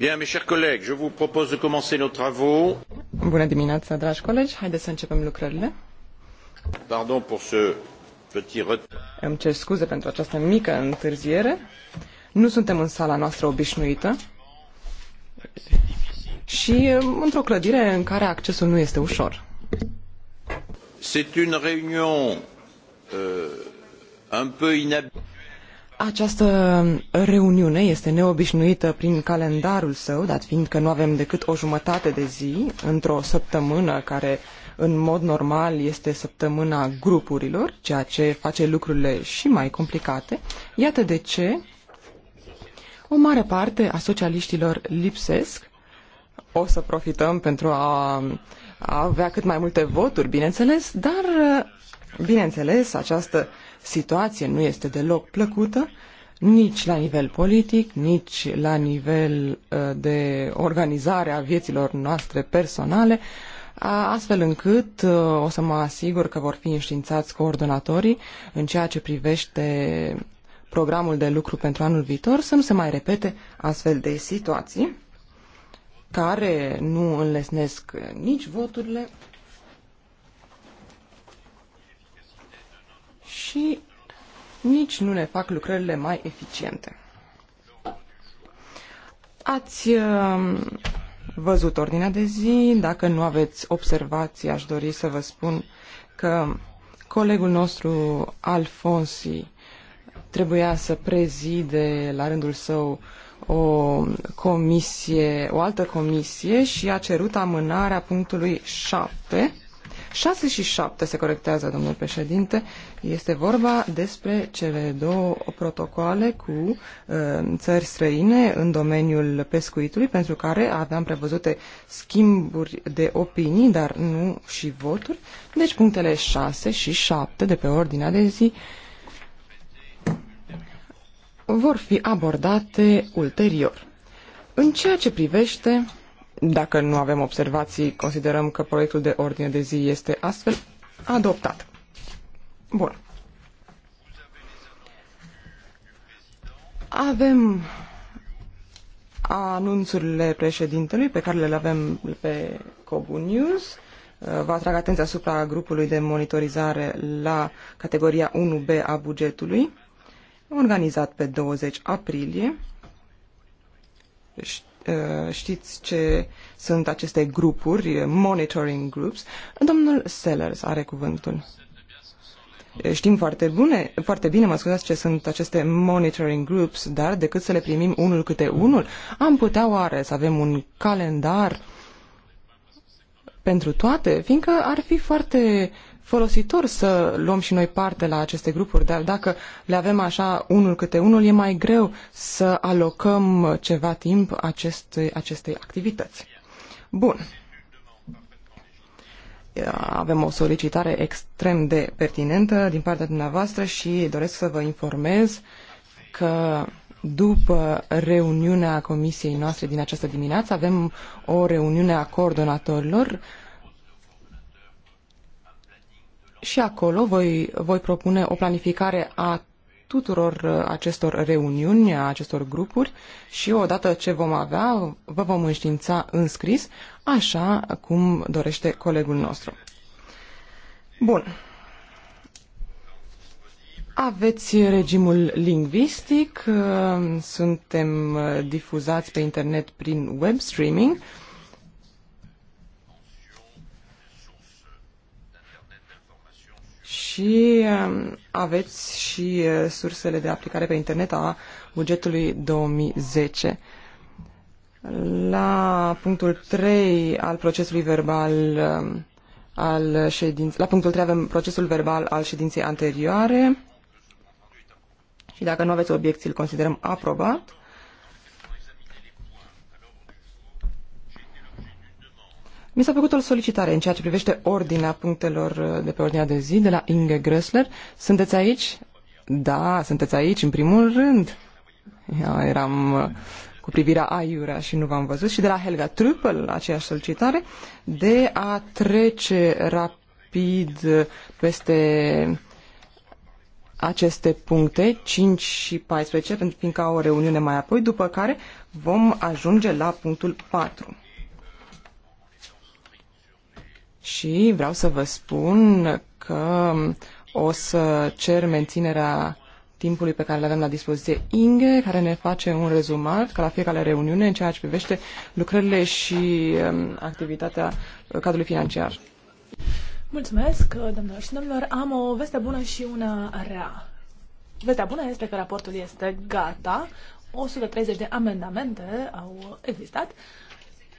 Bien, mes chers collègues, je vous propose de commencer nos travaux. Bună dimineața, dragi colegi. Haideți să începem lucrările. Pardon pour ce petit retard. Îmi cer scuze pentru această mică întârziere. Nu suntem în sala noastră obișnuită și într-o clădire în care accesul nu este ușor. C'est une réunion euh, un peu inhabituelle. Această reuniune este neobișnuită prin calendarul său, dat fiind că nu avem decât o jumătate de zi într-o săptămână care în mod normal este săptămâna grupurilor, ceea ce face lucrurile și mai complicate. Iată de ce o mare parte a socialiștilor lipsesc. O să profităm pentru a, avea cât mai multe voturi, bineînțeles, dar, bineînțeles, această situație nu este deloc plăcută, nici la nivel politic, nici la nivel uh, de organizare a vieților noastre personale, astfel încât uh, o să mă asigur că vor fi înștiințați coordonatorii în ceea ce privește programul de lucru pentru anul viitor, să nu se mai repete astfel de situații care nu înlesnesc nici voturile, și nici nu ne fac lucrările mai eficiente. Ați um, văzut ordinea de zi. Dacă nu aveți observații, aș dori să vă spun că colegul nostru, Alfonsi, trebuia să prezide la rândul său o comisie, o altă comisie și a cerut amânarea punctului 7 6 și 7 se corectează, domnul președinte. Este vorba despre cele două protocoale cu uh, țări străine în domeniul pescuitului, pentru care aveam prevăzute schimburi de opinii, dar nu și voturi. Deci punctele 6 și 7 de pe ordinea de zi vor fi abordate ulterior. În ceea ce privește dacă nu avem observații, considerăm că proiectul de ordine de zi este astfel adoptat. Bun. Avem anunțurile președintelui pe care le avem pe Cobu News. Vă atrag atenția asupra grupului de monitorizare la categoria 1B a bugetului, organizat pe 20 aprilie. Deci Uh, știți ce sunt aceste grupuri, monitoring groups. Domnul Sellers are cuvântul. Uh, știm foarte, bune, foarte bine, mă scuzați, ce sunt aceste monitoring groups, dar decât să le primim unul câte unul, am putea oare să avem un calendar pentru toate, fiindcă ar fi foarte folositor să luăm și noi parte la aceste grupuri, dar dacă le avem așa unul câte unul, e mai greu să alocăm ceva timp aceste acestei activități. Bun. Avem o solicitare extrem de pertinentă din partea dumneavoastră și doresc să vă informez că după reuniunea comisiei noastre din această dimineață avem o reuniune a coordonatorilor și acolo voi, voi propune o planificare a tuturor uh, acestor reuniuni, a acestor grupuri și odată ce vom avea, vă vom înștiința în scris, așa cum dorește colegul nostru. Bun. Aveți regimul lingvistic, uh, suntem uh, difuzați pe internet prin web streaming, și um, aveți și uh, sursele de aplicare pe internet a bugetului 2010. La punctul 3 al procesului verbal um, al ședinței, la punctul 3 avem procesul verbal al ședinței anterioare și dacă nu aveți obiecții, îl considerăm aprobat. Mi s-a făcut o solicitare în ceea ce privește ordinea punctelor uh, de pe ordinea de zi de la Inge Grösler. Sunteți aici? Da, sunteți aici în primul rând. Eu eram uh, cu privirea aiurea și nu v-am văzut. Și de la Helga Trupel, aceeași solicitare, de a trece rapid uh, peste aceste puncte, 5 și 14, pentru fiindcă au o reuniune mai apoi, după care vom ajunge la punctul 4 și vreau să vă spun că o să cer menținerea timpului pe care le avem la dispoziție Inge, care ne face un rezumat ca la fiecare reuniune în ceea ce privește lucrările și um, activitatea cadrului financiar. Mulțumesc, uh, domnilor și domnilor. Am o veste bună și una rea. Vestea bună este că raportul este gata. 130 de amendamente au existat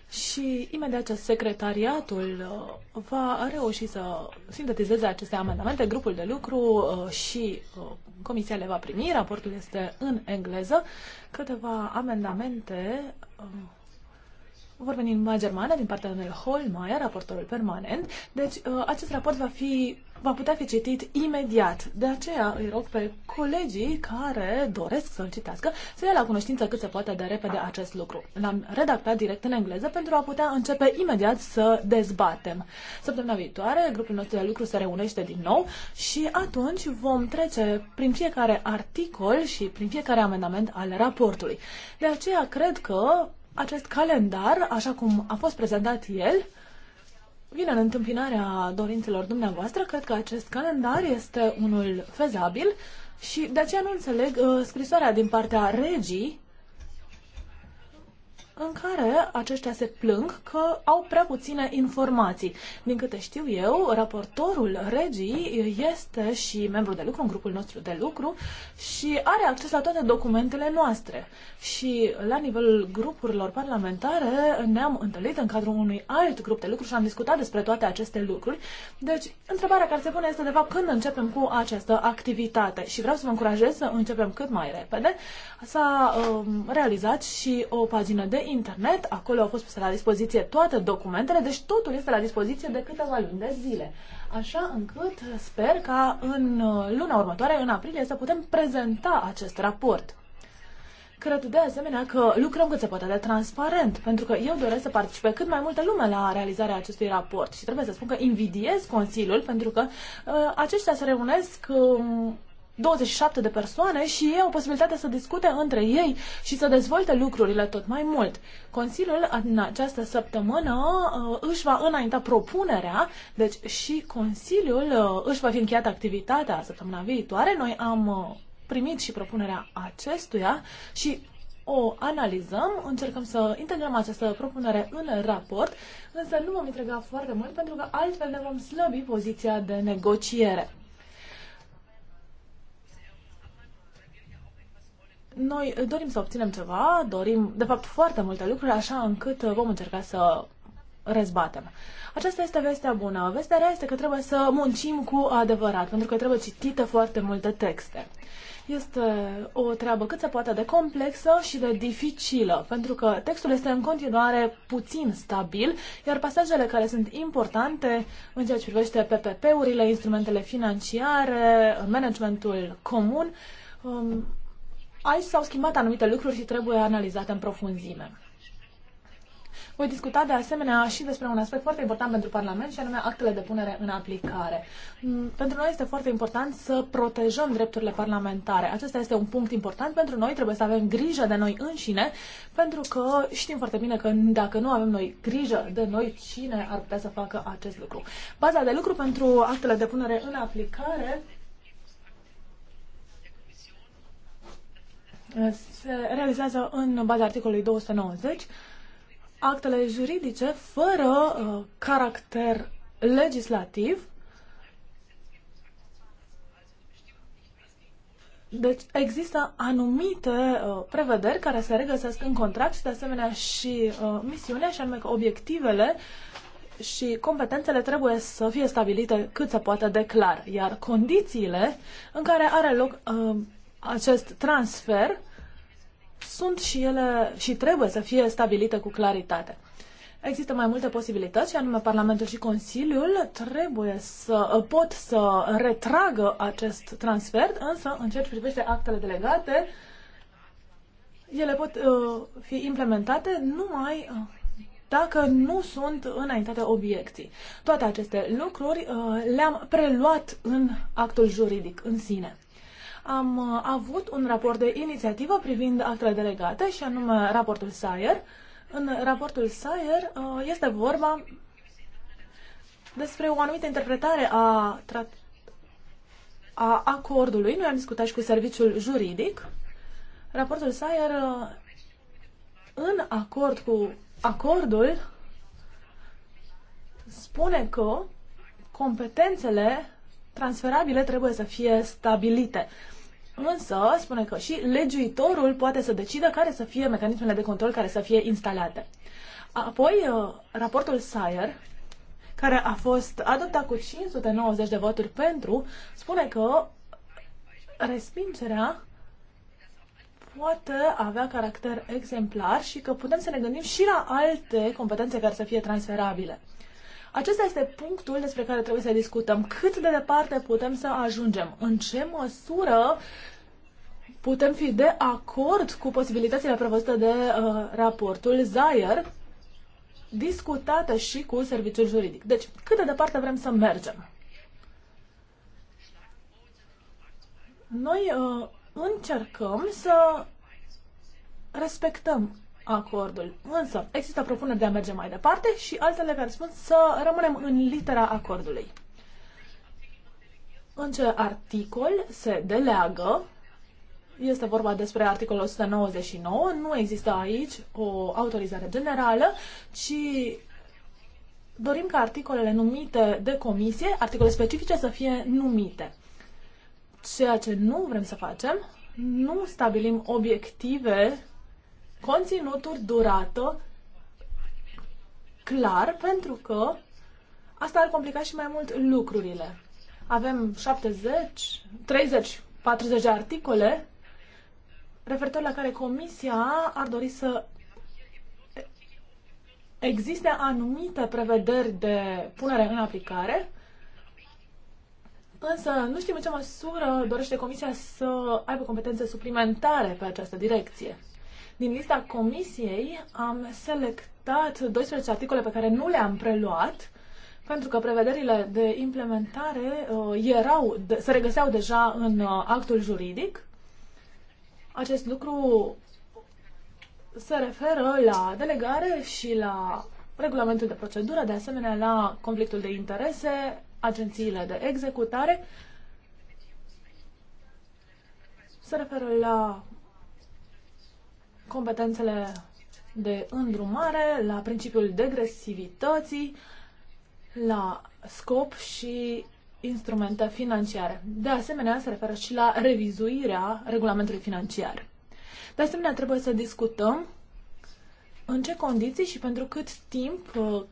și imediat ce secretariatul uh, va reuși să sintetizeze aceste amendamente, grupul de lucru uh, și uh, comisia le va primi, raportul este în engleză, câteva amendamente um, vor veni în germană din partea domnului Holmeier, raportorul permanent. Deci acest raport va fi va putea fi citit imediat. De aceea îi rog pe colegii care doresc să-l citească să ia la cunoștință cât se poate de repede acest lucru. L-am redactat direct în engleză pentru a putea începe imediat să dezbatem. Săptămâna viitoare, grupul nostru de lucru se reunește din nou și atunci vom trece prin fiecare articol și prin fiecare amendament al raportului. De aceea cred că acest calendar, așa cum a fost prezentat el, vine în întâmpinarea dorințelor dumneavoastră. Cred că acest calendar este unul fezabil și de aceea nu înțeleg uh, scrisoarea din partea regii în care aceștia se plâng că au prea puține informații. Din câte știu eu, raportorul regii este și membru de lucru în grupul nostru de lucru și are acces la toate documentele noastre. Și la nivelul grupurilor parlamentare ne-am întâlnit în cadrul unui alt grup de lucru și am discutat despre toate aceste lucruri. Deci, întrebarea care se pune este, de fapt, când începem cu această activitate. Și vreau să vă încurajez să începem cât mai repede. S-a um, realizat și o pagină de internet, acolo au fost puse la dispoziție toate documentele, deci totul este la dispoziție de câteva luni de zile. Așa încât sper ca în uh, luna următoare, în aprilie, să putem prezenta acest raport. Cred de asemenea că lucrăm cât se poate de transparent, pentru că eu doresc să participe cât mai multă lume la realizarea acestui raport și trebuie să spun că invidiez Consiliul pentru că uh, aceștia se reunesc uh, 27 de persoane și ei au posibilitatea să discute între ei și să dezvolte lucrurile tot mai mult. Consiliul în această săptămână uh, își va înainta propunerea, deci și Consiliul uh, își va fi încheiat activitatea săptămâna viitoare. Noi am uh, primit și propunerea acestuia și o analizăm, încercăm să integrăm această propunere în raport, însă nu vom întrega foarte mult pentru că altfel ne vom slăbi poziția de negociere. noi dorim să obținem ceva, dorim, de fapt, foarte multe lucruri, așa încât uh, vom încerca să rezbatem. Aceasta este vestea bună. Vestea rea este că trebuie să muncim cu adevărat, pentru că trebuie citite foarte multe texte. Este o treabă cât se poate de complexă și de dificilă, pentru că textul este în continuare puțin stabil, iar pasajele care sunt importante în ceea ce privește PPP-urile, instrumentele financiare, managementul comun, um, Aici s-au schimbat anumite lucruri și trebuie analizate în profunzime. Voi discuta de asemenea și despre un aspect foarte important pentru Parlament și anume actele de punere în aplicare. Mm, pentru noi este foarte important să protejăm drepturile parlamentare. Acesta este un punct important pentru noi, trebuie să avem grijă de noi înșine, pentru că știm foarte bine că dacă nu avem noi grijă de noi, cine ar putea să facă acest lucru? Baza de lucru pentru actele de punere în aplicare se realizează în baza articolului 290 actele juridice fără uh, caracter legislativ. Deci există anumite uh, prevederi care se regăsesc în contract și de asemenea și uh, misiunea și anume că obiectivele și competențele trebuie să fie stabilite cât se poate de clar, iar condițiile în care are loc uh, acest transfer sunt și ele și trebuie să fie stabilite cu claritate. Există mai multe posibilități, și anume Parlamentul și Consiliul trebuie să pot să retragă acest transfer, însă în ceea ce privește actele delegate, ele pot uh, fi implementate numai uh, dacă nu sunt înaintate obiecții. Toate aceste lucruri uh, le-am preluat în actul juridic în sine am uh, avut un raport de inițiativă privind actele delegate și anume raportul Sayer. În raportul Sayer uh, este vorba despre o anumită interpretare a, a acordului. Noi am discutat și cu serviciul juridic. Raportul Sayer uh, în acord cu acordul spune că competențele transferabile trebuie să fie stabilite însă spune că și legiuitorul poate să decidă care să fie mecanismele de control care să fie instalate. Apoi, uh, raportul Sayer, care a fost adoptat cu 590 de voturi pentru, spune că respingerea poate avea caracter exemplar și că putem să ne gândim și la alte competențe care să fie transferabile. Acesta este punctul despre care trebuie să discutăm. Cât de departe putem să ajungem? În ce măsură putem fi de acord cu posibilitățile prevăzute de uh, raportul Zayer, discutată și cu serviciul juridic. Deci, cât de departe vrem să mergem? Noi uh, încercăm să respectăm acordul. Însă, există propuneri de a merge mai departe și altele care spun să rămânem în litera acordului. În ce articol se deleagă este vorba despre articolul 199. Nu există aici o autorizare generală, ci dorim ca articolele numite de comisie, articole specifice, să fie numite. Ceea ce nu vrem să facem, nu stabilim obiective, conținuturi, durată, clar, pentru că asta ar complica și mai mult lucrurile. Avem 70, 30, 40 de articole referitor la care Comisia ar dori să existe anumite prevederi de punere în aplicare, însă nu știm în ce măsură dorește Comisia să aibă competențe suplimentare pe această direcție. Din lista Comisiei am selectat 12 articole pe care nu le-am preluat, pentru că prevederile de implementare uh, erau, de, se regăseau deja în uh, actul juridic acest lucru se referă la delegare și la regulamentul de procedură, de asemenea la conflictul de interese, agențiile de executare. Se referă la competențele de îndrumare, la principiul degresivității, la scop și instrumente financiare. De asemenea, se referă și la revizuirea regulamentului financiar. De asemenea, trebuie să discutăm în ce condiții și pentru cât timp uh,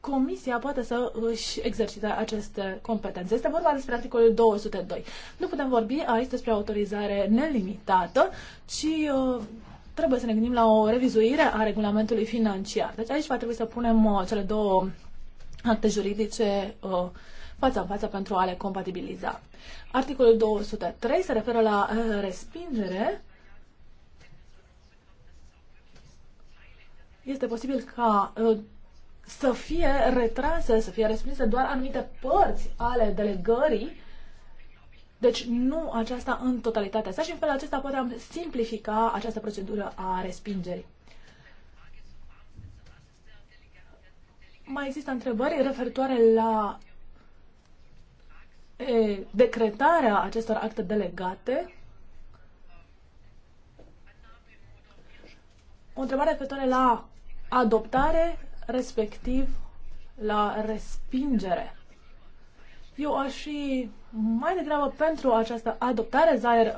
Comisia poate să își exercite aceste competențe. Este vorba despre articolul 202. Nu putem vorbi aici despre autorizare nelimitată, ci uh, trebuie să ne gândim la o revizuire a regulamentului financiar. Deci aici va trebui să punem uh, cele două acte juridice uh, față în față pentru a le compatibiliza. Articolul 203 se referă la uh, respingere. Este posibil ca uh, să fie retrase, să fie respinse doar anumite părți ale delegării, deci nu aceasta în totalitate Să și în felul acesta putem simplifica această procedură a respingerii. Mai există întrebări referitoare la decretarea acestor acte delegate. O întrebare referitoare la adoptare, respectiv la respingere. Eu aș fi mai degrabă pentru această adoptare. Zaire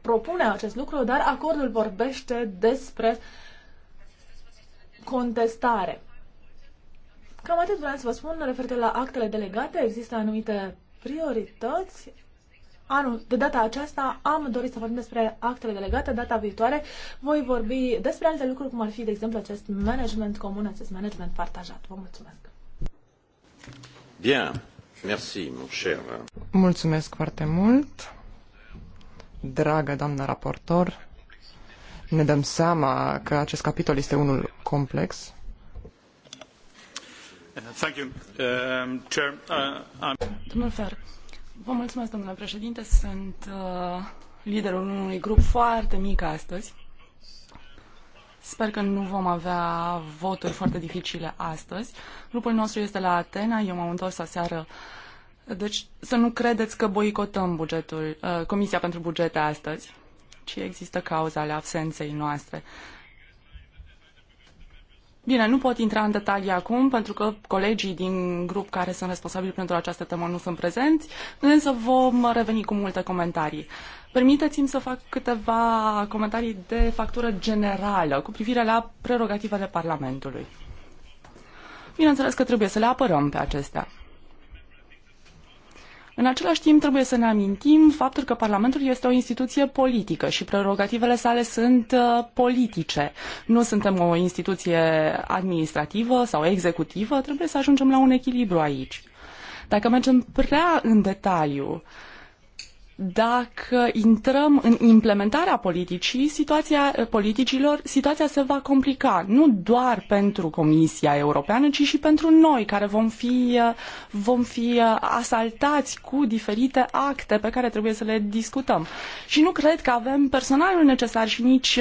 propune acest lucru, dar acordul vorbește despre contestare. Cam atât vreau să vă spun referitor la actele delegate. Există anumite priorități. Anul, de data aceasta am dorit să vorbim despre actele delegate. Data viitoare voi vorbi despre alte lucruri, cum ar fi, de exemplu, acest management comun, acest management partajat. Vă mulțumesc! Bien. Merci, mon cher. Mulțumesc foarte mult, dragă doamnă raportor. Ne dăm seama că acest capitol este unul complex Um, uh, vă mulțumesc, domnule președinte. Sunt uh, liderul unui grup foarte mic astăzi. Sper că nu vom avea voturi foarte dificile astăzi. Grupul nostru este la Atena, eu m-am întors aseară. Deci să nu credeți că boicotăm bugetul, uh, Comisia pentru Bugete astăzi, ci există cauza ale absenței noastre. Bine, nu pot intra în detalii acum pentru că colegii din grup care sunt responsabili pentru această temă nu sunt prezenți, însă vom reveni cu multe comentarii. Permiteți-mi să fac câteva comentarii de factură generală cu privire la prerogativele Parlamentului. Bineînțeles că trebuie să le apărăm pe acestea. În același timp, trebuie să ne amintim faptul că Parlamentul este o instituție politică și prerogativele sale sunt uh, politice. Nu suntem o instituție administrativă sau executivă, trebuie să ajungem la un echilibru aici. Dacă mergem prea în detaliu, uh, dacă intrăm în implementarea politicii, situația eh, politicilor, situația se va complica, nu doar pentru Comisia Europeană, ci și pentru noi, care vom fi, eh, vom fi eh, asaltați cu diferite acte pe care trebuie să le discutăm. Și nu cred că avem personalul necesar și nici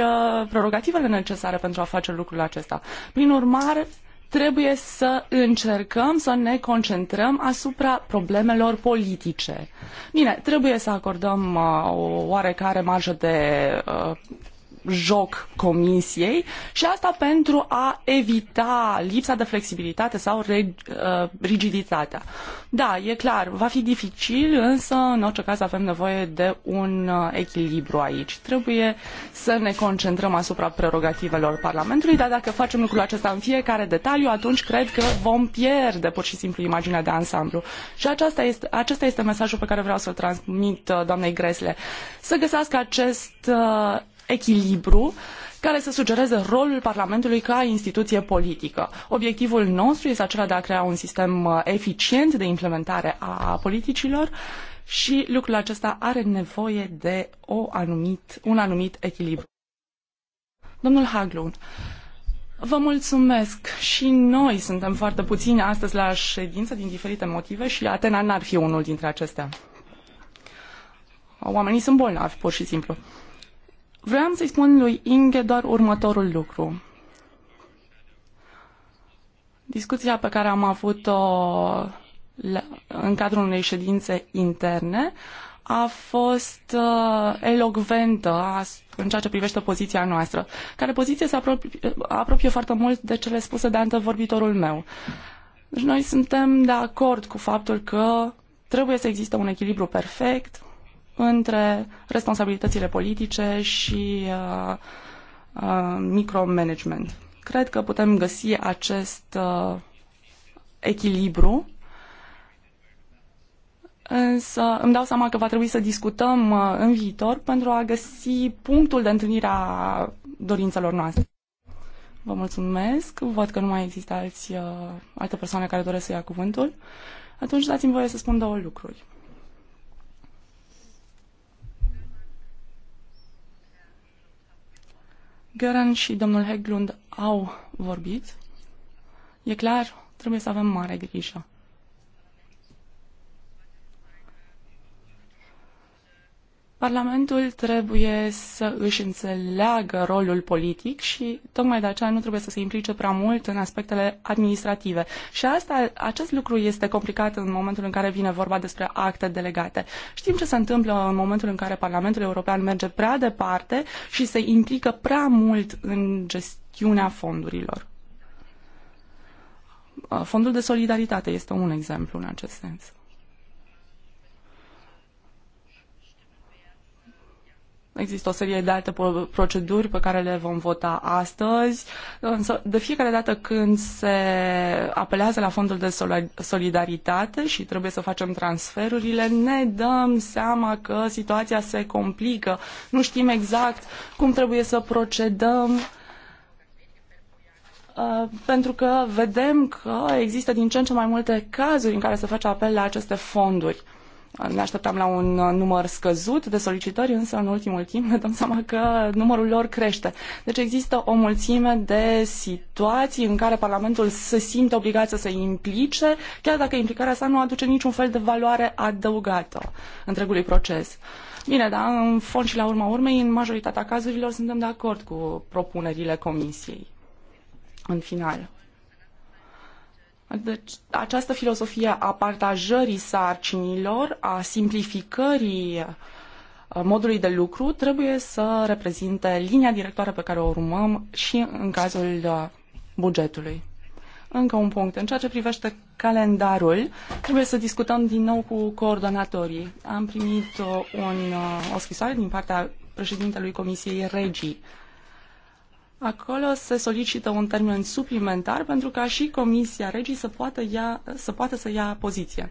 prerogativele necesare pentru a face lucrul acesta. Prin urmare, trebuie să încercăm să ne concentrăm asupra problemelor politice. Bine, trebuie să acordăm uh, o oarecare marjă de uh, joc comisiei și asta pentru a evita lipsa de flexibilitate sau uh, rigiditatea. Da, e clar, va fi dificil, însă în orice caz avem nevoie de un uh, echilibru aici. Trebuie să ne concentrăm asupra prerogativelor Parlamentului, dar dacă facem lucrul acesta în fiecare detaliu, atunci cred că vom pierde pur și simplu imaginea de ansamblu. Și aceasta este, acesta este mesajul pe care vreau să-l transmit uh, doamnei Gresle. Să găsească acest echilibru care să sugereze rolul Parlamentului ca instituție politică. Obiectivul nostru este acela de a crea un sistem uh, eficient de implementare a politicilor și lucrul acesta are nevoie de o anumit, un anumit echilibru. Domnul Haglund, Vă mulțumesc. Și noi suntem foarte puțini astăzi la ședință din diferite motive și Atena n-ar fi unul dintre acestea. Oamenii sunt bolnavi, pur și simplu. Vreau să-i spun lui Inge doar următorul lucru. Discuția pe care am avut-o în cadrul unei ședințe interne a fost uh, elocventă în ceea ce privește poziția noastră, care poziție se apropie, apropie foarte mult de cele spuse de antevorbitorul meu. Deci noi suntem de acord cu faptul că trebuie să existe un echilibru perfect între responsabilitățile politice și uh, uh, micromanagement. Cred că putem găsi acest uh, echilibru, însă îmi dau seama că va trebui să discutăm uh, în viitor pentru a găsi punctul de întâlnire a dorințelor noastre. Vă mulțumesc. Văd că nu mai există alți, uh, alte persoane care doresc să ia cuvântul. Atunci dați-mi voie să spun două lucruri. Gören și domnul Heglund au vorbit. E clar, trebuie să avem mare grijă. Parlamentul trebuie să își înțeleagă rolul politic și tocmai de aceea nu trebuie să se implice prea mult în aspectele administrative. Și asta, acest lucru este complicat în momentul în care vine vorba despre acte delegate. Știm ce se întâmplă în momentul în care Parlamentul European merge prea departe și se implică prea mult în gestiunea fondurilor. Fondul de solidaritate este un exemplu în acest sens. Există o serie de alte proceduri pe care le vom vota astăzi, însă de fiecare dată când se apelează la fondul de solidaritate și trebuie să facem transferurile, ne dăm seama că situația se complică. Nu știm exact cum trebuie să procedăm uh, pentru că vedem că există din ce în ce mai multe cazuri în care se face apel la aceste fonduri. Ne așteptam la un uh, număr scăzut de solicitări, însă în ultimul timp ne dăm seama că numărul lor crește. Deci există o mulțime de situații în care Parlamentul se simte obligat să se implice, chiar dacă implicarea sa nu aduce niciun fel de valoare adăugată întregului proces. Bine, dar în fond și la urma urmei, în majoritatea cazurilor suntem de acord cu propunerile Comisiei. În final, deci, această filosofie a partajării sarcinilor, a simplificării uh, modului de lucru, trebuie să reprezinte linia directoare pe care o urmăm și în cazul uh, bugetului. Încă un punct. În ceea ce privește calendarul, trebuie să discutăm din nou cu coordonatorii. Am primit uh, un, o scrisoare din partea președintelui Comisiei Regii Acolo se solicită un termen suplimentar pentru ca și Comisia Regii să poată, ia, să, poată să ia poziție.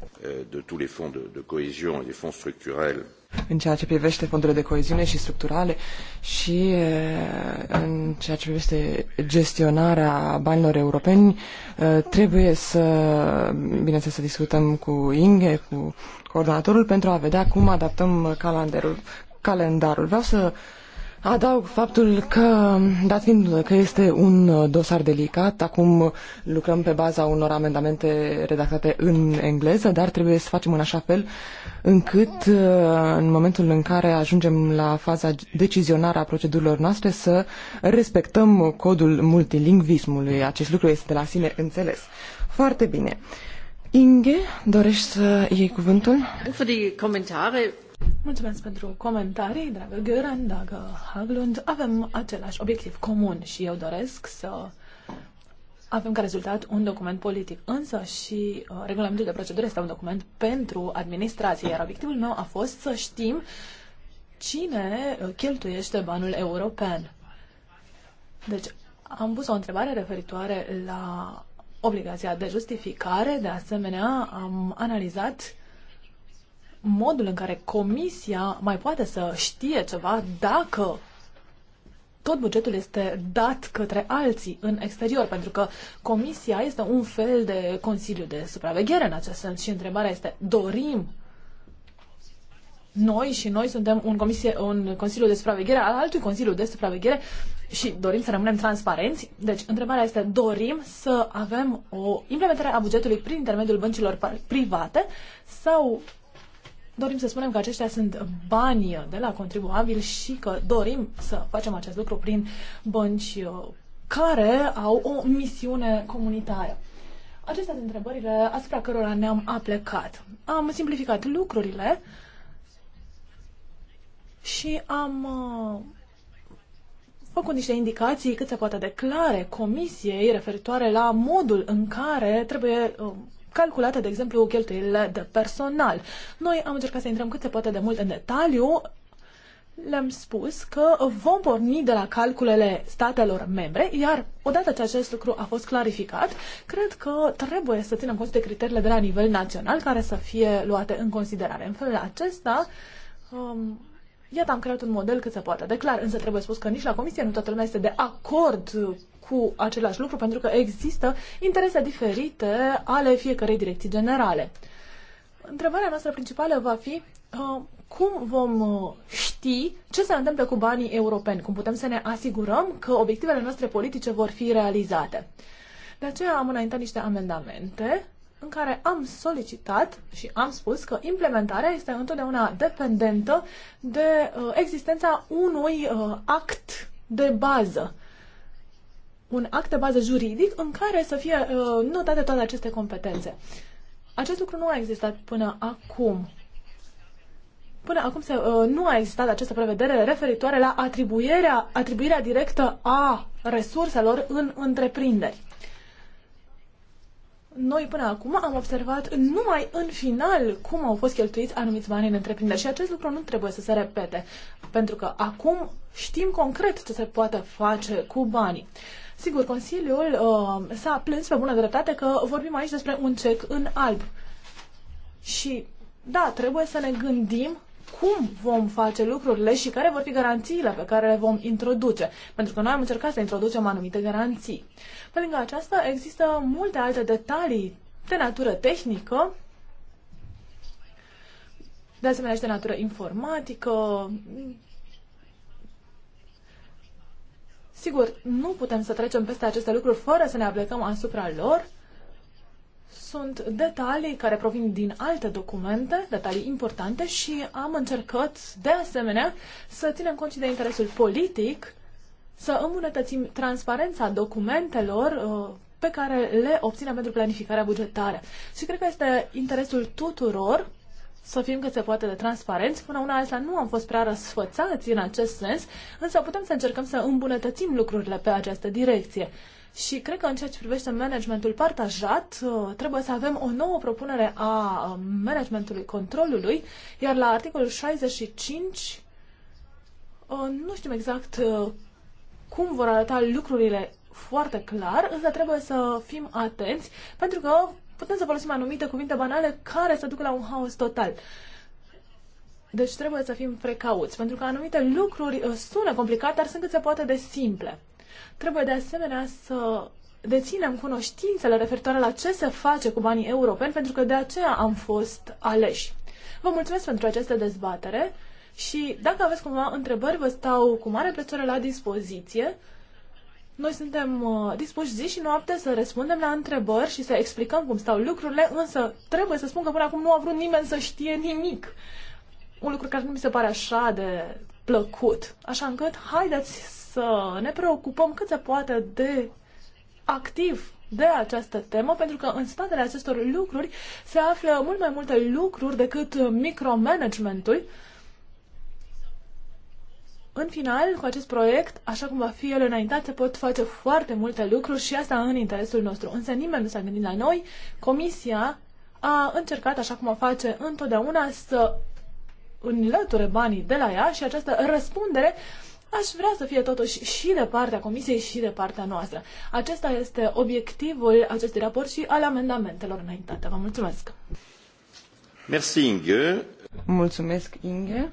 De tous les fonds de, de coeziune et des fonds structurels în ceea ce privește fondurile de coeziune și structurale și în ceea ce privește gestionarea banilor europeni, trebuie să, bineînțeles, să discutăm cu Inge, cu coordonatorul, pentru a vedea cum adaptăm calendarul. calendarul. Vreau să Adaug faptul că, dat fiind că este un uh, dosar delicat, acum lucrăm pe baza unor amendamente redactate în engleză, dar trebuie să facem în așa fel încât, uh, în momentul în care ajungem la faza decizionară a procedurilor noastre, să respectăm codul multilingvismului. Acest lucru este de la sine înțeles. Foarte bine. Inge, dorești să iei cuvântul? Pentru comentarii Mulțumesc pentru comentarii, dragă Göran, dragă Haglund. Avem același obiectiv comun și eu doresc să avem ca rezultat un document politic. Însă și uh, regulamentul de procedură este un document pentru administrație, iar obiectivul meu a fost să știm cine uh, cheltuiește banul european. Deci am pus o întrebare referitoare la obligația de justificare, de asemenea am analizat modul în care comisia mai poate să știe ceva dacă tot bugetul este dat către alții în exterior, pentru că comisia este un fel de consiliu de supraveghere în acest sens și întrebarea este, dorim noi și noi suntem un, comisie, un consiliu de supraveghere al altui consiliu de supraveghere și dorim să rămânem transparenți. Deci, întrebarea este, dorim să avem o implementare a bugetului prin intermediul băncilor private sau dorim să spunem că aceștia sunt bani de la contribuabil și că dorim să facem acest lucru prin bănci uh, care au o misiune comunitară. Acestea sunt întrebările asupra cărora ne-am aplecat. Am simplificat lucrurile și am uh, făcut niște indicații cât se poate declare comisiei referitoare la modul în care trebuie uh, calculate, de exemplu, cheltuielile de personal. Noi am încercat să intrăm cât se poate de mult în detaliu, le-am spus că vom porni de la calculele statelor membre, iar odată ce acest lucru a fost clarificat, cred că trebuie să ținem cont de criteriile de la nivel național care să fie luate în considerare. În felul acesta, um, iată, am creat un model cât se poate de clar, însă trebuie spus că nici la Comisie nu toată lumea este de acord cu același lucru, pentru că există interese diferite ale fiecărei direcții generale. Întrebarea noastră principală va fi uh, cum vom uh, ști ce se întâmplă cu banii europeni, cum putem să ne asigurăm că obiectivele noastre politice vor fi realizate. De aceea am înaintat niște amendamente în care am solicitat și am spus că implementarea este întotdeauna dependentă de uh, existența unui act de bază un act de bază juridic în care să fie uh, notate toate aceste competențe. Acest lucru nu a existat până acum. Până acum se, uh, nu a existat această prevedere referitoare la atribuirea, atribuirea directă a resurselor în întreprinderi. Noi până acum am observat numai în final cum au fost cheltuiți anumiți bani în întreprinderi și acest lucru nu trebuie să se repete, pentru că acum știm concret ce se poate face cu banii. Uh, Sigur, Consiliul uh, s-a plâns pe bună dreptate că vorbim aici despre un cec în alb. Și da, trebuie să ne gândim cum vom face lucrurile și care vor fi garanțiile pe care le vom introduce. Pentru că noi am încercat să introducem anumite garanții. Pe lângă aceasta, există multe alte detalii de natură tehnică, de asemenea și de natură informatică, Sigur, nu putem să trecem peste aceste lucruri fără să ne aplecăm asupra lor. Sunt detalii care provin din alte documente, detalii importante și am încercat, de asemenea, să ținem cont și de interesul politic, să îmbunătățim transparența documentelor uh, pe care le obținem pentru planificarea bugetară. Și cred că este interesul tuturor să fim cât se poate de transparenți. Până una alta nu am fost prea răsfățați în acest sens, însă putem să încercăm să îmbunătățim lucrurile pe această direcție. Și cred că în ceea ce privește managementul partajat, uh, trebuie să avem o nouă propunere a um, managementului controlului, iar la articolul 65 uh, nu știm exact uh, cum vor arăta lucrurile foarte clar, însă trebuie să fim atenți pentru că putem să folosim anumite cuvinte banale care să ducă la un haos total. Deci trebuie să fim precauți, pentru că anumite lucruri uh, sună complicate, dar sunt cât se poate de simple. Trebuie de asemenea să deținem cunoștințele referitoare la ce se face cu banii europeni, pentru că de aceea am fost aleși. Vă mulțumesc pentru această dezbatere și dacă aveți cumva întrebări, vă stau cu mare plăcere la dispoziție. Noi suntem uh, dispuși zi și noapte să răspundem la întrebări și să explicăm cum stau lucrurile, însă trebuie să spun că până acum nu a vrut nimeni să știe nimic. Un lucru care nu mi se pare așa de plăcut. Așa încât haideți să ne preocupăm cât se poate de activ de această temă, pentru că în spatele acestor lucruri se află mult mai multe lucruri decât micromanagementul în final, cu acest proiect, așa cum va fi el înaintat, se pot face foarte multe lucruri și asta în interesul nostru. Însă nimeni nu s-a gândit la noi. Comisia a încercat, așa cum o face întotdeauna, să înlăture banii de la ea și această răspundere aș vrea să fie totuși și de partea Comisiei și de partea noastră. Acesta este obiectivul acestui raport și al amendamentelor înaintate. Vă mulțumesc! Merci, Inge! Mulțumesc, Inge!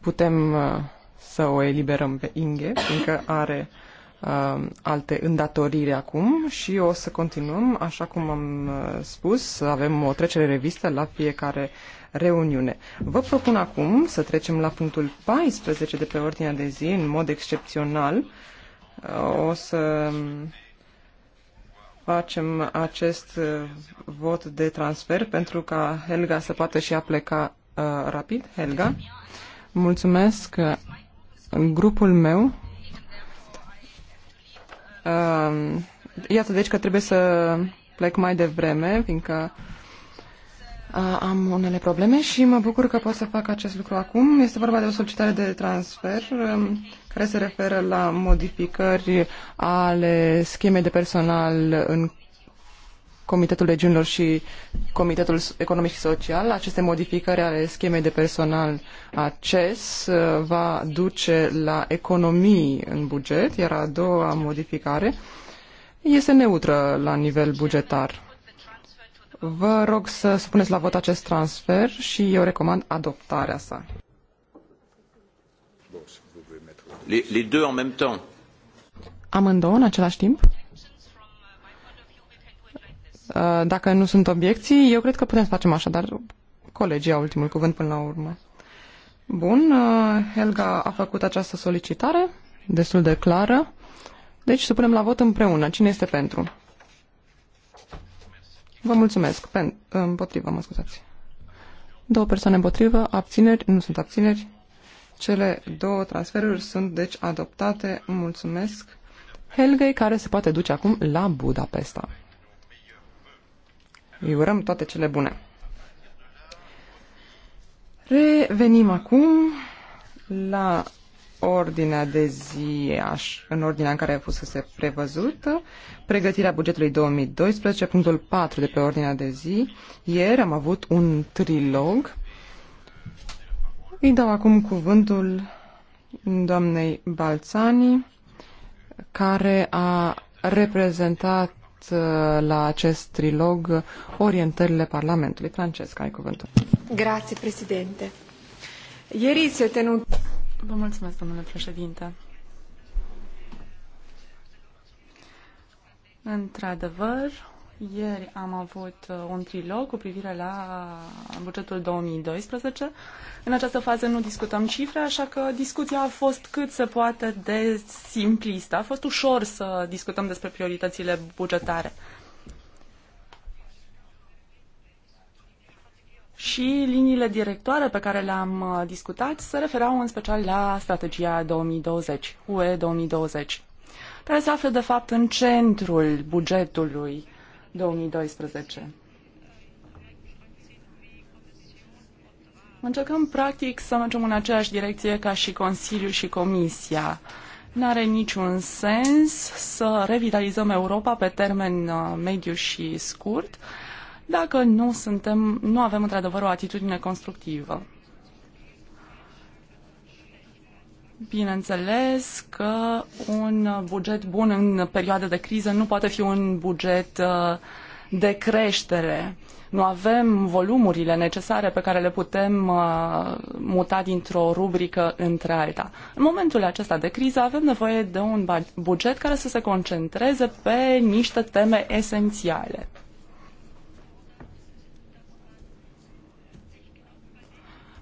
putem uh, să o eliberăm pe Inge, fiindcă are uh, alte îndatoriri acum și o să continuăm, așa cum am uh, spus, avem o trecere revistă la fiecare reuniune. Vă propun acum să trecem la punctul 14 de pe ordinea de zi, în mod excepțional. Uh, o să um, facem acest vot de transfer pentru ca Helga să poată și a pleca uh, rapid. Helga? Mulțumesc. Grupul meu. Um, iată, deci că trebuie să plec mai devreme, fiindcă uh, am unele probleme și mă bucur că pot să fac acest lucru acum. Este vorba de o solicitare de transfer um, care se referă la modificări ale schemei de personal în Comitetul Regiunilor și Comitetul Economic și Social. Aceste modificări ale schemei de personal a CES uh, va duce la economii în buget, iar a doua modificare este neutră la nivel bugetar. Vă rog să supuneți la vot acest transfer și eu recomand adoptarea sa. Les, les deux en même temps. Amândouă în același timp? Uh, dacă nu sunt obiecții, eu cred că putem să facem așa, dar colegii au ultimul cuvânt până la urmă. Bun, uh, Helga a făcut această solicitare, destul de clară. Deci supunem la vot împreună. Cine este pentru? Vă mulțumesc. Pen- împotrivă, mă scuzați. Două persoane împotrivă, abțineri, nu sunt abțineri. Cele două transferuri sunt deci adoptate. Mulțumesc. Helgei care se poate duce acum la Budapesta. Îi urăm toate cele bune. Revenim acum la ordinea de zi, aș, în ordinea în care a fost să se prevăzută, pregătirea bugetului 2012, punctul 4 de pe ordinea de zi. Ieri am avut un trilog. Îi dau acum cuvântul doamnei Balțani, care a reprezentat Uh, la acest trilog orientările Parlamentului. Francesca, ai cuvântul. Grazie, președinte. Ieri se tenut... Vă mulțumesc, domnule președinte. Într-adevăr, ieri am avut uh, un trilog cu privire la uh, bugetul 2012. În această fază nu discutăm cifre, așa că discuția a fost cât se poate de simplistă. A fost ușor să discutăm despre prioritățile bugetare. Și liniile directoare pe care le-am uh, discutat se referau în special la strategia 2020, UE 2020, care se află de fapt în centrul bugetului 2012. Încercăm, practic, să mergem în aceeași direcție ca și Consiliul și Comisia. N-are niciun sens să revitalizăm Europa pe termen uh, mediu și scurt dacă nu, suntem, nu avem într-adevăr o atitudine constructivă. Bineînțeles că un buget bun în perioada de criză nu poate fi un buget uh, de creștere. Nu avem volumurile necesare pe care le putem uh, muta dintr-o rubrică între alta. În momentul acesta de criză avem nevoie de un buget care să se concentreze pe niște teme esențiale.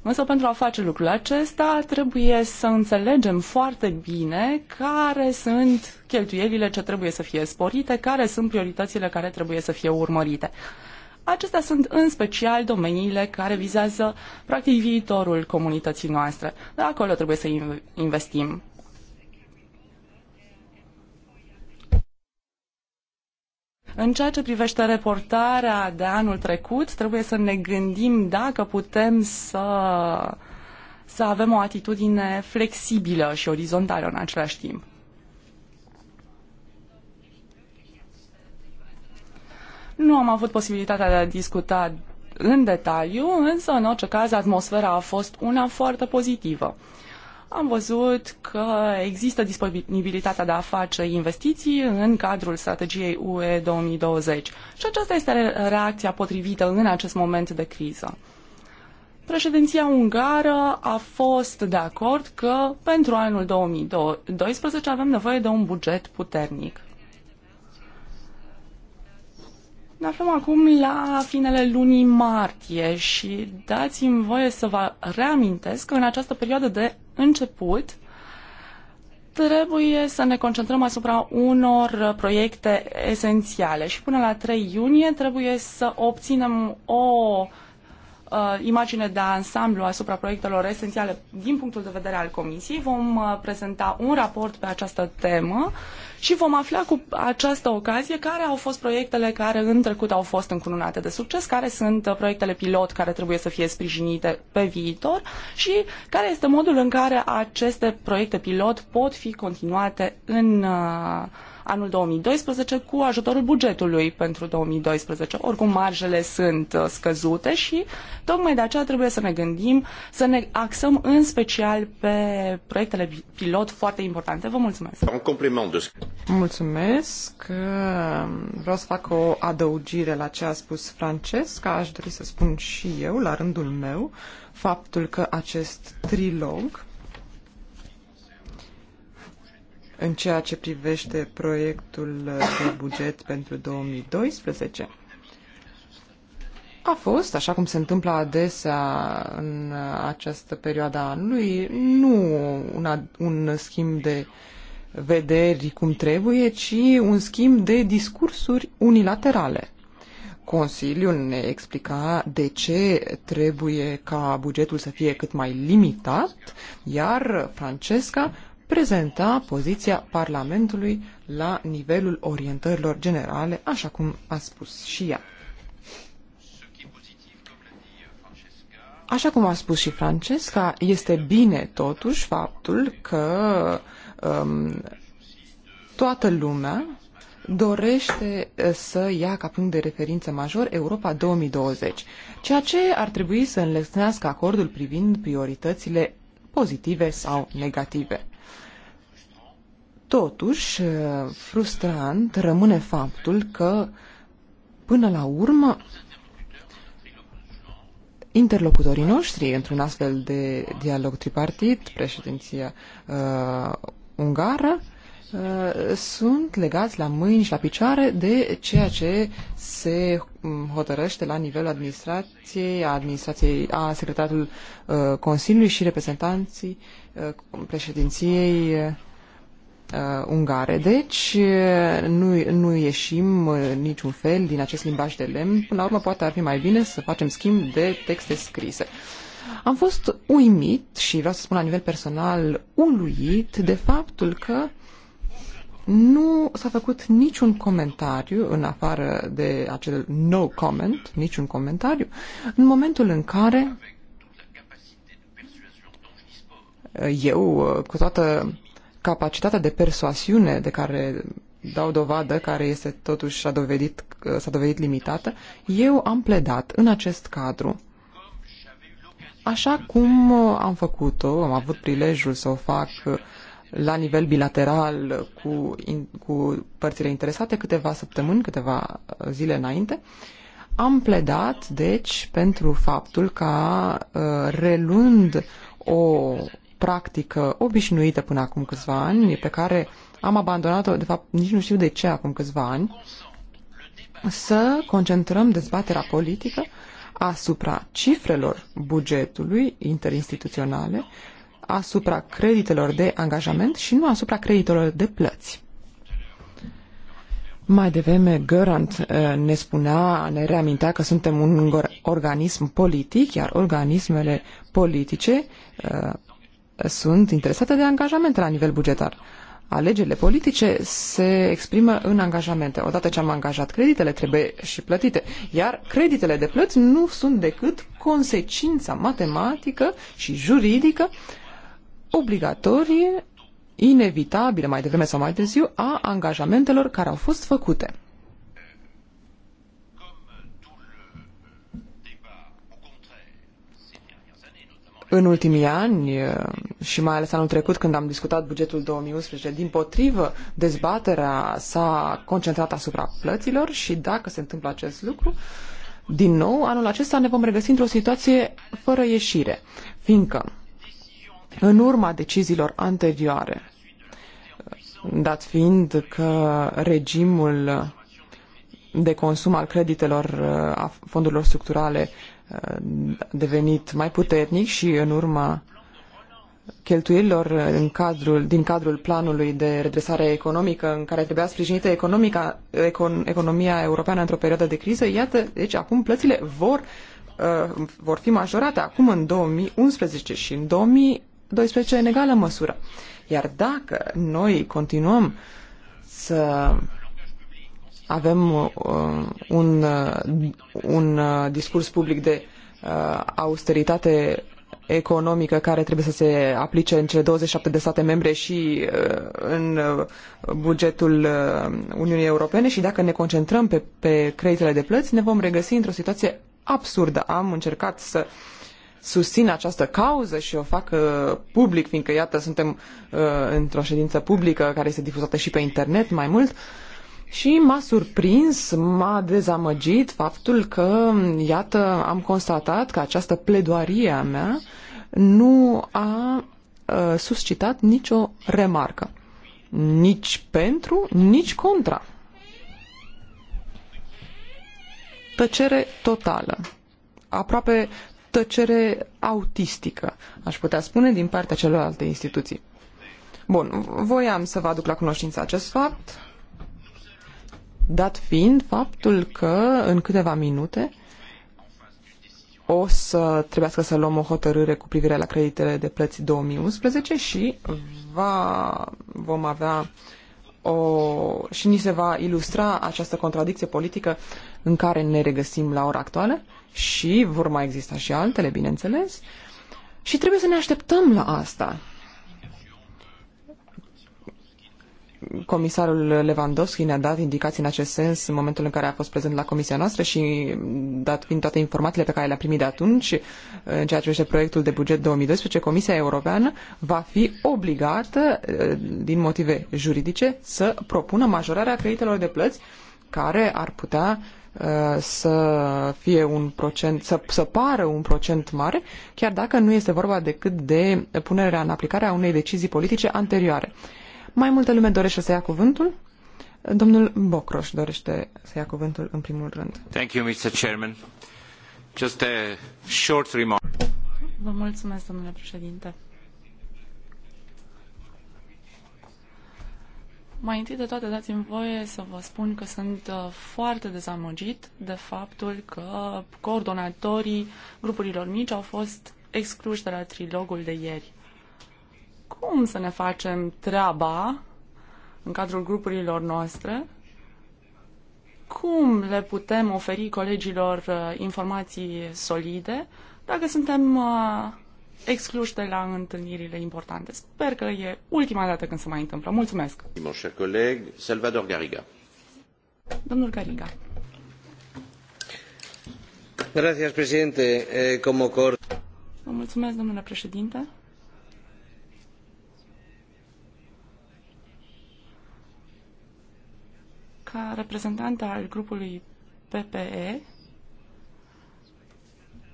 Însă pentru a face lucrul acesta trebuie să înțelegem foarte bine care sunt cheltuielile ce trebuie să fie sporite, care sunt prioritățile care trebuie să fie urmărite. Acestea sunt în special domeniile care vizează practic viitorul comunității noastre. De acolo trebuie să investim. În ceea ce privește reportarea de anul trecut, trebuie să ne gândim dacă putem să să avem o atitudine flexibilă și orizontală în același timp. Nu am avut posibilitatea de a discuta în detaliu, însă, în orice caz, atmosfera a fost una foarte pozitivă am văzut că există disponibilitatea de a face investiții în cadrul strategiei UE 2020 și aceasta este reacția potrivită în acest moment de criză. Președinția ungară a fost de acord că pentru anul 2012 avem nevoie de un buget puternic. Ne aflăm acum la finele lunii martie și dați-mi voie să vă reamintesc că în această perioadă de început trebuie să ne concentrăm asupra unor proiecte esențiale și până la 3 iunie trebuie să obținem o uh, imagine de ansamblu asupra proiectelor esențiale din punctul de vedere al Comisiei. Vom uh, prezenta un raport pe această temă și vom afla cu această ocazie care au fost proiectele care în trecut au fost încununate de succes, care sunt uh, proiectele pilot care trebuie să fie sprijinite pe viitor și care este modul în care aceste proiecte pilot pot fi continuate în uh, anul 2012 cu ajutorul bugetului pentru 2012. Oricum, marjele sunt uh, scăzute și tocmai de aceea trebuie să ne gândim, să ne axăm în special pe proiectele pilot foarte importante. Vă mulțumesc! Mulțumesc! Uh, vreau să fac o adăugire la ce a spus Francesca. Aș dori să spun și eu, la rândul meu, faptul că acest trilog în ceea ce privește proiectul de buget pentru 2012 a fost, așa cum se întâmplă adesea în această perioadă a anului, nu una, un schimb de vederi cum trebuie, ci un schimb de discursuri unilaterale. Consiliul ne explica de ce trebuie ca bugetul să fie cât mai limitat, iar Francesca prezenta poziția Parlamentului la nivelul orientărilor generale, așa cum a spus și ea. Așa cum a spus și Francesca, este bine totuși faptul că um, toată lumea dorește uh, să ia ca punct de referință major Europa 2020, ceea ce ar trebui să înlesnească acordul privind prioritățile pozitive sau negative. Totuși, eh, frustrant rămâne faptul că, până la urmă, interlocutorii noștri într-un astfel de dialog tripartit, președinția uh, ungară, uh, sunt legați la mâini și la picioare de ceea ce se mm, hotărăște la nivelul administrației, a, administrației, a secretarul uh, Consiliului și reprezentanții uh, președinției uh, uh, ungare. Deci uh, nu, nu ieșim uh, niciun fel din acest limbaj de lemn. Până la urmă, poate ar fi mai bine să facem schimb de texte scrise. Am fost uimit și vreau să spun la nivel personal uluit de faptul că nu s-a făcut niciun comentariu, în afară de acel no comment, niciun comentariu, în momentul în care eu, uh, cu toată capacitatea de persoasiune de care dau dovadă, care este totuși s-a dovedit, s-a dovedit limitată, eu am pledat în acest cadru, așa cum am făcut-o, am avut prilejul să o fac la nivel bilateral cu, in, cu părțile interesate câteva săptămâni, câteva zile înainte, am pledat, deci, pentru faptul ca, uh, relând o practică obișnuită până acum câțiva ani, pe care am abandonat-o, de fapt nici nu știu de ce acum câțiva ani, să concentrăm dezbaterea politică asupra cifrelor bugetului interinstituționale, asupra creditelor de angajament și nu asupra creditelor de plăți. Mai devreme, Gărant eh, ne spunea, ne reamintea că suntem un organism politic, iar organismele politice eh, sunt interesate de angajamente la nivel bugetar. Alegerile politice se exprimă în angajamente. Odată ce am angajat creditele, trebuie și plătite. Iar creditele de plăți nu sunt decât consecința matematică și juridică obligatorie, inevitabilă mai devreme sau mai târziu, a angajamentelor care au fost făcute. în ultimii ani eh, și mai ales anul trecut când am discutat bugetul 2011, din potrivă, dezbaterea s-a concentrat asupra plăților și dacă se întâmplă acest lucru, din nou, anul acesta ne vom regăsi într-o situație fără ieșire, fiindcă în urma deciziilor anterioare, dat fiind că regimul de consum al creditelor eh, a fondurilor structurale Uh, devenit mai puternic și în urma cheltuielilor în cadrul, din cadrul planului de redresare economică în care trebuia sprijinită economica, econ, economia europeană într-o perioadă de criză, iată, deci acum plățile vor, uh, vor fi majorate acum în 2011 și în 2012 în egală măsură. Iar dacă noi continuăm să avem uh, uh, un, uh, un uh, discurs public de uh, austeritate economică care trebuie să se aplice în cele 27 de state membre și uh, în bugetul Uniunii Europene și dacă ne concentrăm pe, pe creditele de plăți, ne vom regăsi într-o situație absurdă. Am încercat să susțin această cauză și o fac public, fiindcă, iată, suntem într-o ședință publică care este difuzată și pe internet mai mult. Uh, și m-a surprins, m-a dezamăgit faptul că, iată, am constatat că această pledoarie a mea nu a uh, suscitat nicio remarcă. Nici pentru, nici contra. Tăcere totală. Aproape tăcere autistică, aș putea spune, din partea celorlalte instituții. Bun, voiam să vă aduc la cunoștință acest fapt dat fiind faptul că în câteva minute o să trebuiască să luăm o hotărâre cu privire la creditele de plăți 2011 și va, vom avea o, și ni se va ilustra această contradicție politică în care ne regăsim la ora actuală și vor mai exista și altele, bineînțeles. Și trebuie să ne așteptăm la asta. comisarul Lewandowski ne-a dat indicații în acest sens în momentul în care a fost prezent la comisia noastră și dat fiind toate informațiile pe care le-a primit de atunci în ceea ce privește proiectul de buget 2012, Comisia Europeană va fi obligată din motive juridice să propună majorarea creditelor de plăți care ar putea uh, să fie un procent, să, să pară un procent mare, chiar dacă nu este vorba decât de punerea în aplicare a unei decizii politice anterioare. Mai multă lume dorește să ia cuvântul. Domnul Bocroș dorește să ia cuvântul în primul rând. Thank you, Mr. Chairman. Just a short remark. Vă mulțumesc, domnule președinte. Mai întâi de toate dați-mi voie să vă spun că sunt uh, foarte dezamăgit de faptul că coordonatorii grupurilor mici au fost excluși de la trilogul de ieri cum să ne facem treaba în cadrul grupurilor noastre, cum le putem oferi colegilor uh, informații solide dacă suntem uh, excluși de la întâlnirile importante. Sper că e ultima dată când se mai întâmplă. Mulțumesc! coleg, Salvador Gariga. Domnul Gariga. Gracias, presidente. Eh, como cor... Vă mulțumesc, domnule președinte. ca reprezentant al grupului PPE,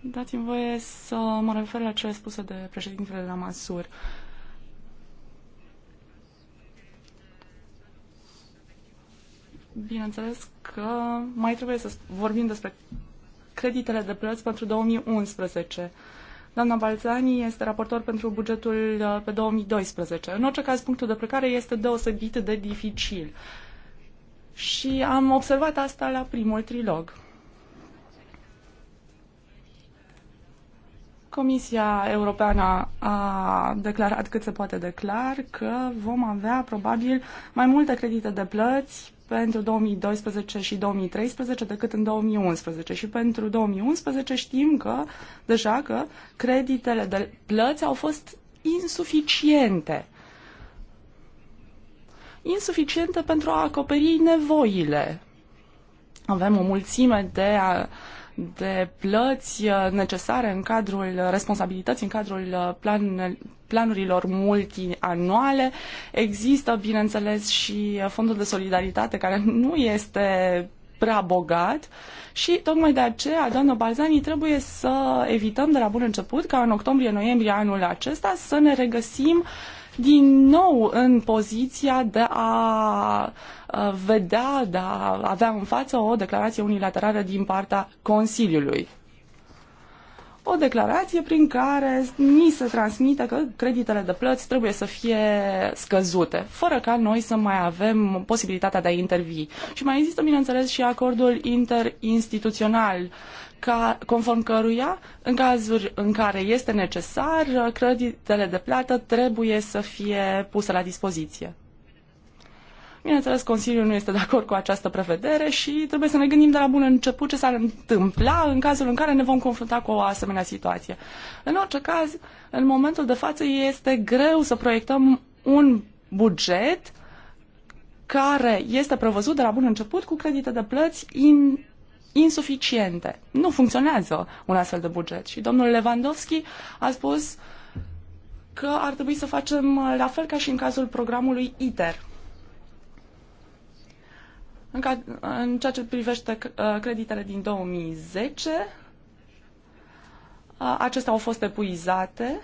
dați-mi voie să mă refer la cele spuse de președintele la masur. Bineînțeles că mai trebuie să vorbim despre creditele de plăți pentru 2011. Doamna Balzani este raportor pentru bugetul uh, pe 2012. În orice caz, punctul de plecare este deosebit de dificil. Și am observat asta la primul trilog. Comisia Europeană a declarat cât se poate declar că vom avea probabil mai multe credite de plăți pentru 2012 și 2013 decât în 2011 și pentru 2011 știm că deja că creditele de plăți au fost insuficiente insuficiente pentru a acoperi nevoile. Avem o mulțime de, de plăți uh, necesare în cadrul responsabilității, în cadrul uh, plan, planurilor multianuale. Există, bineînțeles, și uh, fondul de solidaritate care nu este prea bogat și tocmai de aceea, doamnă Balzani, trebuie să evităm de la bun început ca în octombrie-noiembrie anul acesta să ne regăsim uh, din nou în poziția de a vedea, de a avea în față o declarație unilaterală din partea Consiliului o declarație prin care ni se transmite că creditele de plăți trebuie să fie scăzute, fără ca noi să mai avem posibilitatea de a intervi. Și mai există, bineînțeles, și acordul interinstituțional uh, ca, conform căruia, în cazuri în care este necesar, creditele de plată trebuie să fie puse la dispoziție. Bineînțeles, Consiliul nu este de acord cu această prevedere și trebuie să ne gândim de la bun început ce s-ar întâmpla în cazul în care ne vom confrunta cu o asemenea situație. În orice caz, în momentul de față este greu să proiectăm un buget care este prevăzut de la bun început cu credite de plăți in, insuficiente. Nu funcționează un astfel de buget. Și domnul Lewandowski a spus că ar trebui să facem uh, la fel ca și în cazul programului ITER. În, ca, în ceea ce privește uh, creditele din 2010, uh, acestea au fost epuizate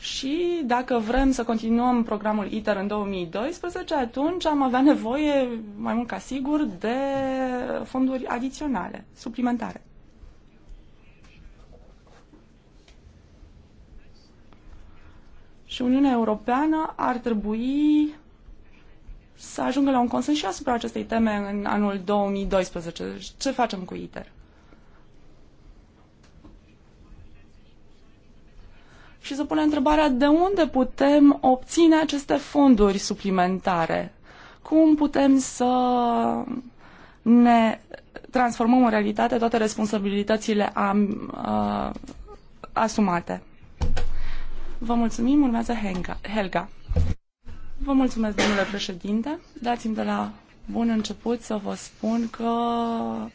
și dacă vrem să continuăm programul ITER în 2012, atunci am avea nevoie, mai mult ca sigur, de fonduri adiționale, suplimentare. Și Uniunea Europeană ar trebui să ajungă la un consens și asupra acestei teme în anul 2012. Ce facem cu ITER? și să pune întrebarea de unde putem obține aceste fonduri suplimentare. Cum putem să ne transformăm în realitate toate responsabilitățile am, uh, asumate. Vă mulțumim, urmează Henga, Helga. Vă mulțumesc, domnule președinte. Dați-mi de la bun început să vă spun că uh,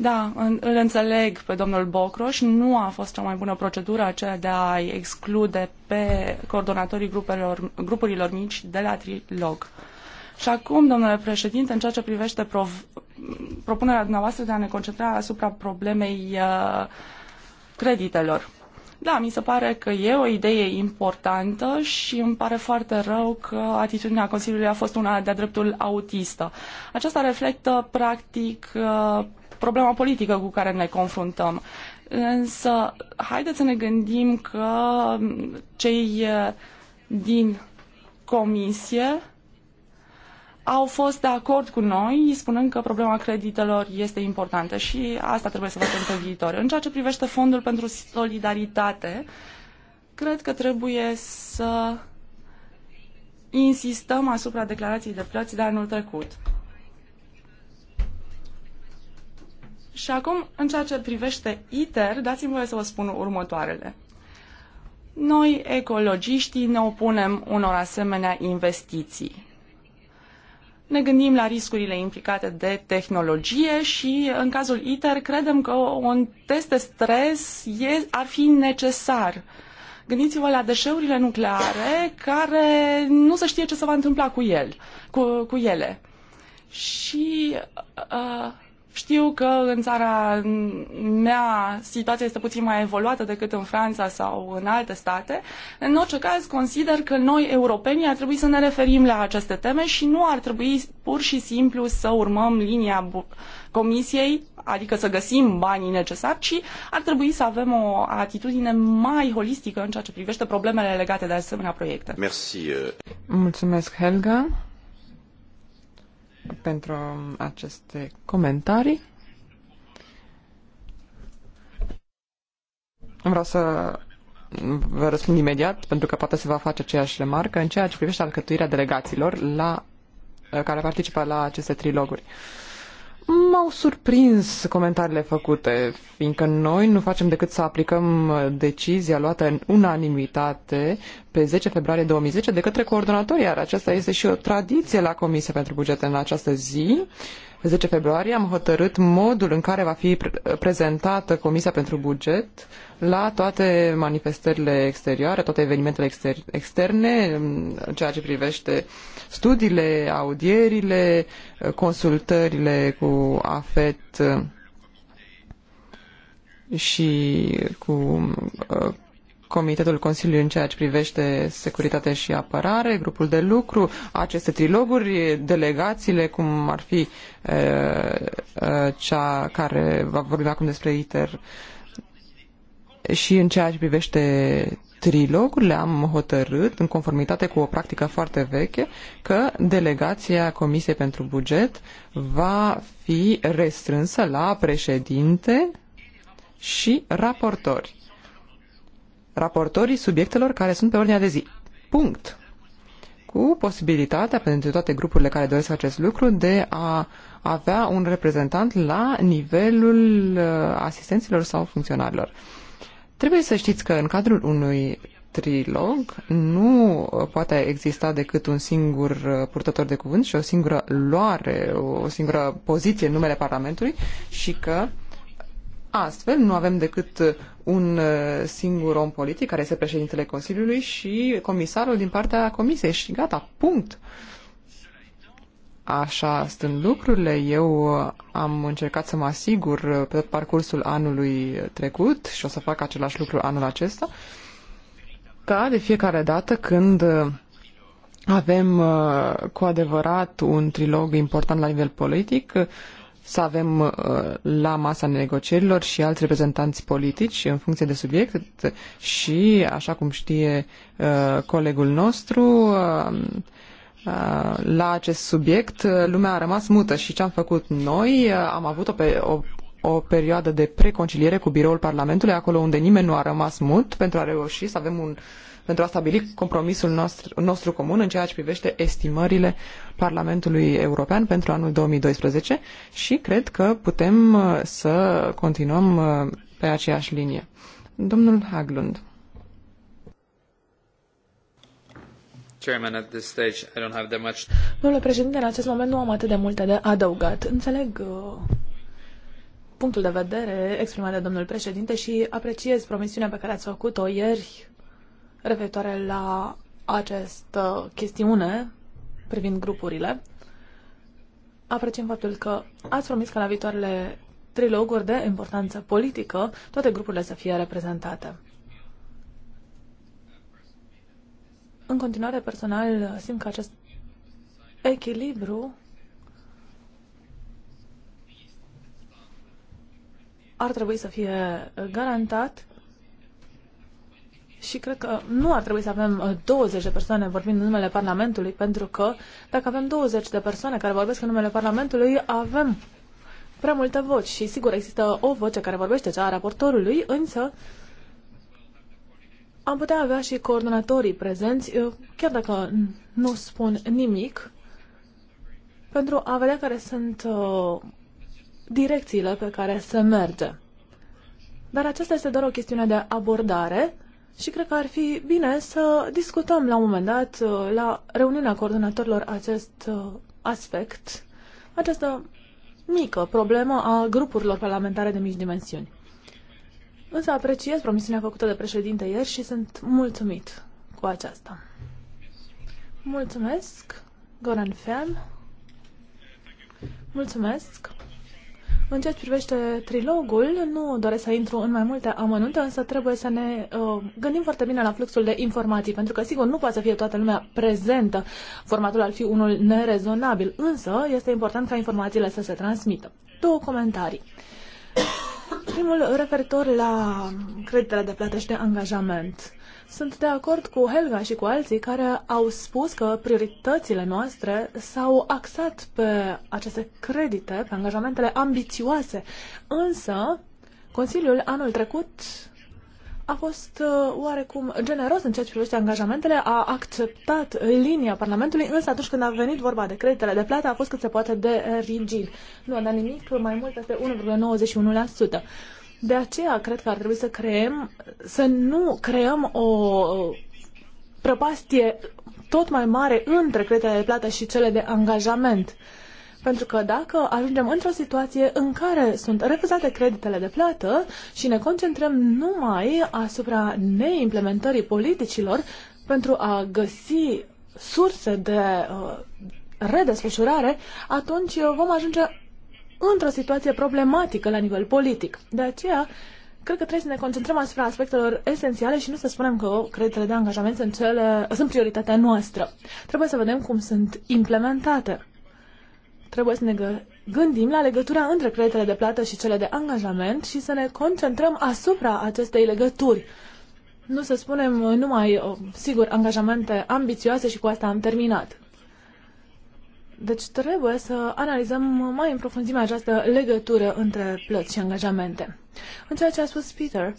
da, îl înțeleg pe domnul Bocroș. Nu a fost cea mai bună procedură aceea de a exclude pe coordonatorii grupelor, grupurilor mici de la trilog. Și acum, domnule președinte, în ceea ce privește propunerea dumneavoastră de a ne concentra asupra problemei uh, creditelor. Da, mi se pare că e o idee importantă și îmi pare foarte rău că atitudinea Consiliului a fost una de-a dreptul autistă. Aceasta reflectă, practic, uh, problema politică cu care ne confruntăm. Însă, haideți să ne gândim că cei din comisie au fost de acord cu noi, spunând că problema creditelor este importantă și asta trebuie să facem pe viitor. În ceea ce privește fondul pentru solidaritate, cred că trebuie să insistăm asupra declarației de plăți de anul trecut. Și acum, în ceea ce privește ITER, dați-mi voie să vă spun următoarele. Noi, ecologiștii, ne opunem unor asemenea investiții. Ne gândim la riscurile implicate de tehnologie și, în cazul ITER, credem că un test de stres e, ar fi necesar. Gândiți-vă la deșeurile nucleare care nu se știe ce se va întâmpla cu, el, cu, cu ele. Și uh, știu că în țara mea situația este puțin mai evoluată decât în Franța sau în alte state. În orice caz, consider că noi, europenii, ar trebui să ne referim la aceste teme și nu ar trebui pur și simplu să urmăm linia Comisiei, adică să găsim banii necesari, ci ar trebui să avem o atitudine mai holistică în ceea ce privește problemele legate de asemenea proiecte. Uh. Mulțumesc, Helga pentru aceste comentarii. Vreau să vă răspund imediat, pentru că poate se va face aceeași remarcă în ceea ce privește alcătuirea delegațiilor la, care participă la aceste triloguri. M-au surprins comentariile făcute, fiindcă noi nu facem decât să aplicăm decizia luată în unanimitate pe 10 februarie 2010 de către coordonatori, iar aceasta este și o tradiție la Comisia pentru Bugete în această zi. Pe 10 februarie am hotărât modul în care va fi prezentată Comisia pentru Buget la toate manifestările exterioare, toate evenimentele exter- externe, în ceea ce privește uh, studiile, audierile, consultările cu AFET uh, și cu uh, Comitetul Consiliului în ceea ce privește securitate și apărare, grupul de lucru, aceste triloguri, delegațiile, cum ar fi uh, cea care va vorbi acum despre ITER și în ceea ce privește trilog le-am hotărât, în conformitate cu o practică foarte veche, că delegația Comisiei pentru Buget va fi restrânsă la președinte și raportori. Raportorii subiectelor care sunt pe ordinea de zi. Punct. Cu posibilitatea pentru toate grupurile care doresc acest lucru de a avea un reprezentant la nivelul uh, asistenților sau funcționarilor. Trebuie să știți că în cadrul unui trilog nu uh, poate exista decât un singur uh, purtător de cuvânt și o singură luare, o singură poziție în numele Parlamentului și că astfel nu avem decât uh, un singur om politic care este președintele Consiliului și comisarul din partea Comisiei și gata, punct. Uh, așa stând lucrurile. Eu uh, am încercat să mă asigur uh, pe tot parcursul anului trecut și o să fac același lucru anul acesta, ca de fiecare dată când uh, avem cu adevărat un trilog important la nivel politic, să avem la masa negocierilor și alți reprezentanți politici în funcție de subiect și, așa cum știe colegul nostru, Uh, la acest subiect, uh, lumea a rămas mută și ce am făcut noi, uh, am avut o, pe, o, o perioadă de preconciliere cu biroul Parlamentului, acolo unde nimeni nu a rămas mut pentru a reuși să avem un pentru a stabili compromisul nostru, nostru comun în ceea ce privește estimările Parlamentului European pentru anul 2012 și cred că putem să continuăm pe aceeași linie. Domnul Haglund. Chairman, at this stage I don't have that much. Domnule președinte, în acest moment nu am atât de multe de adăugat. Înțeleg uh, punctul de vedere exprimat de domnul președinte și apreciez promisiunea pe care ați făcut-o ieri referitoare la această chestiune privind grupurile. Apreciem faptul că ați promis că la viitoarele triloguri de importanță politică toate grupurile să fie reprezentate. în continuare, personal, simt că acest echilibru ar trebui să fie garantat și cred că nu ar trebui să avem 20 uh, de persoane vorbind în numele Parlamentului, pentru că dacă avem 20 de persoane care vorbesc în numele Parlamentului, avem prea multe voci și sigur există o voce care vorbește, cea a raportorului, însă uh, am putea avea și coordonatorii prezenți, chiar dacă nu spun nimic, pentru a vedea care sunt uh, direcțiile pe care se merge. Dar aceasta este doar o chestiune de abordare și cred că ar fi bine să discutăm la un moment dat, uh, la reuniunea coordonatorilor, acest uh, aspect, această mică problemă a grupurilor parlamentare de mici dimensiuni. Însă apreciez promisiunea făcută de președinte ieri și sunt mulțumit cu aceasta. Mulțumesc, Goran Fian. Mulțumesc. În ceea ce privește trilogul, nu doresc să intru în mai multe amănunte, însă trebuie să ne uh, gândim foarte bine la fluxul de informații, pentru că, sigur, nu poate să fie toată lumea prezentă. Formatul ar fi unul nerezonabil, însă este important ca informațiile să se transmită. Două comentarii. Primul referitor la creditele de plată și de angajament. Sunt de acord cu Helga și cu alții care au spus că prioritățile noastre s-au axat pe aceste credite, pe angajamentele ambițioase. Însă, Consiliul anul trecut a fost uh, oarecum generos în ceea ce privește angajamentele, a acceptat linia Parlamentului, însă atunci când a venit vorba de creditele de plată a fost cât se poate de rigid. Nu a dat nimic mai mult peste 1,91%. De aceea cred că ar trebui să creăm, să nu creăm o prăpastie tot mai mare între creditele de plată și cele de angajament. Uh, pentru că dacă ajungem într-o situație în care sunt refuzate creditele de plată și ne concentrăm numai asupra neimplementării politicilor pentru a găsi surse de uh, redesfășurare, atunci uh, vom ajunge într-o situație problematică la nivel politic. De aceea, cred că trebuie să ne concentrăm asupra aspectelor esențiale și nu să spunem că creditele de angajament sunt, cele, sunt prioritatea noastră. Trebuie să vedem cum sunt implementate. Trebuie să ne gândim la legătura între creditele de plată și cele de angajament și să ne concentrăm asupra acestei legături. Nu să spunem uh, numai, uh, sigur, angajamente ambițioase și cu asta am terminat. Deci trebuie să analizăm mai în profunzime această legătură între plăți și angajamente. În ceea ce a spus Peter,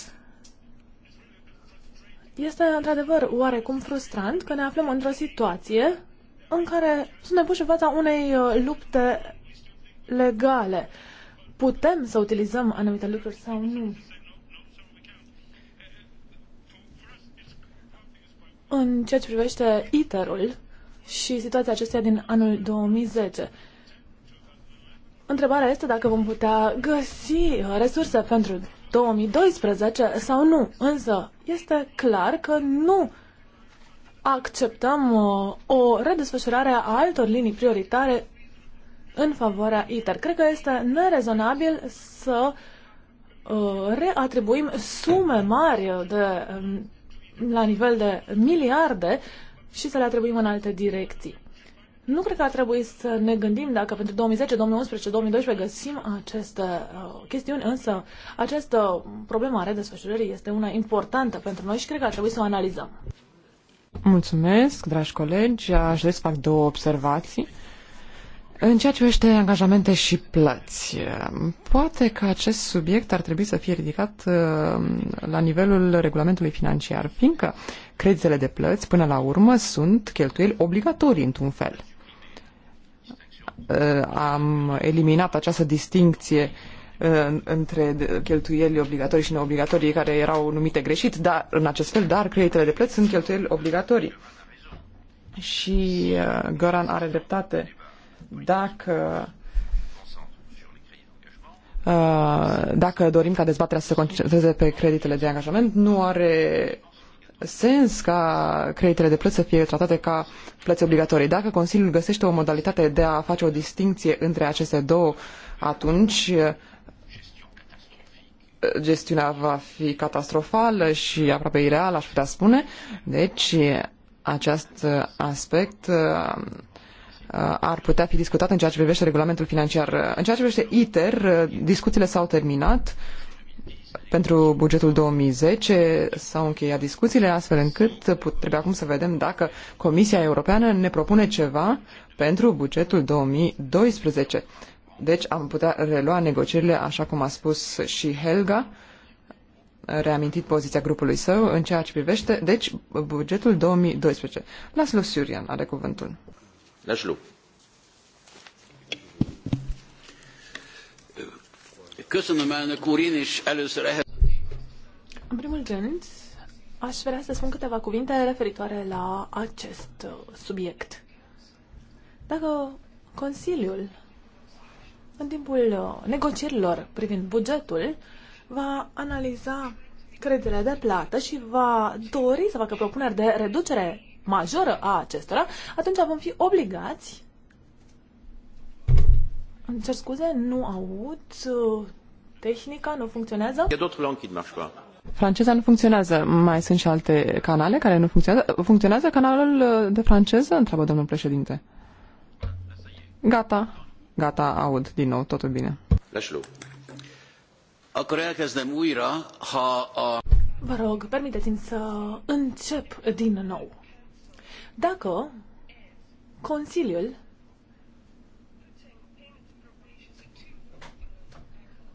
este într-adevăr oarecum frustrant că ne aflăm într-o situație în care suntem puși în fața unei uh, lupte legale. Putem să utilizăm anumite lucruri sau nu? În ceea ce privește ITER-ul și situația acesteia din anul 2010, întrebarea este dacă vom putea găsi uh, resurse pentru 2012 sau nu. Însă este clar că nu acceptăm uh, o redesfășurare a altor linii prioritare în favoarea ITER. Cred că este nerezonabil să uh, reatribuim sume mari de, um, la nivel de miliarde și să le atribuim în alte direcții. Nu cred că ar trebui să ne gândim dacă pentru 2010, 2011, 2012 găsim aceste uh, chestiuni, însă această problemă a redesfășurării este una importantă pentru noi și cred că ar trebui să o analizăm. Mulțumesc, dragi colegi. Aș dori să fac două observații. În ceea ce privește angajamente și plăți, poate că acest subiect ar trebui să fie ridicat uh, la nivelul regulamentului financiar, fiindcă creditele de plăți, până la urmă, sunt cheltuieli obligatorii într-un fel. Uh, am eliminat această distincție între cheltuieli obligatorii și neobligatorii care erau numite greșit dar, în acest fel, dar creditele de plăți sunt cheltuieli obligatorii. Și uh, Goran are dreptate. Dacă uh, dacă dorim ca dezbaterea să se concentreze pe creditele de angajament, nu are sens ca creditele de plăți să fie tratate ca plăți obligatorii. Dacă Consiliul găsește o modalitate de a face o distinție între aceste două, atunci gestiunea va fi catastrofală și aproape ireală, aș putea spune. Deci, acest aspect uh, uh, ar putea fi discutat în ceea ce privește regulamentul financiar. În ceea ce privește ITER, uh, discuțiile s-au terminat pentru bugetul 2010 s-au încheiat discuțiile astfel încât trebuie acum să vedem dacă Comisia Europeană ne propune ceva pentru bugetul 2012. Deci am putea relua negocierile, așa cum a spus și Helga, reamintit poziția grupului său în ceea ce privește, deci, bugetul 2012. Laslo Surian are cuvântul. Laslo. În primul rând, aș vrea să spun câteva cuvinte referitoare la acest uh, subiect. Dacă Consiliul în timpul uh, negocierilor privind bugetul, va analiza creditele de plată și va dori să facă propuneri de reducere majoră a acestora, atunci vom fi obligați îmi cer scuze, nu aud. Uh, tehnica nu funcționează. Franceza nu funcționează. Mai sunt și alte canale care nu funcționează. Funcționează canalul uh, de franceză? Întreabă domnul președinte. Gata. Gata, aud din nou, totul bine. Leșlu. Akkor elkezdem újra, ha a... Vă rog, permiteți-mi să încep din nou. Dacă Consiliul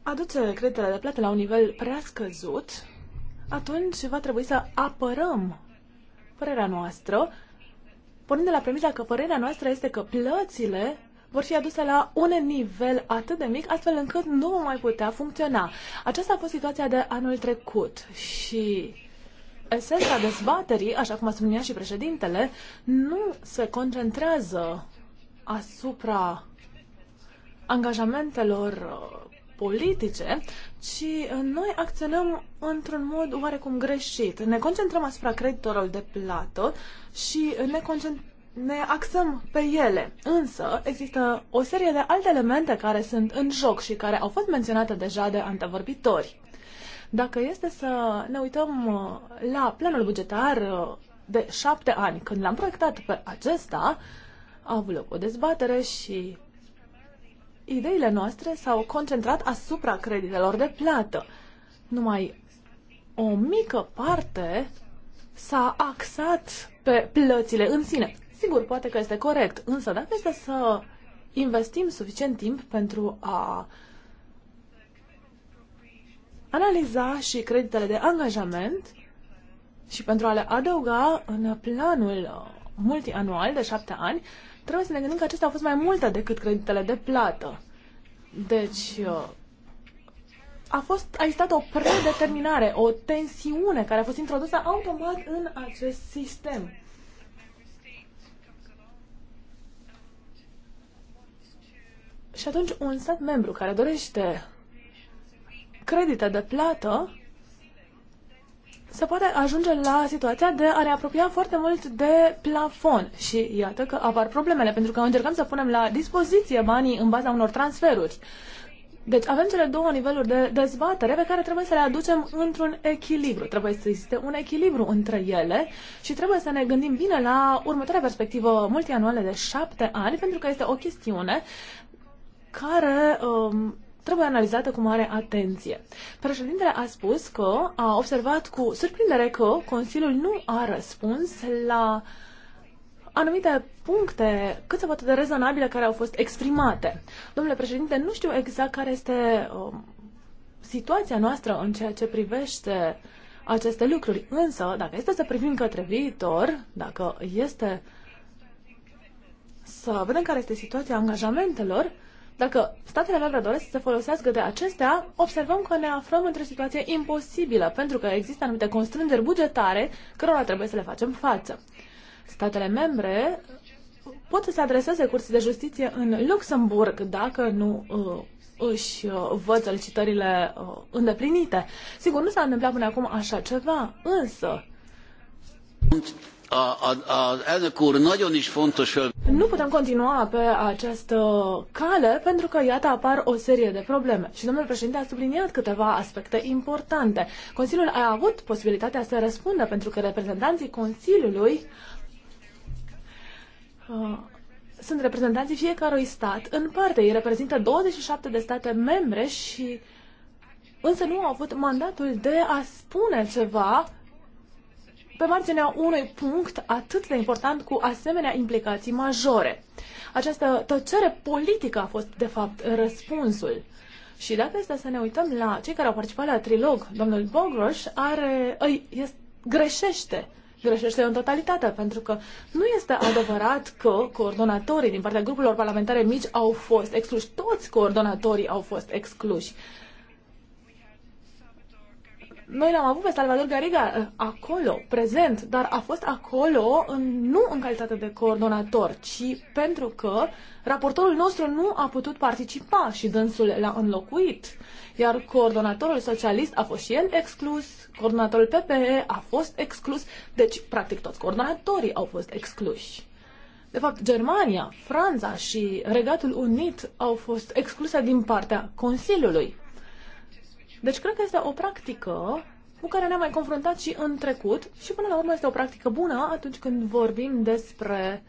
aduce creditele de plată la un nivel prea scăzut, atunci va trebui să apărăm părerea noastră, pornind de la premisa că părerea noastră este că plățile vor fi aduse la un nivel atât de mic, astfel încât nu vom mai putea funcționa. Aceasta a fost situația de anul trecut și esența dezbaterii, așa cum a subliniat și președintele, nu se concentrează asupra angajamentelor uh, politice, ci uh, noi acționăm într-un mod oarecum greșit. Ne concentrăm asupra creditorului de plată și ne concentrăm ne axăm pe ele. Însă există o serie de alte elemente care sunt în joc și care au fost menționate deja de antevorbitori. Dacă este să ne uităm uh, la planul bugetar uh, de șapte ani, când l-am proiectat pe acesta, a avut loc o dezbatere și ideile noastre s-au concentrat asupra creditelor de plată. Numai o mică parte s-a axat pe plățile în sine. Sigur, poate că este corect, însă dacă este să investim suficient timp pentru a analiza și creditele de angajament și pentru a le adăuga în planul uh, multianual de șapte ani, trebuie să ne gândim că acestea au fost mai multe decât creditele de plată. Deci, uh, a fost, a existat o predeterminare, o tensiune care a fost introdusă automat în acest sistem. Și atunci un stat membru care dorește credite de plată se poate ajunge la situația de a ne apropia foarte mult de plafon. Și iată că apar problemele, pentru că încercăm să punem la dispoziție banii în baza unor transferuri. Deci avem cele două niveluri de dezbatere pe care trebuie să le aducem într-un echilibru. Trebuie să existe un echilibru între ele și trebuie să ne gândim bine la următoarea perspectivă multianuală de șapte ani, pentru că este o chestiune care um, trebuie analizată cu mare atenție. Președintele a spus că a observat cu surprindere că Consiliul nu a răspuns la anumite puncte cât se poate de rezonabile care au fost exprimate. Domnule președinte, nu știu exact care este um, situația noastră în ceea ce privește aceste lucruri, însă dacă este să privim către viitor, dacă este să vedem care este situația angajamentelor, dacă statele membre doresc să se folosească de acestea, observăm că ne aflăm într-o situație imposibilă, pentru că există anumite constrângeri bugetare cărora trebuie să le facem față. Statele membre pot să se adreseze curții de justiție în Luxemburg dacă nu uh, își uh, văd solicitările uh, îndeplinite. Sigur, nu s-a întâmplat până acum așa ceva, însă a, a, a, elnök úr, nagyon is fontos... Nu putem continua pe această cale pentru că, iată, apar o serie de probleme. Și domnul președinte a subliniat câteva aspecte importante. Consiliul a avut posibilitatea să răspundă pentru că reprezentanții Consiliului uh, sunt reprezentanții fiecărui stat în parte. Ei reprezintă 27 de state membre și însă nu au avut mandatul de a spune ceva pe marginea unui punct atât de important cu asemenea implicații majore. Această tăcere politică a fost, de fapt, răspunsul. Și dacă este să ne uităm la cei care au participat la trilog, domnul Bogroș are, îi, este, greșește greșește în totalitate, pentru că nu este adevărat că coordonatorii din partea grupurilor parlamentare mici au fost excluși. Toți coordonatorii au fost excluși. Noi l-am avut pe Salvador Gariga uh, acolo, prezent, dar a fost acolo în, nu în calitate de coordonator, ci pentru că raportorul nostru nu a putut participa și dânsul l-a înlocuit. Iar coordonatorul socialist a fost și el exclus, coordonatorul PPE a fost exclus, deci practic toți coordonatorii au fost excluși. De fapt, Germania, Franța și Regatul Unit au fost excluse din partea Consiliului. Deci cred că este o practică cu care ne-am mai confruntat și în trecut și până la urmă este o practică bună atunci când vorbim despre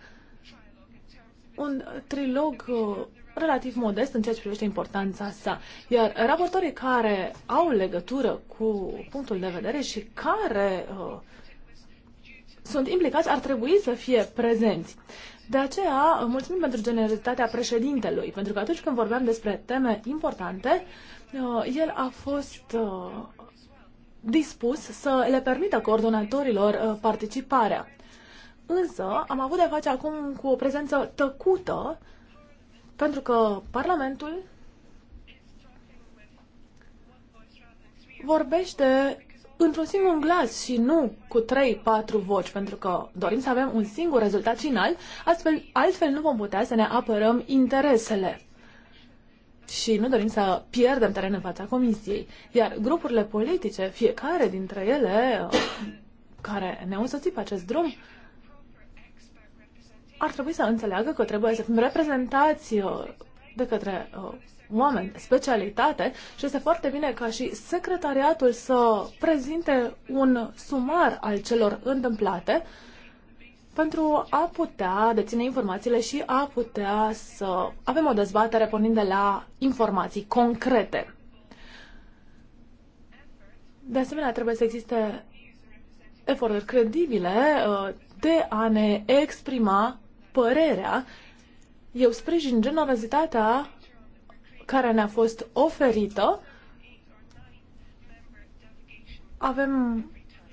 un trilog uh, relativ modest în ceea ce privește importanța sa. Iar raportorii care au legătură cu punctul de vedere și care uh, sunt implicați ar trebui să fie prezenți. De aceea, mulțumim pentru generozitatea președintelui, pentru că atunci când vorbeam despre teme importante, uh, Uh, el a fost uh, dispus să le permită coordonatorilor uh, participarea. Însă am avut de face acum cu o prezență tăcută, pentru că Parlamentul vorbește într-un singur glas și nu cu 3-4 voci, pentru că dorim să avem un singur rezultat final, astfel, altfel nu vom putea să ne apărăm interesele și nu dorim să pierdem teren în fața Comisiei. Iar grupurile politice, fiecare dintre ele uh, care ne-au însoțit pe acest drum, ar trebui să înțeleagă că trebuie să fim reprezentați uh, de către uh, oameni de specialitate și este foarte bine ca și secretariatul să prezinte un sumar al celor întâmplate pentru a putea deține informațiile și a putea să avem o dezbatere pornind de la informații concrete. De asemenea, trebuie să existe eforturi credibile uh, de a ne exprima părerea. Eu sprijin generozitatea care ne-a fost oferită. Avem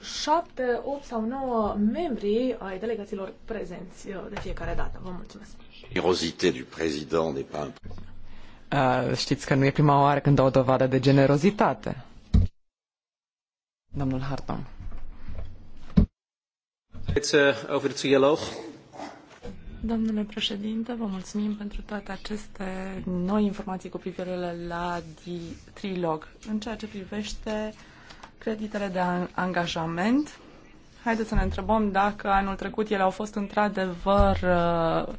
șapte, opt sau nouă membri ai delegațiilor prezenți uh, de fiecare dată. Vă mulțumesc. Generozite du président n'est pas... Uh, știți că nu e prima oară când dau dovadă de generozitate. Domnul Harton. Uh, Domnule președinte, vă mulțumim pentru toate aceste noi informații cu privire la trilog. În ceea ce privește Creditele de angajament. Haideți să ne întrebăm dacă anul trecut ele au fost într-adevăr uh,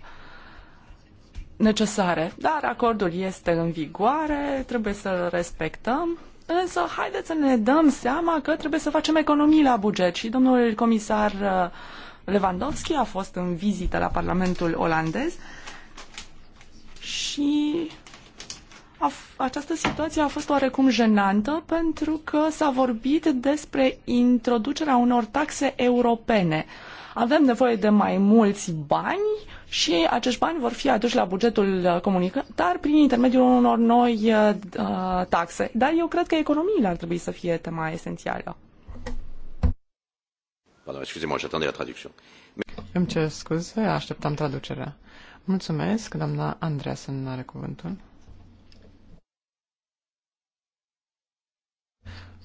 necesare. Dar acordul este în vigoare, trebuie să-l respectăm. Însă, haideți să ne dăm seama că trebuie să facem economii la buget și domnul comisar uh, Lewandowski a fost în vizită la Parlamentul olandez și a, această situație a fost oarecum jenantă pentru că s-a vorbit despre introducerea unor taxe europene. Avem nevoie de mai mulți bani și acești bani vor fi aduși la bugetul comunitar prin intermediul unor noi uh, taxe. Dar eu cred că economiile ar trebui să fie tema esențială. Pardon, excusez-moi, j'attendais la traduction. Îmi cer scuze, așteptam traducerea. Mulțumesc, doamna Andreasen are cuvântul.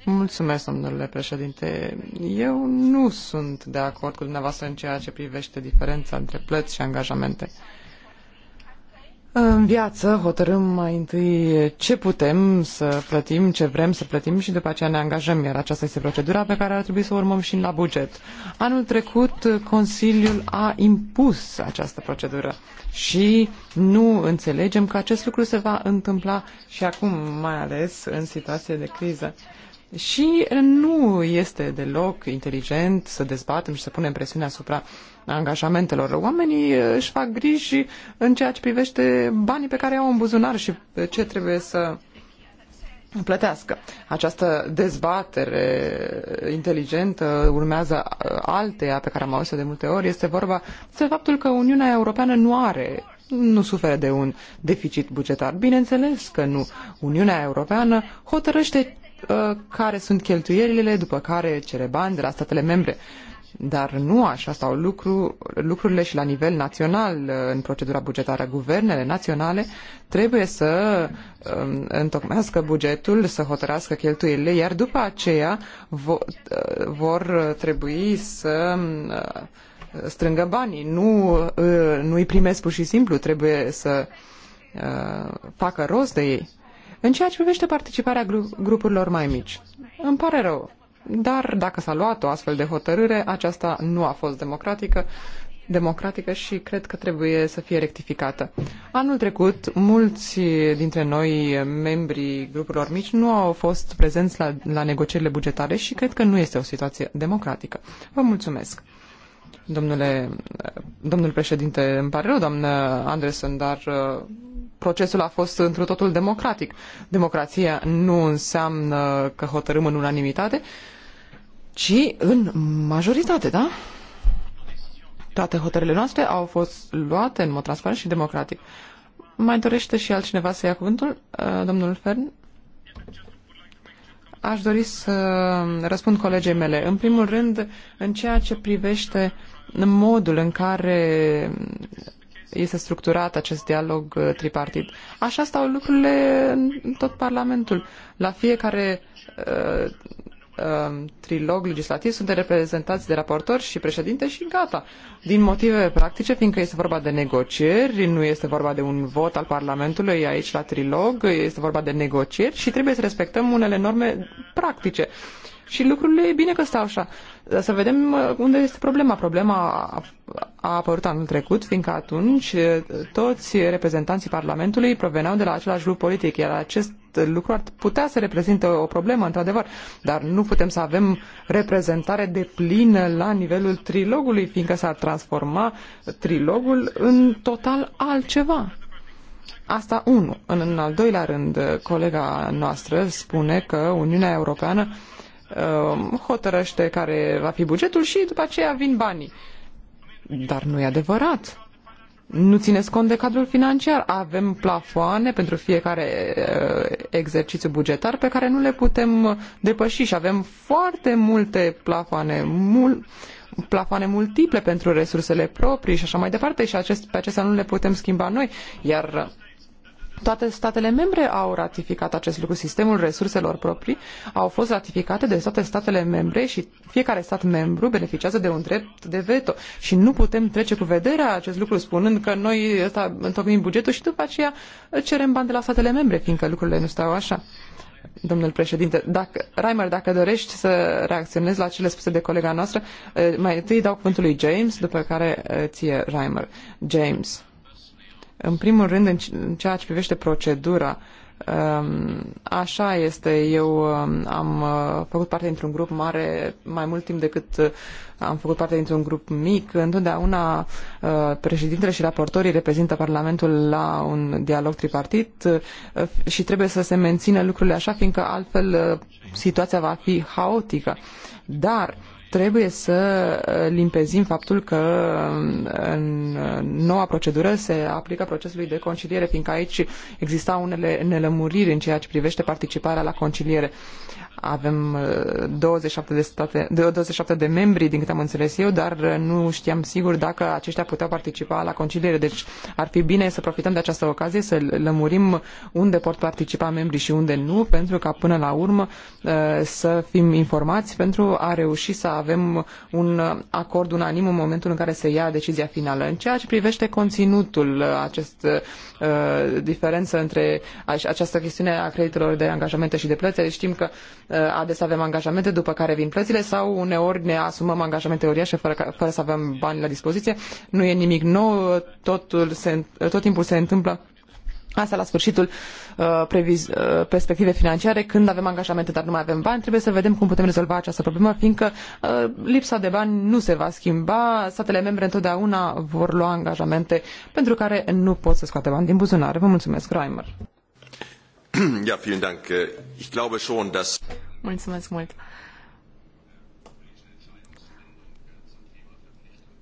Mulțumesc, domnule președinte. Eu nu sunt de acord cu dumneavoastră în ceea ce privește diferența între plăți și angajamente. În viață hotărâm mai întâi ce putem să plătim, ce vrem să plătim și după aceea ne angajăm, iar aceasta este procedura pe care ar trebui să o urmăm și la buget. Anul trecut Consiliul a impus această procedură și nu înțelegem că acest lucru se va întâmpla și acum, mai ales în situație de criză. Și nu este deloc inteligent să dezbatem și să punem presiune asupra angajamentelor. Oamenii uh, își fac griji în ceea ce privește banii pe care au în buzunar și uh, ce trebuie să plătească. Această dezbatere inteligentă urmează uh, alteia pe care am auzit-o de multe ori. Este vorba despre faptul că Uniunea Europeană nu are nu suferă de un deficit bugetar. Bineînțeles că nu. Uniunea Europeană hotărăște Uh, care sunt cheltuielile, după care cere bani de la statele membre. Dar nu așa stau lucru, lucrurile și la nivel național, uh, în procedura bugetară. Guvernele naționale trebuie să um, întocmească bugetul, să hotărască cheltuielile, iar după aceea vo, uh, vor trebui să um, strângă banii. Nu, nu îi primesc pur și simplu, trebuie să facă rost de ei. În ceea ce privește participarea grupurilor mai mici, îmi pare rău, dar dacă s-a luat o astfel de hotărâre, aceasta nu a fost democratică, democratică și cred că trebuie să fie rectificată. Anul trecut, mulți dintre noi, membrii grupurilor mici, nu au fost prezenți la, la negocierile bugetare și cred că nu este o situație democratică. Vă mulțumesc! Domnule, domnul președinte, îmi pare rău, doamnă Anderson, dar uh, procesul a fost întru totul democratic. Democrația nu înseamnă că hotărâm în unanimitate, ci în majoritate, da? Toate hotările noastre au fost luate în mod transparent și democratic. Mai dorește și altcineva să ia cuvântul? Uh, domnul Fern? Aș dori să răspund colegei mele. În primul rând, în ceea ce privește uh, modul în care este structurat acest dialog uh, tripartit. Așa stau lucrurile în tot Parlamentul. La fiecare uh, uh, trilog legislativ sunt reprezentați de raportori și președinte și gata. Din motive practice, fiindcă este vorba de negocieri, nu este vorba de un vot al Parlamentului aici la trilog, este vorba de negocieri și trebuie să respectăm unele norme practice. Și lucrurile e bine că stau așa să vedem uh, unde este problema. Problema a apărut anul trecut, fiindcă atunci uh, toți reprezentanții Parlamentului proveneau de la același grup politic, iar acest lucru ar putea să reprezinte o problemă, într-adevăr, dar nu putem să avem reprezentare de plină la nivelul trilogului, fiindcă s-ar transforma trilogul în total altceva. Asta unu. În, în al doilea rând, colega noastră spune că Uniunea Europeană uh, Um, hotărăște care va fi bugetul și după aceea vin banii. Dar nu e adevărat. Nu țineți cont de cadrul financiar. Avem plafoane pentru fiecare uh, exercițiu bugetar pe care nu le putem depăși și avem foarte multe plafoane, mul- plafoane multiple pentru resursele proprii și așa mai departe și acest, pe acestea nu le putem schimba noi. Iar toate statele membre au ratificat acest lucru. Sistemul resurselor proprii au fost ratificate de toate statele membre și fiecare stat membru beneficiază de un drept de veto. Și nu putem trece cu vederea acest lucru spunând că noi întocmim bugetul și după aceea cerem bani de la statele membre, fiindcă lucrurile nu stau așa. Domnul președinte, dacă, Reimer, dacă dorești să reacționezi la cele spuse de colega noastră, eh, mai întâi dau cuvântul lui James, după care eh, ție, Reimer. James. În primul rând, în ceea ce privește procedura, um, Așa este, eu um, am uh, făcut parte dintr-un grup mare mai mult timp decât uh, am făcut parte dintr-un grup mic. Întotdeauna uh, președintele și raportorii reprezintă Parlamentul la un dialog tripartit și trebuie să se mențină lucrurile așa, fiindcă altfel situația va fi haotică. Dar Trebuie să uh, limpezim faptul că uh, în uh, noua procedură se aplică procesului de conciliere, fiindcă aici exista unele nelămuriri în ceea ce privește participarea la conciliere. Avem 27 uh, de, state, 27 de membri, din câte am înțeles eu, dar uh, nu știam sigur dacă aceștia puteau participa la conciliere. Deci ar fi bine să profităm de această ocazie, să lămurim unde pot participa membrii și unde nu, pentru ca până la urmă uh, să fim informați pentru a reuși să avem un acord unanim în momentul în care se ia decizia finală. În ceea ce privește conținutul, acest diferență între această chestiune a creditelor de angajamente și de plăți, știm că Eh, adesea avem angajamente după care vin plățile sau uneori ne asumăm angajamente uriașe fără, ca, fără să avem bani la dispoziție. Nu e nimic nou, totul se, tot timpul se întâmplă Asta la sfârșitul eh, previz, eh, perspective financiare, când avem angajamente, dar nu mai avem bani, trebuie să vedem cum putem rezolva această problemă, fiindcă lipsa de bani nu se va schimba. Statele membre întotdeauna vor lua angajamente pentru care nu pot să scoate bani din buzunar. Vă mulțumesc, Reimer. Äh,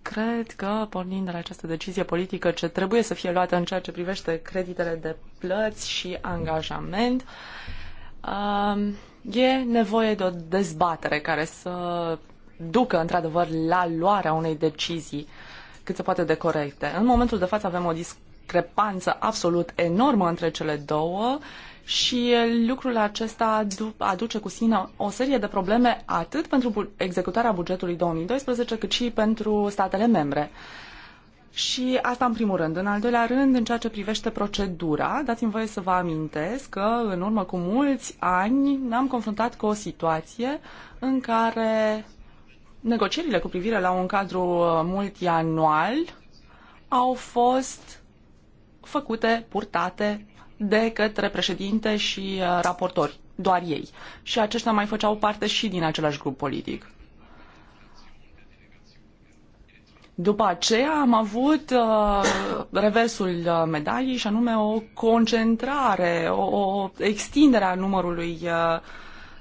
Cred că, pornind de la această decizie politică ce trebuie să fie luată în ceea ce privește creditele de plăți și angajament, um, e nevoie de o dezbatere care să ducă, într-adevăr, la luarea unei decizii cât se poate de corecte. În momentul de față avem o discrepanță absolut enormă între cele două și lucrul acesta aduce cu sine o serie de probleme atât pentru executarea bugetului 2012 cât și pentru statele membre. Și asta în primul rând. În al doilea rând, în ceea ce privește procedura, dați-mi voie să vă amintesc că în urmă cu mulți ani ne-am confruntat cu o situație în care negocierile cu privire la un cadru uh, multianual au fost făcute, purtate de către președinte și uh, raportori, doar ei. Și aceștia mai făceau parte și din același grup politic. După aceea am avut uh, reversul uh, medaliei și anume o concentrare, o, o extindere a numărului uh,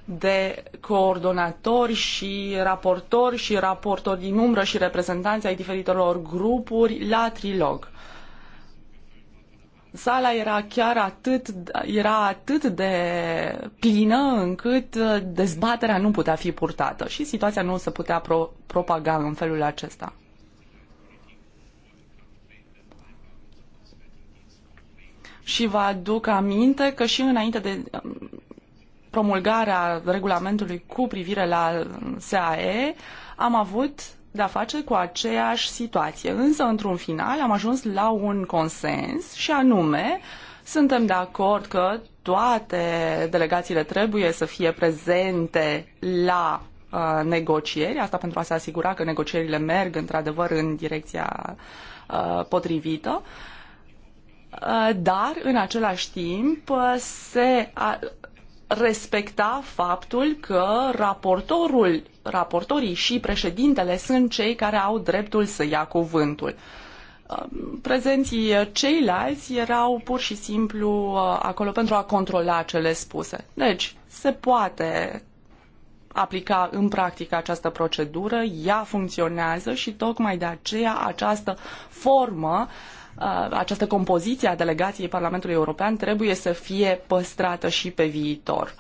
de coordonatori și raportori și raportori din umbră și reprezentanți ai diferitelor grupuri la trilog. Sala era chiar atât, era atât de plină încât uh, dezbaterea nu putea fi purtată și situația nu se putea pro- propaga în felul acesta. Și vă aduc aminte că și înainte de um, promulgarea regulamentului cu privire la um, SAE, am avut de-a face cu aceeași situație. Însă, într-un final, am ajuns la un consens și anume, suntem de acord că toate delegațiile trebuie să fie prezente la uh, negocieri, asta pentru a se asigura că negocierile merg într-adevăr în direcția uh, potrivită. Uh, dar, în același timp, uh, se respecta faptul că raportorul raportorii și președintele sunt cei care au dreptul să ia cuvântul. Prezenții ceilalți erau pur și simplu uh, acolo pentru a controla cele spuse. Deci, se poate aplica în practică această procedură, ea funcționează și tocmai de aceea această formă uh, această compoziție a delegației Parlamentului European trebuie să fie păstrată și pe viitor.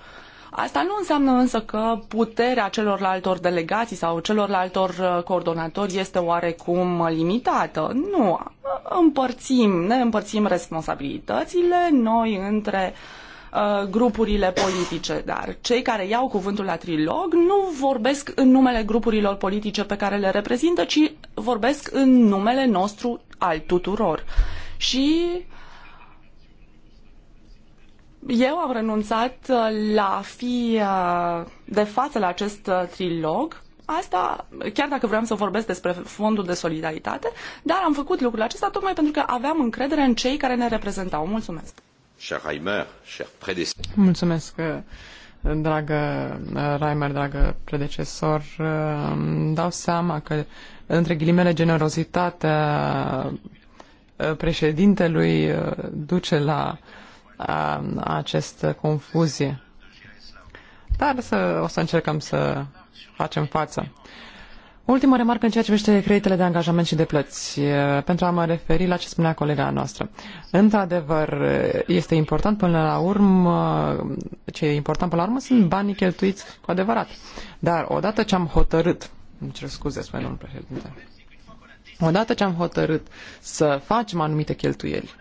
Asta nu înseamnă însă că puterea celorlaltor delegații sau celorlaltor uh, coordonatori este oarecum limitată. Nu. Împărțim, ne împărțim responsabilitățile noi între uh, grupurile politice, dar cei care iau cuvântul la trilog nu vorbesc în numele grupurilor politice pe care le reprezintă, ci vorbesc în numele nostru al tuturor. Și uh, eu am renunțat uh, la a fi uh, de față la acest uh, trilog asta, chiar dacă vreau să vorbesc despre fondul de solidaritate, dar am făcut lucrul acesta tocmai pentru că aveam încredere în cei care ne reprezentau. Mulțumesc! Cher Reimer, cher Mulțumesc, dragă Reimer, dragă predecesor. dau seama că, între ghilimele, generozitatea președintelui duce la această confuzie. Dar să, o să încercăm să facem față. Ultima remarcă în ceea ce privește creditele de angajament și de plăți, pentru a mă referi la ce spunea colega noastră. Într-adevăr, este important până la urmă, ce e important până la urmă sunt banii cheltuiți cu adevărat. Dar odată ce am hotărât, îmi cer scuze, spune domnul președinte, odată ce am hotărât să facem anumite cheltuieli,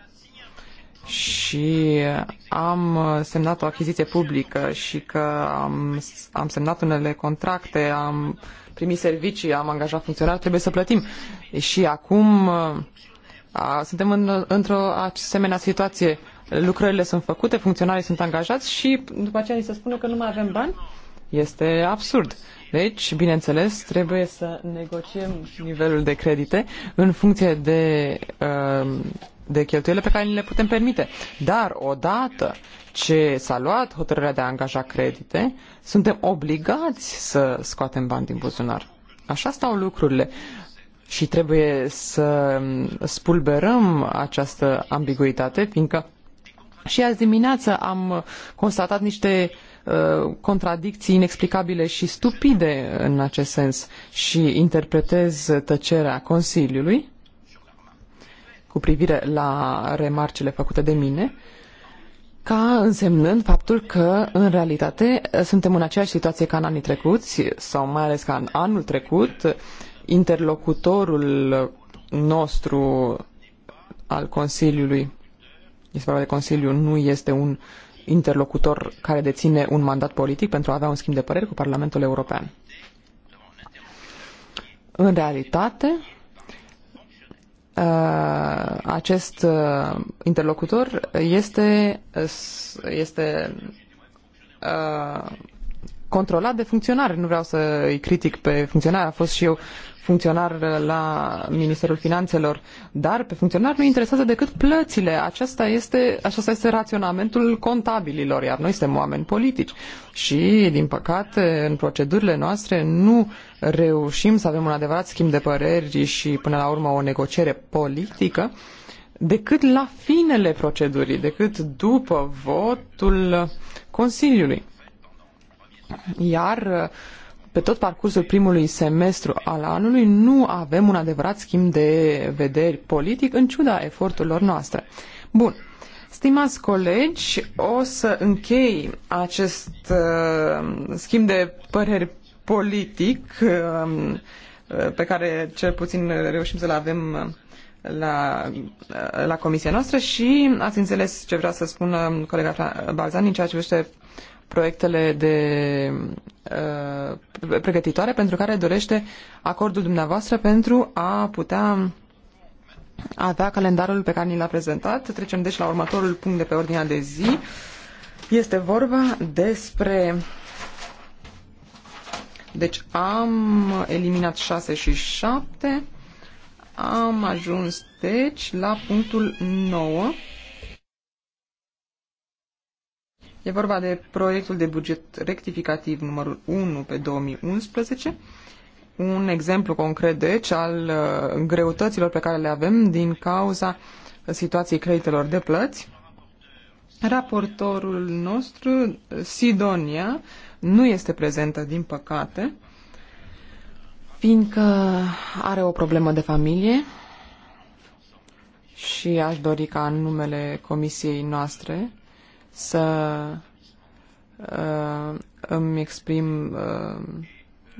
și am semnat o achiziție publică și că am, am semnat unele contracte, am primit servicii, am angajat funcționari, trebuie să plătim. Și acum a, suntem în, într-o asemenea situație. Lucrările sunt făcute, funcționarii sunt angajați și după aceea ni se spune că nu mai avem bani. Este absurd. Deci, bineînțeles, trebuie să negociem nivelul de credite în funcție de uh, de cheltuielile pe care le putem permite. Dar odată ce s-a luat hotărârea de a angaja credite, suntem obligați să scoatem bani din buzunar. Așa stau lucrurile. Și trebuie să spulberăm această ambiguitate, fiindcă și azi dimineață am constatat niște uh, contradicții inexplicabile și stupide în acest sens și interpretez tăcerea Consiliului cu privire la remarcile făcute de mine, ca însemnând faptul că, în realitate, suntem în aceeași situație ca în anii trecuți, sau mai ales ca în anul trecut, interlocutorul nostru al Consiliului, este vorba de Consiliu, nu este un interlocutor care deține un mandat politic pentru a avea un schimb de păreri cu Parlamentul European. În realitate, Uh, acest uh, interlocutor este, uh, este controlat de funcționari. Nu vreau să îi critic pe funcționari, a fost și eu funcționar la Ministerul Finanțelor, dar pe funcționar nu interesează decât plățile. Aceasta este, aceasta este raționamentul contabililor, iar noi suntem oameni politici. Și, din păcate, în procedurile noastre nu reușim să avem un adevărat schimb de păreri și, până la urmă, o negociere politică decât la finele procedurii, decât după votul Consiliului. Iar uh, pe tot parcursul primului semestru al anului nu avem un adevărat schimb de vederi politic în ciuda eforturilor noastre. Bun. Stimați colegi, o să închei acest uh, schimb de păreri politic um, uh, pe care cel puțin reușim să-l avem uh, la, uh, la comisia noastră și ați înțeles ce vrea să spună colega Balzani în ceea ce privește proiectele de uh, pregătitoare pentru care dorește acordul dumneavoastră pentru a putea avea calendarul pe care ni l-a prezentat. Trecem deci la următorul punct de pe ordinea de zi. Este vorba despre deci am eliminat 6 și 7. Am ajuns deci la punctul 9 E vorba de proiectul de buget rectificativ numărul 1 pe 2011, un exemplu concret, deci, al uh, greutăților pe care le avem din cauza situației creditelor de plăți. Raportorul nostru, Sidonia, nu este prezentă, din păcate, fiindcă are o problemă de familie și aș dori ca în numele comisiei noastre să uh, îmi exprim uh,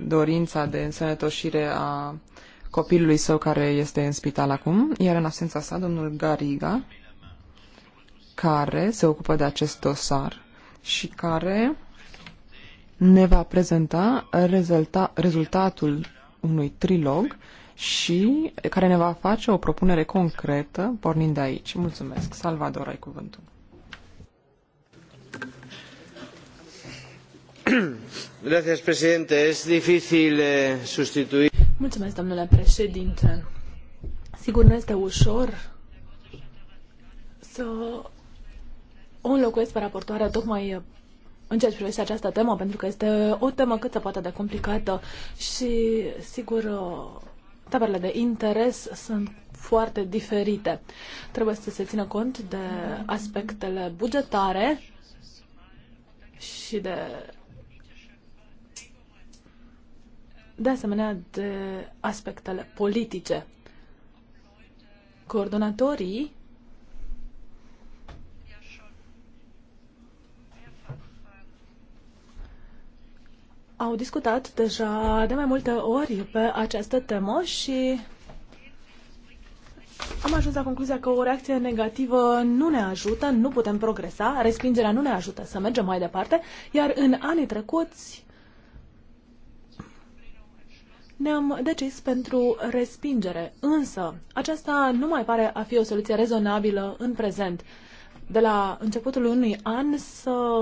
dorința de însănătoșire a copilului său care este în spital acum, iar în absența sa, domnul Gariga, care se ocupă de acest dosar și care ne va prezenta rezulta, rezultatul unui trilog și care ne va face o propunere concretă pornind de aici. Mulțumesc. Salvador, ai cuvântul. Eh, Mulțumesc, domnule președinte. Sigur, nu este ușor să o înlocuiesc pe raportoarea tocmai în ceea ce privește această temă, pentru că este o temă cât se poate de complicată și, sigur, taberele de interes sunt foarte diferite. Trebuie să se țină cont de aspectele bugetare și de de asemenea de aspectele politice. Coordonatorii au discutat deja de mai multe ori pe această temă și am ajuns la concluzia că o reacție negativă nu ne ajută, nu putem progresa, respingerea nu ne ajută să mergem mai departe, iar în anii trecuți ne-am decis pentru respingere, însă aceasta nu mai pare a fi o soluție rezonabilă în prezent. De la începutul unui an să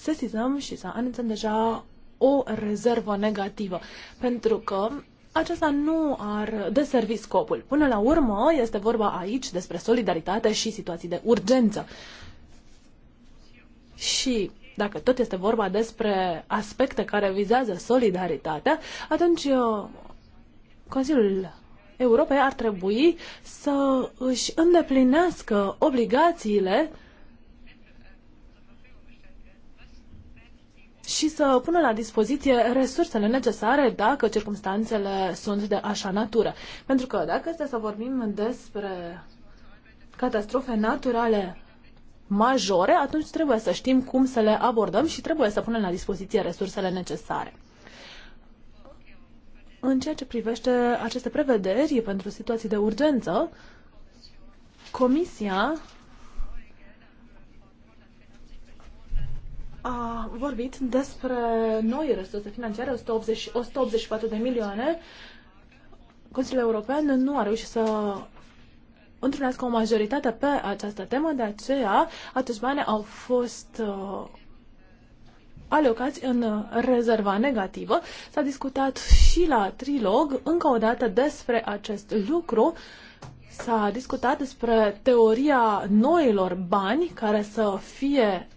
sesizăm și să anunțăm deja o rezervă negativă, pentru că aceasta nu ar deservi scopul. Până la urmă, este vorba aici despre solidaritate și situații de urgență. Și dacă tot este vorba despre aspecte care vizează solidaritatea, atunci uh, Consiliul Europei ar trebui să își îndeplinească obligațiile și să pună la dispoziție resursele necesare dacă circumstanțele sunt de așa natură. Pentru că dacă este să vorbim despre catastrofe naturale majore, atunci trebuie să știm cum să le abordăm și trebuie să punem la dispoziție resursele necesare. În ceea ce privește aceste prevederi pentru situații de urgență, Comisia a vorbit despre noi resurse financiare, 180, 184 de milioane. Consiliul European nu a reușit să întâlnească o majoritate pe această temă, de aceea acești bani au fost uh, alocați în rezerva negativă. S-a discutat și la trilog încă o dată despre acest lucru. S-a discutat despre teoria noilor bani care să fie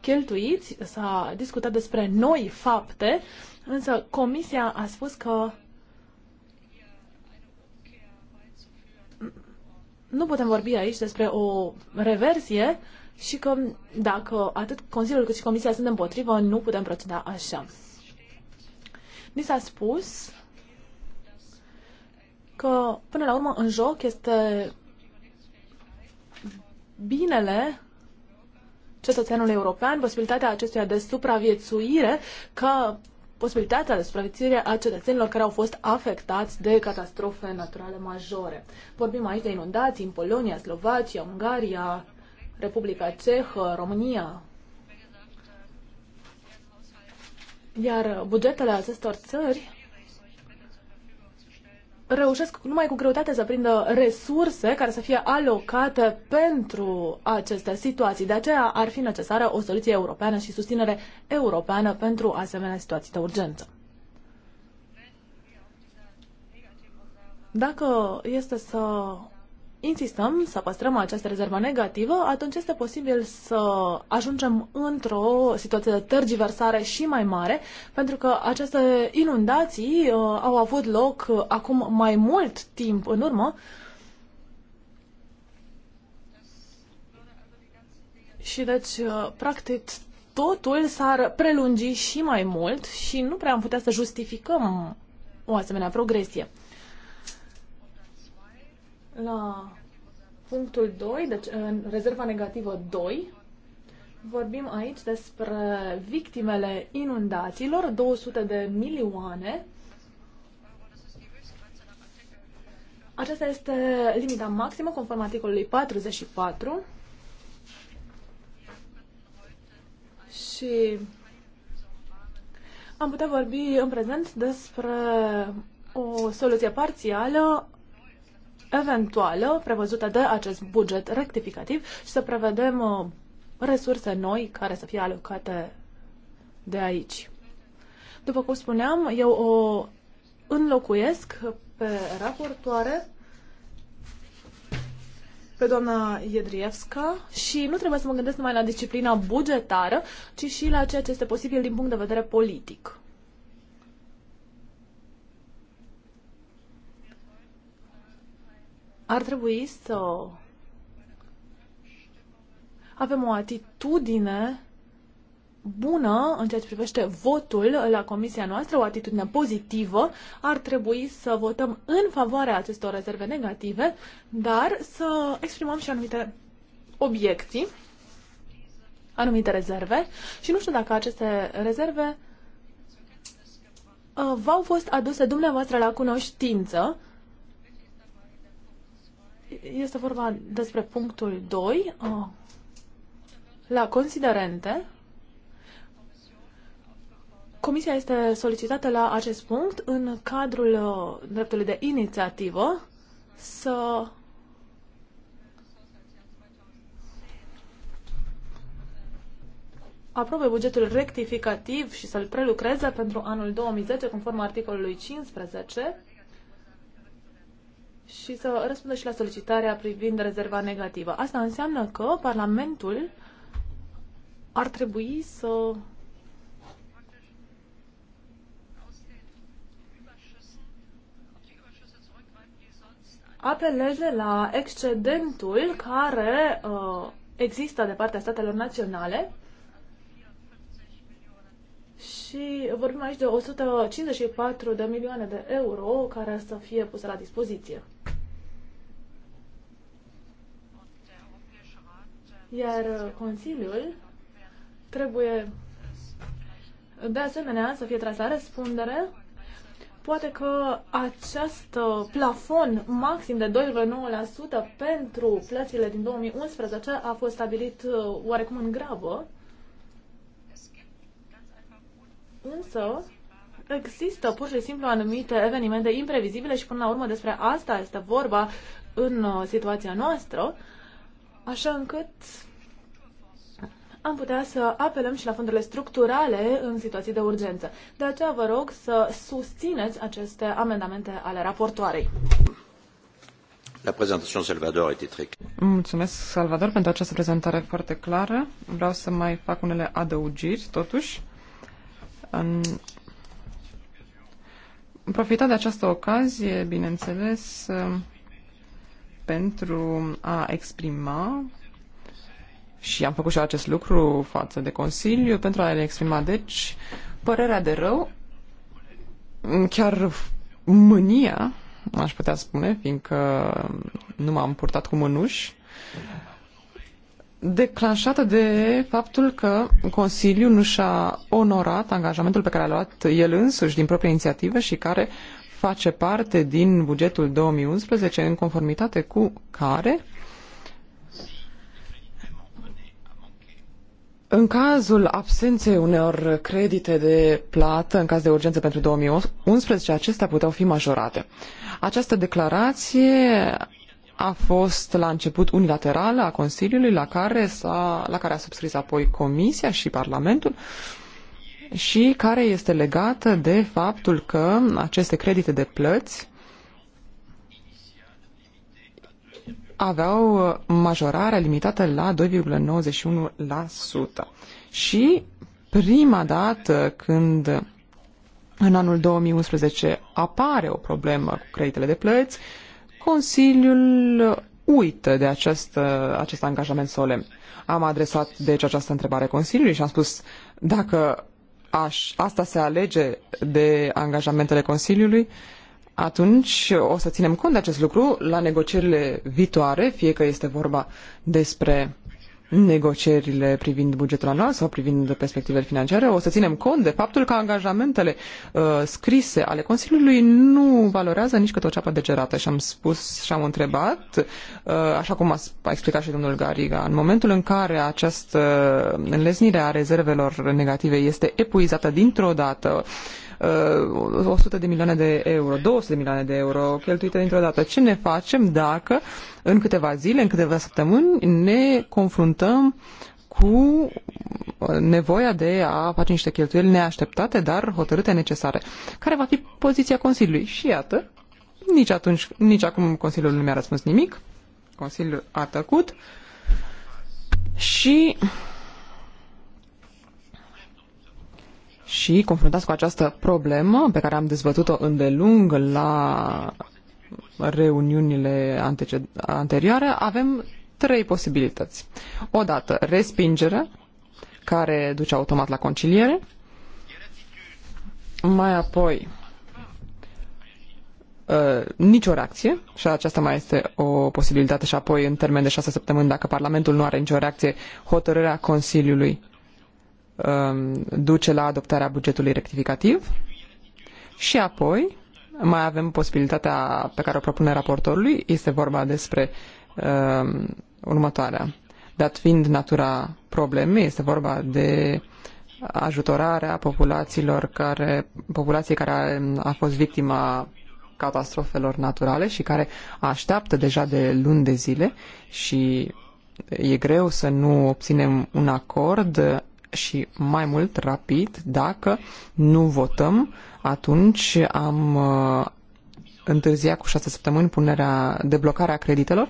cheltuiți, s-a discutat despre noi fapte, însă Comisia a spus că nu putem vorbi aici despre o reversie și că dacă atât Consiliul cât și Comisia sunt împotrivă, nu putem proceda așa. Ni s-a spus că, până la urmă, în joc este binele cetățeanului european, posibilitatea acestuia de supraviețuire, că posibilitatea de supraviețuire a cetățenilor care au fost afectați de catastrofe naturale majore. Vorbim aici de inundații în Polonia, Slovacia, Ungaria, Republica Cehă, România. Iar bugetele acestor țări reușesc numai cu greutate să prindă resurse care să fie alocate pentru aceste situații. De aceea ar fi necesară o soluție europeană și susținere europeană pentru asemenea situații de urgență. Dacă este să insistăm să păstrăm această rezervă negativă, atunci este posibil să ajungem într-o situație de tergiversare și mai mare, pentru că aceste inundații uh, au avut loc acum mai mult timp în urmă. Și deci, uh, practic, totul s-ar prelungi și mai mult și nu prea am putea să justificăm o asemenea progresie. La punctul 2, deci în rezerva negativă 2, vorbim aici despre victimele inundațiilor, 200 de milioane. Aceasta este limita maximă conform articolului 44. Și am putea vorbi în prezent despre o soluție parțială eventuală prevăzută de acest buget rectificativ și să prevedem uh, resurse noi care să fie alocate de aici. După cum spuneam, eu o uh, înlocuiesc pe raportoare pe doamna Iedrievska și nu trebuie să mă gândesc numai la disciplina bugetară, ci și la ceea ce este posibil din punct de vedere politic. ar trebui să avem o atitudine bună în ceea ce privește votul la comisia noastră, o atitudine pozitivă, ar trebui să votăm în favoarea acestor rezerve negative, dar să exprimăm și anumite obiecții, anumite rezerve și nu știu dacă aceste rezerve uh, v-au fost aduse dumneavoastră la cunoștință este vorba despre punctul 2. Uh, la considerente, Comisia este solicitată la acest punct în cadrul uh, dreptului de inițiativă să aprobe bugetul rectificativ și să-l prelucreze pentru anul 2010 conform articolului 15 și să răspundă și la solicitarea privind rezerva negativă. Asta înseamnă că Parlamentul ar trebui să apeleze la excedentul care uh, există de partea statelor naționale și vorbim aici de 154 de milioane de euro care să fie puse la dispoziție. Iar Consiliul trebuie de asemenea să fie tras la răspundere. Poate că acest plafon maxim de 2,9% pentru plățile din 2011 a fost stabilit uh, oarecum în grabă Însă, există pur și simplu anumite evenimente imprevizibile și până la urmă despre asta este vorba în uh, situația noastră, așa încât am putea să apelăm și la fondurile structurale în situații de urgență. De aceea vă rog să susțineți aceste amendamente ale raportoarei. La prezentation Salvador este très Mulțumesc, Salvador, pentru această prezentare foarte clară. Vreau să mai fac unele adăugiri, totuși. În... profitat de această ocazie, bineînțeles, pentru a exprima și am făcut și acest lucru față de Consiliu pentru a le exprima, deci, părerea de rău, chiar mânia, aș putea spune, fiindcă nu m-am purtat cu mânuși, declanșată de faptul că Consiliul nu și-a onorat angajamentul pe care l-a luat el însuși din proprie inițiativă și care face parte din bugetul 2011 în conformitate cu care În cazul absenței unor credite de plată în caz de urgență pentru 2011, acestea puteau fi majorate. Această declarație a fost la început unilaterală a Consiliului, la care, s-a, la care a subscris apoi Comisia și Parlamentul și care este legată de faptul că aceste credite de plăți aveau majorarea limitată la 2,91%. Și prima dată când în anul 2011 apare o problemă cu creditele de plăți, Consiliul uită de acest, acest angajament solemn. Am adresat deci această întrebare Consiliului și am spus dacă aș, asta se alege de angajamentele Consiliului, atunci o să ținem cont de acest lucru la negocierile viitoare, fie că este vorba despre negocierile privind bugetul anual sau privind perspectivele financiare, o să ținem cont de faptul că angajamentele uh, scrise ale Consiliului nu valorează nici cât o ceapă de gerată. Și am spus și am întrebat, uh, așa cum a, explicat și domnul Gariga, în momentul în care această uh, înlesnire a rezervelor negative este epuizată dintr-o dată, uh, 100 uh, de milioane de euro, 200 de milioane de euro cheltuite dintr-o dată. Ce ne facem dacă în câteva zile, în câteva săptămâni ne confruntăm cu uh, nevoia de a face niște cheltuieli neașteptate, dar hotărâte necesare. Care va fi poziția Consiliului? Și iată, nici atunci, nici acum Consiliul nu mi-a răspuns nimic. Consiliul a tăcut. Și Și confruntați cu această problemă pe care am dezbătut-o îndelung la reuniunile anterioare, avem trei posibilități. Odată, respingere, care duce automat la conciliere. Mai apoi, Uh, nicio reacție și aceasta mai este o posibilitate și apoi în termen de șase săptămâni dacă Parlamentul nu are nicio reacție, hotărârea Consiliului Um, duce la adoptarea bugetului rectificativ și apoi mai avem posibilitatea pe care o propune raportorului, este vorba despre uh, următoarea. Dat fiind natura problemei, este vorba de ajutorarea populațiilor care, populației care a fost victima catastrofelor naturale și care așteaptă deja de luni de zile și e greu să nu obținem un acord și mai mult rapid, dacă nu votăm, atunci am uh, întârziat cu șase săptămâni punerea, de a creditelor.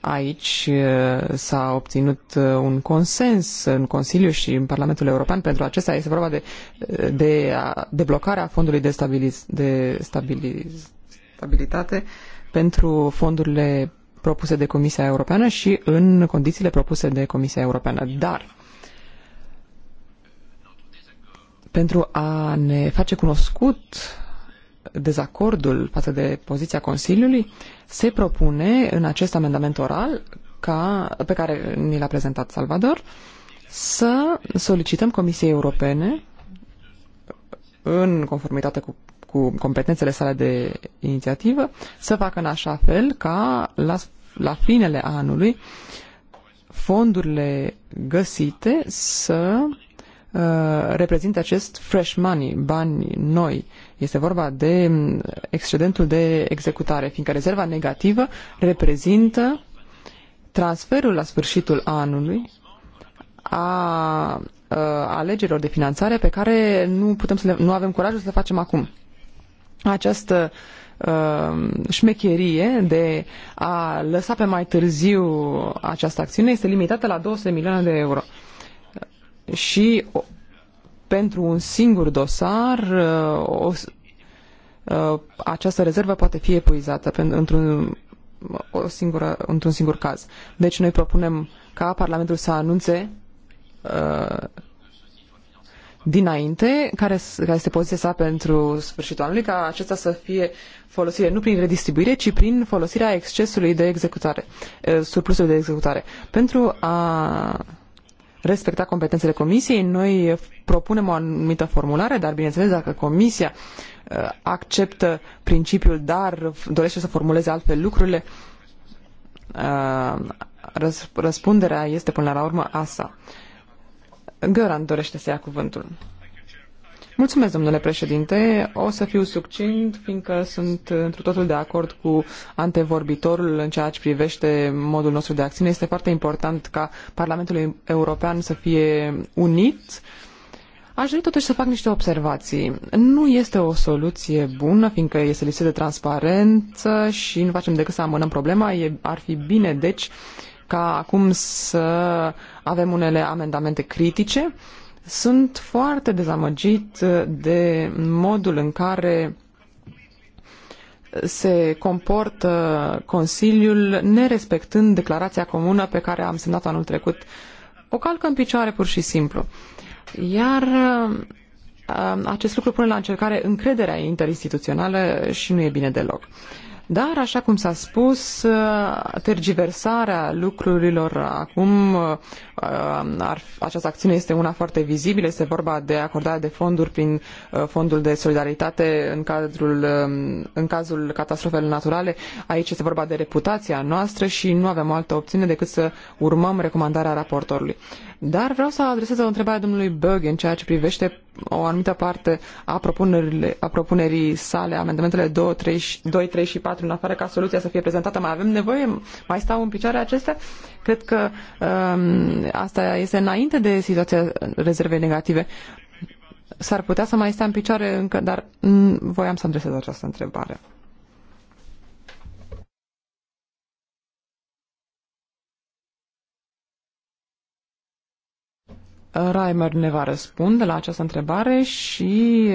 Aici uh, s-a obținut uh, un consens în Consiliu și în Parlamentul European pentru acesta. Este vorba de, uh, de de blocarea fondului de, stabiliz, de stabiliz, stabilitate pentru fondurile propuse de Comisia Europeană și în condițiile propuse de Comisia Europeană. Dar pentru a ne face cunoscut dezacordul față de poziția Consiliului, se propune în acest amendament oral ca, pe care ni l-a prezentat Salvador să solicităm Comisiei Europene în conformitate cu cu competențele sale de inițiativă, să facă în așa fel ca la, la finele anului fondurile găsite să uh, reprezinte acest fresh money, bani noi. Este vorba de um, excedentul de executare, fiindcă rezerva negativă reprezintă transferul la sfârșitul anului a uh, alegerilor de finanțare pe care nu, putem să le, nu avem curajul să le facem acum această uh, șmecherie de a lăsa pe mai târziu această acțiune este limitată la 200 milioane de euro. Și o, pentru un singur dosar, uh, o, uh, această rezervă poate fi epuizată într-un o singură, într-un singur caz. Deci noi propunem ca Parlamentul să anunțe uh, dinainte, care, care este poziția sa pentru sfârșitul anului, ca acesta să fie folosire nu prin redistribuire, ci prin folosirea excesului de executare, eh, surplusul de executare. Pentru a respecta competențele comisiei, noi propunem o anumită formulare, dar bineînțeles dacă comisia eh, acceptă principiul, dar dorește să formuleze altfel lucrurile, eh, răspunderea este până la urmă a sa. Găran dorește să ia cuvântul. Mulțumesc, domnule președinte. O să fiu succint, fiindcă sunt într totul de acord cu antevorbitorul în ceea ce privește modul nostru de acțiune. Este foarte important ca Parlamentul European să fie unit. Aș dori totuși să fac niște observații. Nu este o soluție bună, fiindcă este lipsă de transparență și nu facem decât să amânăm problema. E, ar fi bine, deci, uh, ca acum să avem unele amendamente critice. Sunt foarte dezamăgit de modul în care se comportă Consiliul nerespectând declarația comună pe care am semnat-o anul trecut. O calcă în picioare pur și simplu. Iar uh, acest lucru pune la încercare încrederea interinstituțională și nu e bine deloc. Dar, așa cum s-a spus, uh, tergiversarea lucrurilor acum, uh, uh, această acțiune este una foarte vizibilă, este vorba de acordarea de fonduri prin fondul de solidaritate în, cadrul, um, în cazul catastrofelor naturale. Aici este vorba de reputația noastră și nu avem altă opțiune decât să urmăm recomandarea raportorului. Dar vreau să adresez o întrebare domnului Böge în ceea ce privește o anumită parte a, a propunerii sale, amendamentele 2, 3, 2, 3 și 4 în afară ca soluția să fie prezentată. Mai avem nevoie? Mai stau în picioare acestea? Cred că um, asta este înainte de situația rezervei negative. S-ar putea să mai stea în picioare încă, dar voiam să adresez această întrebare. Reimer ne va răspunde la această întrebare și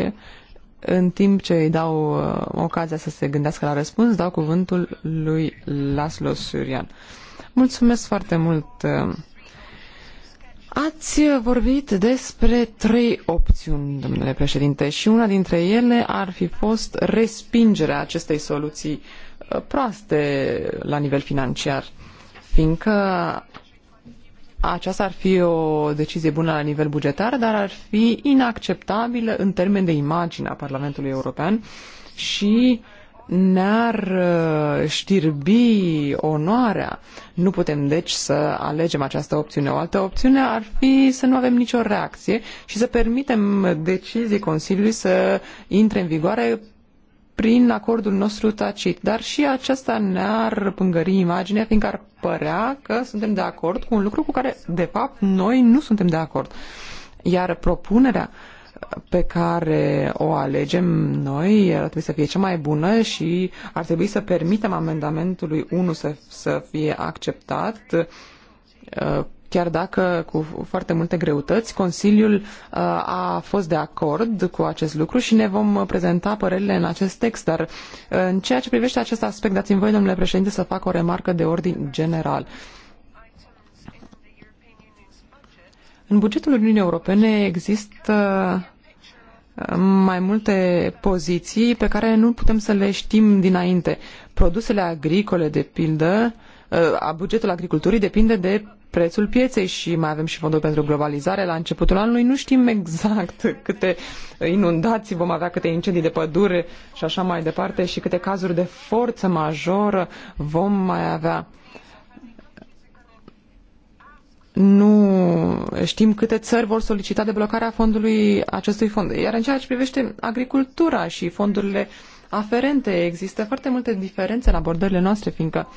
în timp ce îi dau uh, ocazia să se gândească la răspuns, dau cuvântul lui Laslo Surian. Mulțumesc foarte mult! Uh, ați vorbit despre trei opțiuni, domnule președinte, și una dintre ele ar fi fost respingerea acestei soluții uh, proaste la nivel financiar, fiindcă aceasta ar fi o decizie bună la nivel bugetar, dar ar fi inacceptabilă în termen de imagine a Parlamentului European și ne-ar uh, știrbi onoarea. Nu putem, deci, să alegem această opțiune. O altă opțiune ar fi să nu avem nicio reacție și să permitem decizii Consiliului să intre în vigoare prin acordul nostru tacit. Dar și aceasta ne-ar pângări imaginea, fiindcă ar părea că suntem de acord cu un lucru cu care, de fapt, noi nu suntem de acord. Iar propunerea pe care o alegem noi ar trebui să fie cea mai bună și ar trebui să permitem amendamentului 1 să, să fie acceptat uh, chiar dacă cu foarte multe greutăți, Consiliul uh, a fost de acord cu acest lucru și ne vom prezenta părerile în acest text. Dar uh, în ceea ce privește acest aspect, dați-mi voi, domnule președinte, să fac o remarcă de ordin general. În bugetul Uniunii Europene există uh, mai multe poziții pe care nu putem să le știm dinainte. Produsele agricole, de pildă, a bugetul agriculturii depinde de prețul pieței și mai avem și fondul pentru globalizare. La începutul anului nu știm exact câte inundații vom avea, câte incendii de pădure și așa mai departe și câte cazuri de forță majoră vom mai avea. Nu știm câte țări vor solicita deblocarea fondului acestui fond. Iar în ceea ce privește agricultura și fondurile aferente, există foarte multe diferențe în abordările noastre, fiindcă uh,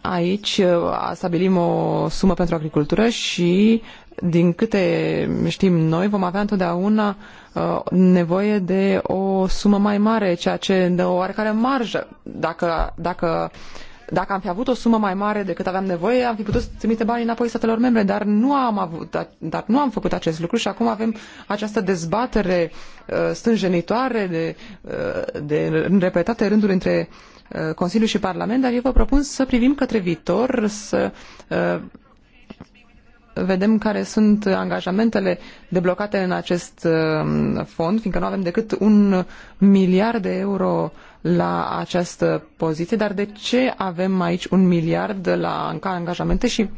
Aici uh, stabilim o sumă pentru agricultură și, din câte știm noi, vom avea întotdeauna uh, nevoie de o sumă mai mare, ceea ce dă o oarecare marjă. Dacă, dacă dacă am fi avut o sumă mai mare decât aveam nevoie, am fi putut trimite banii înapoi statelor membre, dar nu am, avut, dar nu am făcut acest lucru și acum avem această dezbatere uh, stânjenitoare de, de repetate rânduri între Uh, Consiliu și Parlament, dar eu vă propun să privim către viitor, să uh, vedem care sunt angajamentele deblocate în acest uh, fond, fiindcă nu avem decât un miliard de euro la această poziție, dar de ce avem aici un miliard la ca angajamente și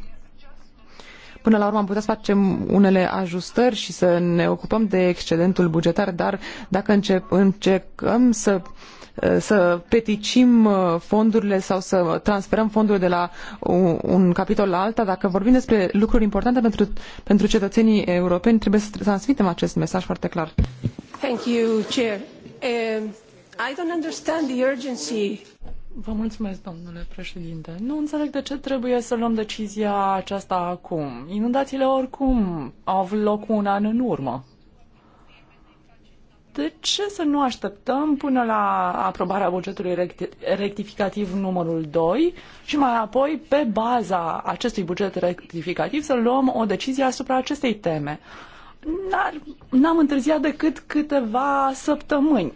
până la urmă am putea să facem unele ajustări și să ne ocupăm de excedentul bugetar, dar dacă încep, încercăm să Eh, să peticim eh, fondurile sau să transferăm fondurile de la un, capitol la alta. Dacă vorbim despre lucruri importante pentru, pentru cetățenii europeni, trebuie să transmitem acest mesaj foarte clar. Thank you, Chair. Um, I don't understand the urgency Vă mulțumesc, domnule președinte. Nu înțeleg de ce trebuie să luăm decizia aceasta acum. Inundațiile oricum au avut loc un an în urmă de ce să nu așteptăm până la aprobarea bugetului rectificativ numărul 2 și mai apoi, pe baza acestui buget rectificativ, să luăm o decizie asupra acestei teme? N-am întârziat decât câteva săptămâni.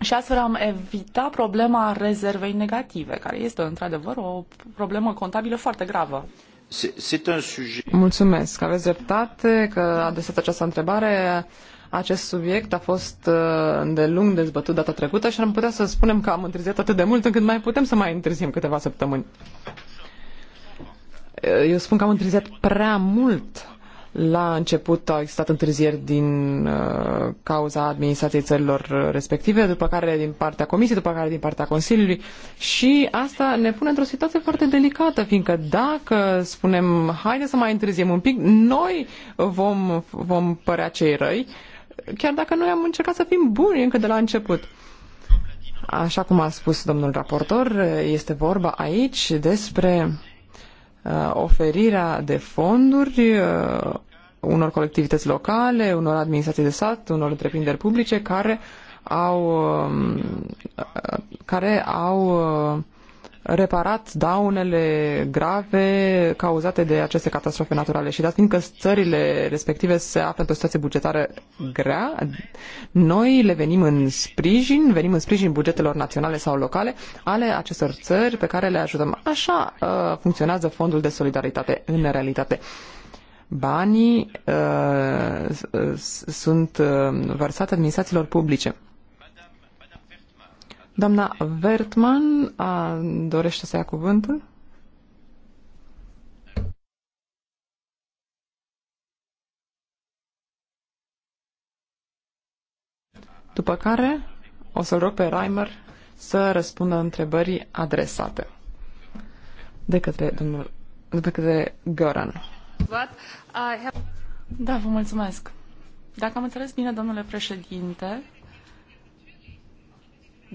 Și astfel am evitat problema rezervei negative, care este într-adevăr o problemă contabilă foarte gravă. Mulțumesc, aveți dreptate că a adresat această întrebare. Acest subiect a fost îndelung uh, dezbătut data trecută și am putea să spunem că am întârziat atât de mult încât mai putem să mai întârziem câteva săptămâni. Uh, eu spun că am întârziat prea mult. La început au existat întârzieri din uh, cauza administrației țărilor respective, după care din partea Comisiei, după care din partea Consiliului și asta ne pune într-o situație foarte delicată, fiindcă dacă spunem haide să mai întârziem un pic, noi vom, vom părea cei răi uh, chiar dacă noi am încercat să fim buni încă de la început. Așa cum a spus domnul raportor, este vorba aici despre uh, oferirea de fonduri uh, unor colectivități locale, unor administrații de sat, unor întreprinderi publice care au, um, uh, care au uh, reparat daunele grave cauzate de aceste catastrofe naturale. Și dat fiindcă țările respective se află într-o situație bugetară grea, noi le venim în sprijin, venim în sprijin bugetelor naționale sau locale ale acestor țări pe care le ajutăm. Așa uh, funcționează fondul de solidaritate în realitate. Banii uh, sunt uh, vărsate administrațiilor publice. Doamna Vertman a, dorește să ia cuvântul? După care o să-l rog pe Reimer să răspundă întrebării adresate de către domnul de către Göran. Da, vă mulțumesc. Dacă am înțeles bine, domnule președinte,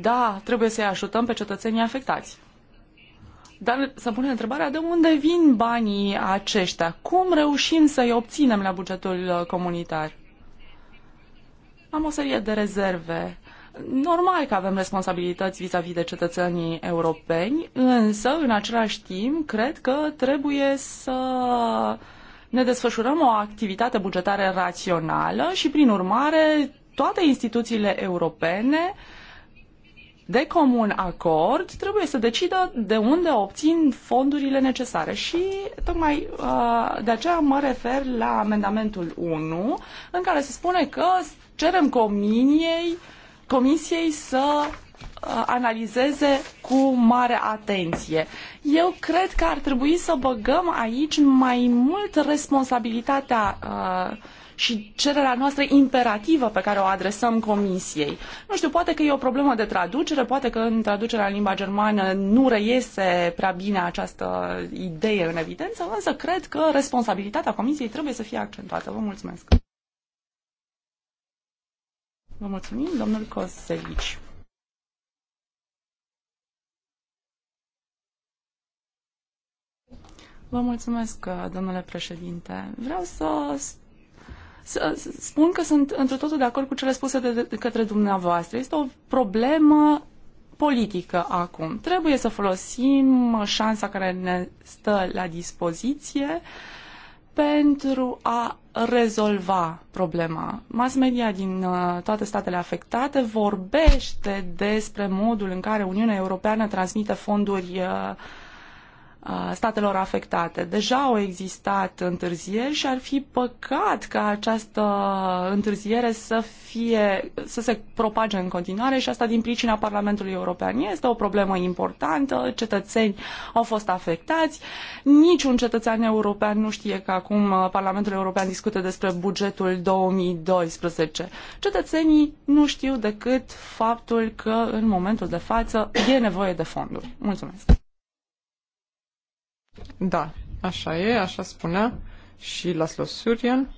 da, trebuie să-i ajutăm pe cetățenii afectați. Dar să punem întrebarea de unde vin banii aceștia? Cum reușim să-i obținem la bugetul uh, comunitar? Am o serie de rezerve. Normal că avem responsabilități vis-a-vis -vis de cetățenii europeni, însă, în același timp, cred că trebuie să ne desfășurăm o activitate bugetară rațională și, prin urmare, toate instituțiile europene uh, de comun acord trebuie să decidă de unde obțin fondurile necesare și tocmai uh, de aceea mă refer la amendamentul 1 în care se spune că cerem comisiei, comisiei să uh, analizeze cu mare atenție. Eu cred că ar trebui să băgăm aici mai mult responsabilitatea uh, și cererea noastră imperativă pe care o adresăm Comisiei. Nu știu, poate că e o problemă de traducere, poate că în traducerea în limba germană nu reiese prea bine această idee în evidență, însă cred că responsabilitatea Comisiei trebuie să fie accentuată. Vă mulțumesc! Vă mulțumim, domnul Cosevici. Vă mulțumesc, domnule președinte. Vreau să Spun că sunt într totul de acord cu cele spuse de, de către dumneavoastră. Este o problemă politică acum. Trebuie să folosim șansa care ne stă la dispoziție pentru a rezolva problema. Mass media din uh, toate statele afectate vorbește despre modul în care Uniunea Europeană transmite fonduri uh, statelor afectate. Deja au existat întârzieri și ar fi păcat ca această întârziere să, fie, să se propage în continuare și asta din pricina Parlamentului European. Este o problemă importantă, cetățeni au fost afectați, niciun cetățean european nu știe că acum Parlamentul European discută despre bugetul 2012. Cetățenii nu știu decât faptul că în momentul de față e nevoie de fonduri. Mulțumesc! Da, așa e, așa spunea și Laszlo Surian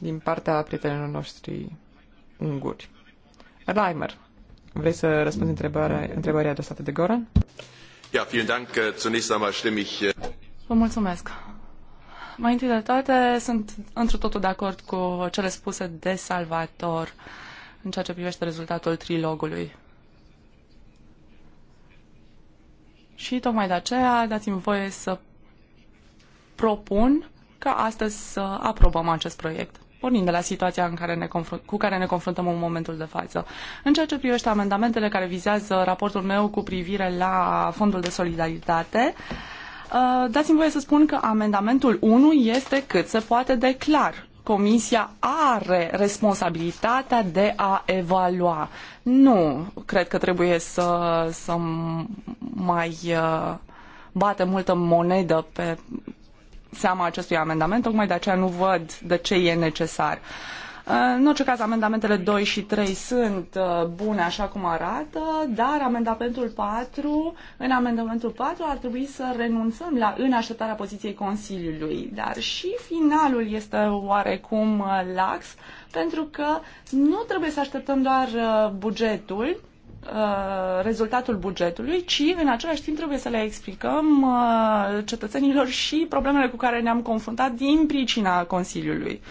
din partea prietenilor noștri unguri. Reimer, vrei să răspunzi întrebarea, întrebarea adresată de Goran? Ja, vielen Dank. Äh, zunächst einmal stimme ich... Äh, Vă mulțumesc. Mai întâi de toate, sunt într totul de acord cu cele spuse de Salvator în ceea ce privește rezultatul trilogului. Și tocmai de aceea dați-mi voie să propun ca astăzi să aprobăm acest proiect, pornind de la situația în care ne cu care ne confruntăm în momentul de față. În ceea ce privește amendamentele care vizează raportul meu cu privire la Fondul de Solidaritate, uh, dați-mi voie să spun că amendamentul 1 este cât se poate de clar. Comisia are responsabilitatea de a evalua. Nu cred că trebuie să, să mai uh, bate multă monedă pe seama acestui amendament, tocmai de aceea nu văd de ce e necesar. Uh, în orice caz, amendamentele 2 și 3 sunt uh, bune așa cum arată, dar amendamentul 4, în amendamentul 4 ar trebui să renunțăm la în așteptarea poziției Consiliului, dar și finalul este oarecum uh, lax, pentru că nu trebuie să așteptăm doar uh, bugetul, rezultatul bugetului, ci în același timp trebuie să le explicăm cetățenilor și problemele cu care ne-am confruntat din pricina Consiliului.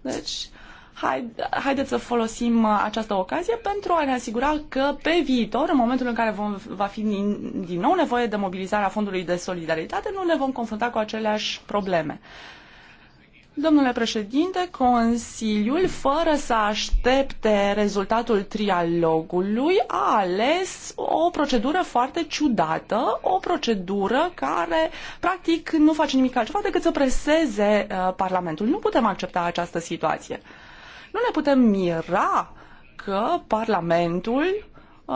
Deci, haide, haideți să folosim uh, această ocazie pentru a ne asigura că pe viitor, în momentul în care vom, va fi din, din nou nevoie de mobilizarea Fondului de Solidaritate, nu ne vom confrunta cu aceleași probleme. Domnule președinte, Consiliul, fără să aștepte rezultatul trialogului, a ales o procedură foarte ciudată, o procedură care, practic, nu face nimic altceva decât să preseze uh, Parlamentul. Nu putem accepta această situație. Uh, nu ne putem mira că Parlamentul uh,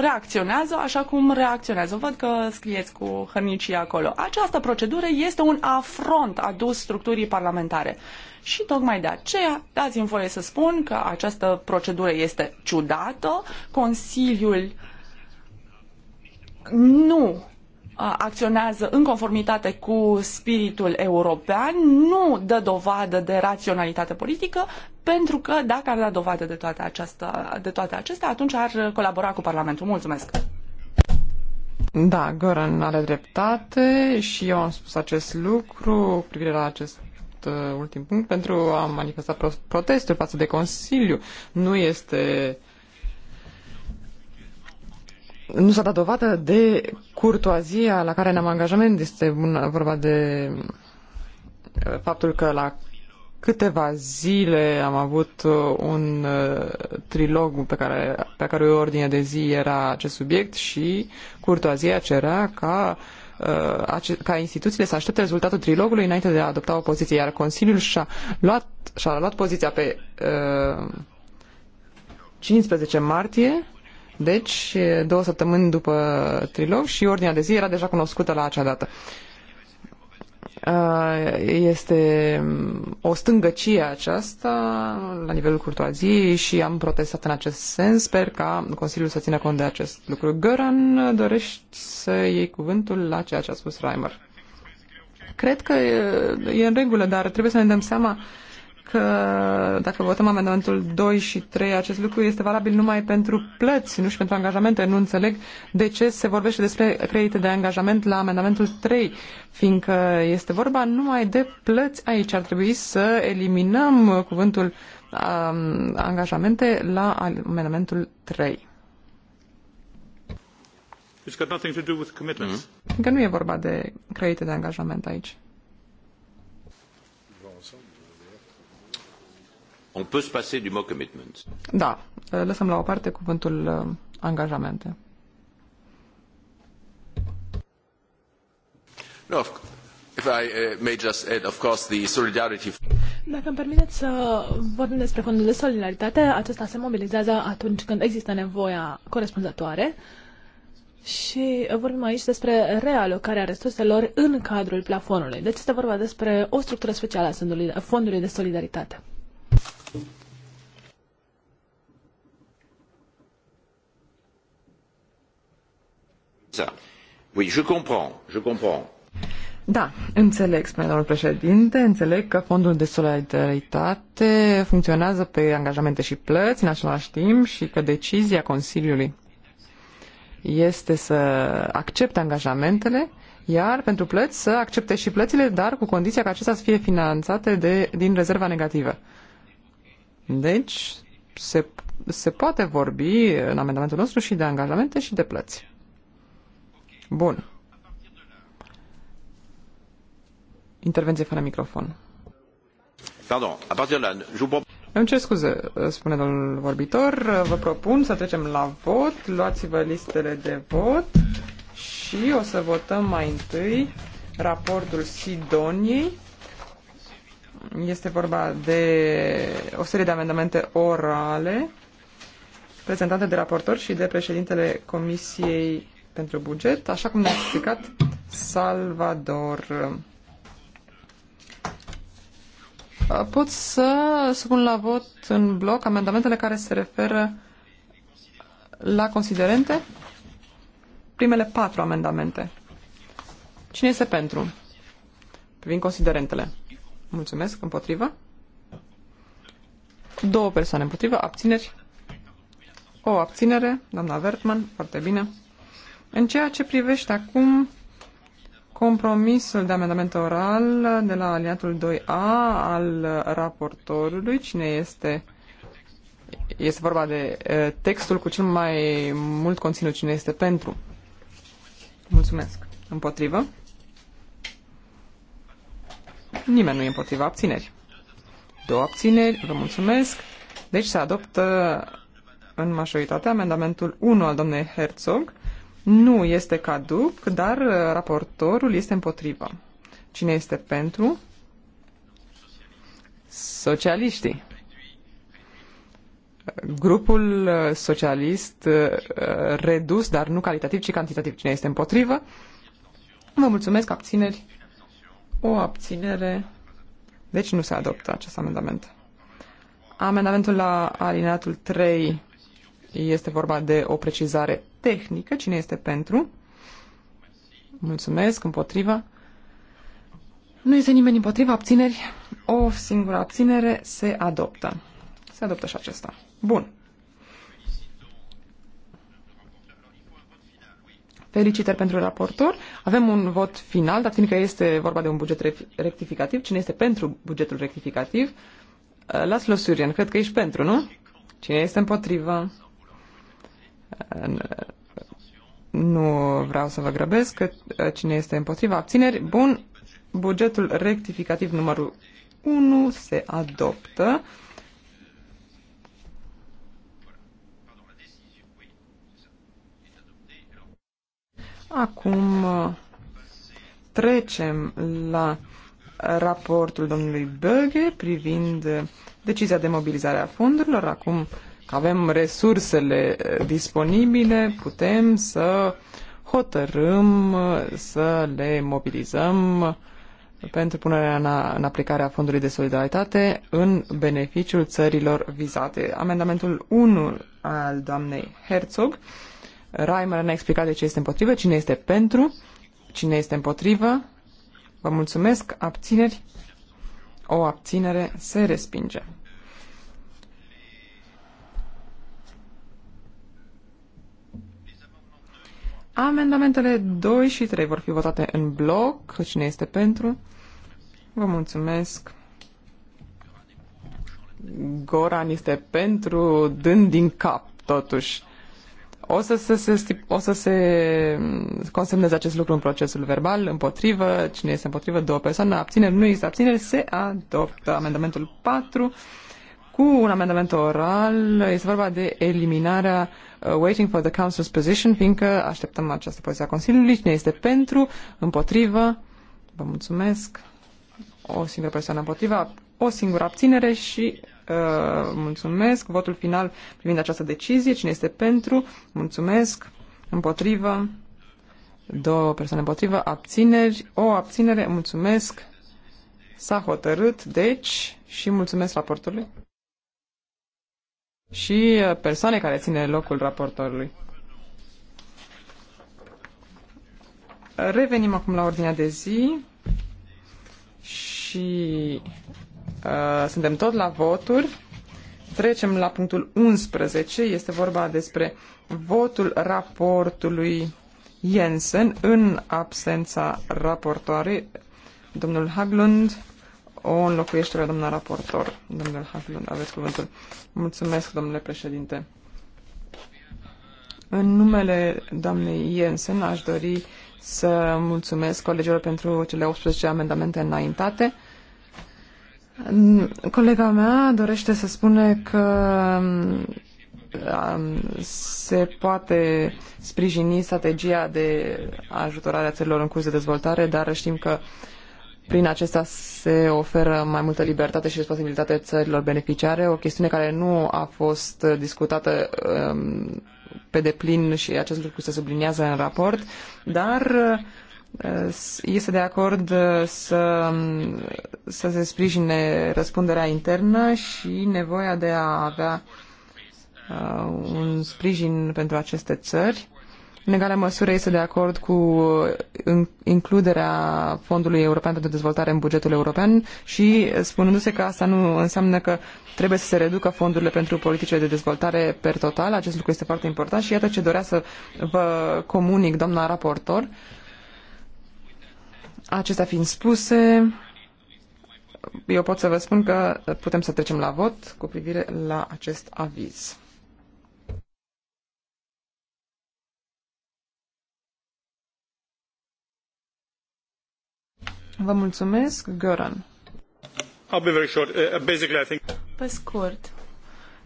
reacționează așa cum reacționează. Văd că scrieți cu hărnicii acolo. Această procedură este un afront adus structurii parlamentare. Și tocmai de aceea dați-mi voie să spun că această procedură este ciudată. Consiliul nu acționează în conformitate cu spiritul european, nu dă dovadă de raționalitate politică, pentru că dacă ar da dovadă de toate, aceasta, de toate acestea, atunci ar colabora cu Parlamentul. Mulțumesc! Da, Goran are dreptate și eu am spus acest lucru cu privire la acest uh, ultim punct pentru a manifesta protestul față de Consiliu. Nu este nu s-a dat dovadă de curtoazia la care ne-am angajament. Este vorba de uh, faptul că la câteva zile am avut uh, un uh, trilog pe care, pe care o ordine de zi era acest subiect și curtoazia cerea ca ca instituțiile să aștepte rezultatul trilogului înainte de a adopta o poziție, iar Consiliul și-a luat, și-a luat poziția pe uh, 15 martie deci, două săptămâni după trilog și ordinea de zi era deja cunoscută la acea dată. Este o stângăcie aceasta la nivelul curtoaziei și am protestat în acest sens. Sper ca Consiliul să țină cont de acest lucru. Găran, dorești să iei cuvântul la ceea ce a spus Reimer? Cred că e în regulă, dar trebuie să ne dăm seama uh, că dacă votăm amendamentul 2 și 3, acest lucru este valabil numai pentru plăți, nu și pentru angajamente. Nu înțeleg de ce se vorbește despre credite de angajament la amendamentul 3, fiindcă este vorba numai de plăți aici. Ar trebui să eliminăm cuvântul um, angajamente la amendamentul 3. It's got nothing to do with commitments. Mm-hmm. Încă nu e vorba de credite de angajament aici. On peut se passer du mot commitment. Da, eh, lăsăm la o parte cuvântul eh, angajamente. No, if I eh, may just add, of course, the solidarity. Dacă îmi permiteți să vorbim despre fondul de solidaritate, acesta se mobilizează atunci când există nevoia corespunzătoare și vorbim aici despre realocarea resurselor în cadrul plafonului. Deci este vorba despre o structură specială a fondului de solidaritate. Da, Oui, păi, je comprends, je comprends. Da, înțeleg, spune domnul președinte, înțeleg că fondul de solidaritate funcționează pe angajamente și plăți în același timp și că decizia Consiliului este să accepte angajamentele, iar pentru plăți să accepte și plățile, dar cu condiția ca acestea să fie finanțate de, din rezerva negativă. Deci, se, se poate vorbi în amendamentul nostru și de angajamente și de plăți. Bun. Intervenție fără microfon. Pardon, a partir de la... Îmi cer scuze, spune domnul vorbitor. Vă propun să trecem la vot. Luați-vă listele de vot și o să votăm mai întâi raportul Sidoniei. Este vorba de o serie de amendamente orale prezentate de raportor și de președintele Comisiei pentru buget, așa cum ne-a explicat Salvador. Uh, pot să supun la vot în bloc amendamentele care se referă la considerente? Primele patru amendamente. Cine este pentru? Privind considerentele. Mulțumesc. Împotrivă? Două persoane împotrivă. Abțineri? O abținere. Doamna Vertman. Foarte bine. În ceea ce privește acum compromisul de amendament oral de la aliatul 2A al raportorului, cine este este vorba de textul cu cel mai mult conținut, cine este pentru. Mulțumesc. Împotrivă? Nimeni nu e împotriva abțineri. Două abțineri, vă mulțumesc. Deci se adoptă în majoritate amendamentul 1 al domnului Herzog nu este caduc, dar uh, raportorul este împotrivă. Cine este pentru? Socialiștii. Grupul uh, socialist uh, redus, dar nu calitativ, ci cantitativ. Cine este împotrivă? Vă mulțumesc, abțineri. O abținere. Deci nu se adoptă acest amendament. Amendamentul la alineatul 3 este vorba de o precizare tehnică. Cine este pentru? Mulțumesc. Împotriva? Nu este nimeni împotriva abțineri. O singură abținere se adoptă. Se adoptă și acesta. Bun. Felicitări pentru raportor. Avem un vot final, dar fiindcă este vorba de un buget rectificativ, cine este pentru bugetul rectificativ? Las-l, Surian, cred că ești pentru, nu? Cine este împotrivă? nu vreau să vă grăbesc, că cine este împotriva abțineri, bun, bugetul rectificativ numărul 1 se adoptă. Acum trecem la raportul domnului Böge privind decizia de mobilizare a fondurilor. Acum că avem resursele eh, disponibile, putem să hotărâm eh, să le mobilizăm eh, pentru punerea în, a, în aplicare a Fondului de Solidaritate în beneficiul țărilor vizate. Amendamentul 1 al doamnei Herzog. Reimer ne-a explicat de ce este împotrivă, cine este pentru, cine este împotrivă. Vă mulțumesc. Abțineri. O abținere se respinge. Amendamentele 2 și 3 vor fi votate în bloc. Cine este pentru? Vă mulțumesc. Goran este pentru, dând din cap, totuși. O să se, se, o să se consemneze acest lucru în procesul verbal, împotrivă, cine este împotrivă, două persoane, abțineri, nu există abțineri, se adoptă amendamentul 4 cu un amendament oral. Este vorba de eliminarea uh, Uh, waiting for the Council's position, fiindcă așteptăm această poziție a Consiliului. Cine este pentru? Împotrivă? Vă mulțumesc. O singură persoană împotrivă, o singură abținere și uh, mulțumesc. Votul final privind această decizie. Cine este pentru? Mulțumesc. Împotrivă? Două persoane împotrivă, abțineri, o abținere, mulțumesc. S-a hotărât, deci, și mulțumesc raportului și uh, persoane care ține locul raportorului. Revenim acum la ordinea de zi și uh, suntem tot la voturi. Trecem la punctul 11. Este vorba despre votul raportului Jensen în absența raportoarei. Domnul Haglund o înlocuiește pe doamna raportor. domnul Hafilund, aveți cuvântul. Mulțumesc, domnule președinte. În numele doamnei Jensen aș dori să mulțumesc colegilor pentru cele 18 amendamente înaintate. Colega mea dorește să spune că um, se poate sprijini strategia de ajutorare a țărilor în curs de dezvoltare, dar știm că prin acesta se oferă mai multă libertate și responsabilitate țărilor beneficiare, o chestiune care nu a fost discutată um, pe deplin și acest lucru se subliniază în raport, dar uh, este de acord uh, să, să se sprijine răspunderea internă și nevoia de a avea uh, un sprijin pentru aceste țări în egală măsură este de acord cu uh, includerea Fondului European pentru Dezvoltare în bugetul european și spunându-se că asta nu înseamnă că trebuie să se reducă fondurile pentru politicile de dezvoltare per total. Acest lucru este foarte important și iată ce dorea să vă comunic, doamna raportor. Acestea fiind spuse, eu pot să vă spun că putem să trecem la vot cu privire la acest aviz. Vă mulțumesc, Göran. Uh, pe scurt,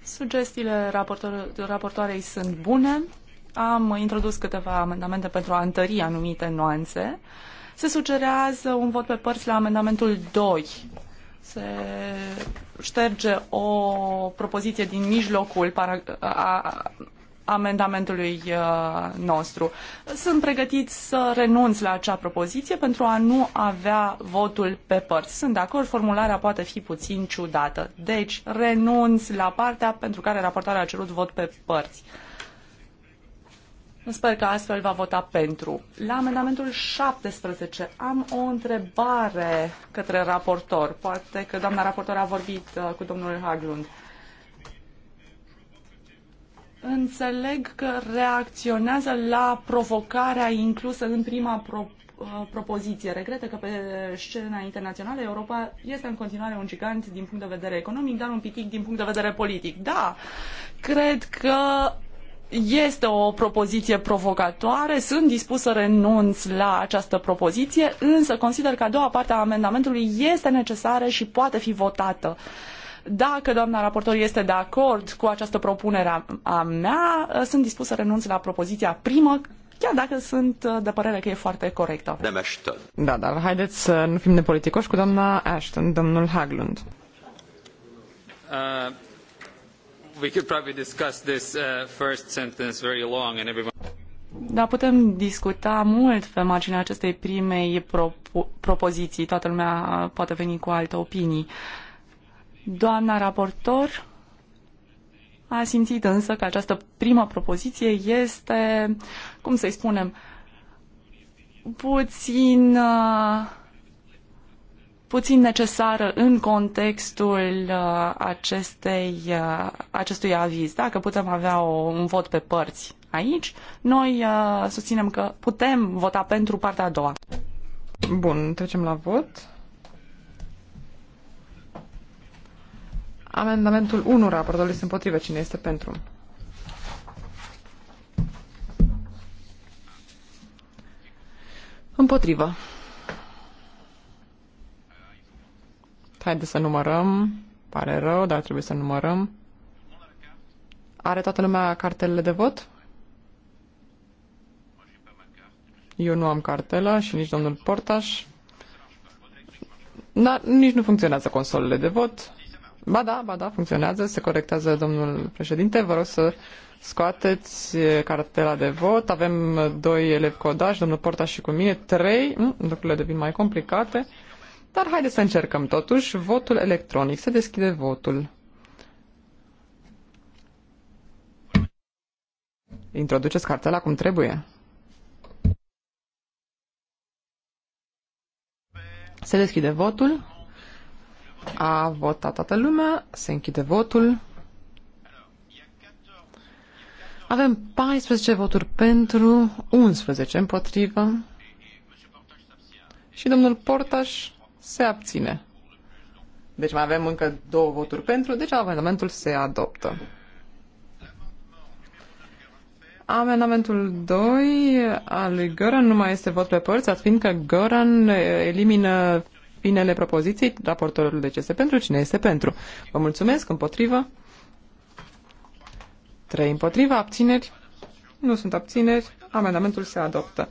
sugestiile raportor, raportoarei sunt bune. Am introdus câteva amendamente pentru a întări anumite nuanțe. Se sugerează un vot pe părți la amendamentul 2. Se șterge o propoziție din mijlocul para, a, a, amendamentului uh, nostru. Sunt pregătit să renunț la acea propoziție pentru a nu avea votul pe părți. Sunt de acord, formularea poate fi puțin ciudată. Deci, renunț la partea pentru care raportarea a cerut vot pe părți. Sper că astfel va vota pentru. La amendamentul 17 am o întrebare către raportor. Poate că doamna raportor a vorbit uh, cu domnul Haglund. Înțeleg că reacționează la provocarea inclusă în prima pro, uh, propoziție. Regretă că pe scena internațională Europa este în continuare un gigant din punct de vedere economic, dar un pitic din punct de vedere politic. Da, cred că este o propoziție provocatoare, sunt dispus să renunț la această propoziție, însă consider că a doua parte a amendamentului este necesară și poate fi votată. Uh, dacă doamna raportor este de acord cu această propunere a mea, eh, sunt dispus să renunț la propoziția primă, chiar dacă sunt eh, de părere că e foarte corectă. Da, dar haideți să nu fim nepoliticoși cu doamna Ashton, domnul Haglund. Uh, we could probably discuss this uh, first sentence very long and everyone da, putem discuta mult pe marginea acestei primei propo- propoziții. Toată lumea uh, poate veni cu alte opinii. Doamna raportor a simțit însă că această primă propoziție este, cum să-i spunem, puțin, uh, puțin necesară în contextul uh, acestei, uh, acestui aviz. Dacă putem avea o, un vot pe părți aici, noi susținem că putem vota pentru partea a doua. Bun, trecem la vot. Amendamentul 1, raportorul este împotrivă. Cine este pentru? Împotrivă. Haideți să numărăm. Pare rău, dar trebuie să numărăm. Are toată lumea cartelele de vot? Eu nu am cartela și nici domnul Portaș. Dar nici nu funcționează consolele de vot. Ba da, ba da, funcționează, se corectează domnul președinte. Vă rog să scoateți eh, cartela de vot. Avem eh, doi elevi codași, domnul Porta și cu mine, trei. Mm, lucrurile devin mai complicate. Dar haideți să încercăm totuși. Votul electronic. Se deschide votul. Introduceți cartela cum trebuie. Se deschide votul. A votat toată lumea, se închide votul. Avem 14 voturi pentru, 11 împotrivă și domnul Portaș se abține. Deci mai avem încă două voturi pentru, deci amendamentul se adoptă. Amendamentul 2 al lui Göran nu mai este vot pe părți, fiindcă Göran elimină finele propoziții, raportorul de ce se pentru, cine este pentru. Vă mulțumesc, împotrivă. 3 împotriva, abțineri. Nu sunt abțineri, amendamentul se adoptă.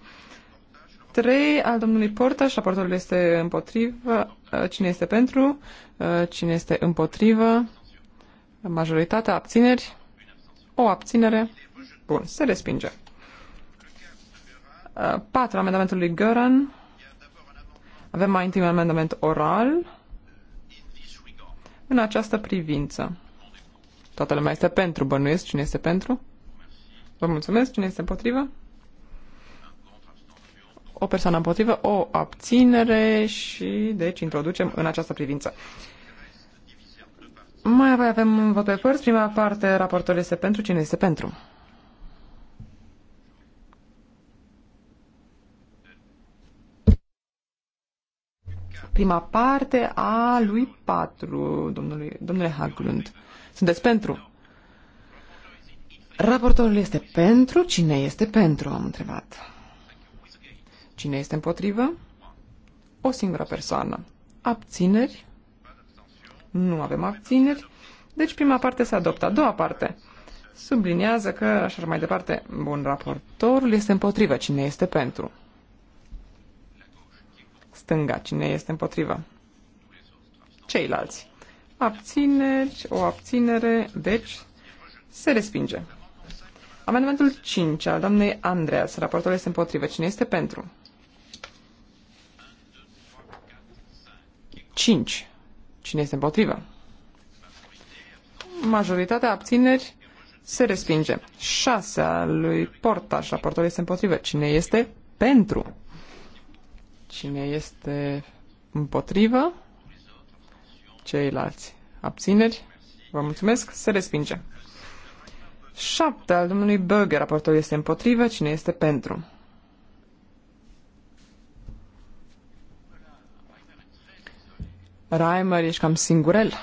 3 al domnului Portaș, raportorul este împotrivă, uh, cine este pentru, uh, cine este împotrivă, majoritatea abțineri, o abținere, bun, se respinge. 4 uh, amendamentul lui Göran, avem mai întâi un amendament oral în această privință. Toată lumea este pentru, bănuiesc cine este pentru. Vă mulțumesc, cine este împotrivă? O persoană împotrivă, o abținere și deci introducem în această privință. Mai apoi avem vot pe părți. Prima parte, raportul este pentru, cine este pentru? prima parte a lui 4, domnului, domnule Haglund. Sunteți pentru? Raportorul este pentru? Cine este pentru? Am întrebat. Cine este împotrivă? O singură persoană. Abțineri? Nu avem abțineri. Deci prima parte se adoptă. A doua parte subliniază că, așa mai departe, bun, raportorul este împotrivă. Cine este pentru? Stânga. Cine este împotrivă? Ceilalți. Abțineri, o abținere, deci se respinge. Amendamentul 5 al doamnei Andreas. Raportul este împotrivă. Cine este pentru? 5. Cine este împotrivă? Majoritatea abțineri se respinge. 6 al lui Portaș. Raportul este împotrivă. Cine este pentru? Cine este împotrivă? Ceilalți abțineri? Vă mulțumesc, se respinge. 7 al domnului Berger, raportul este împotrivă, cine este pentru? Reimer, ești cam singurel.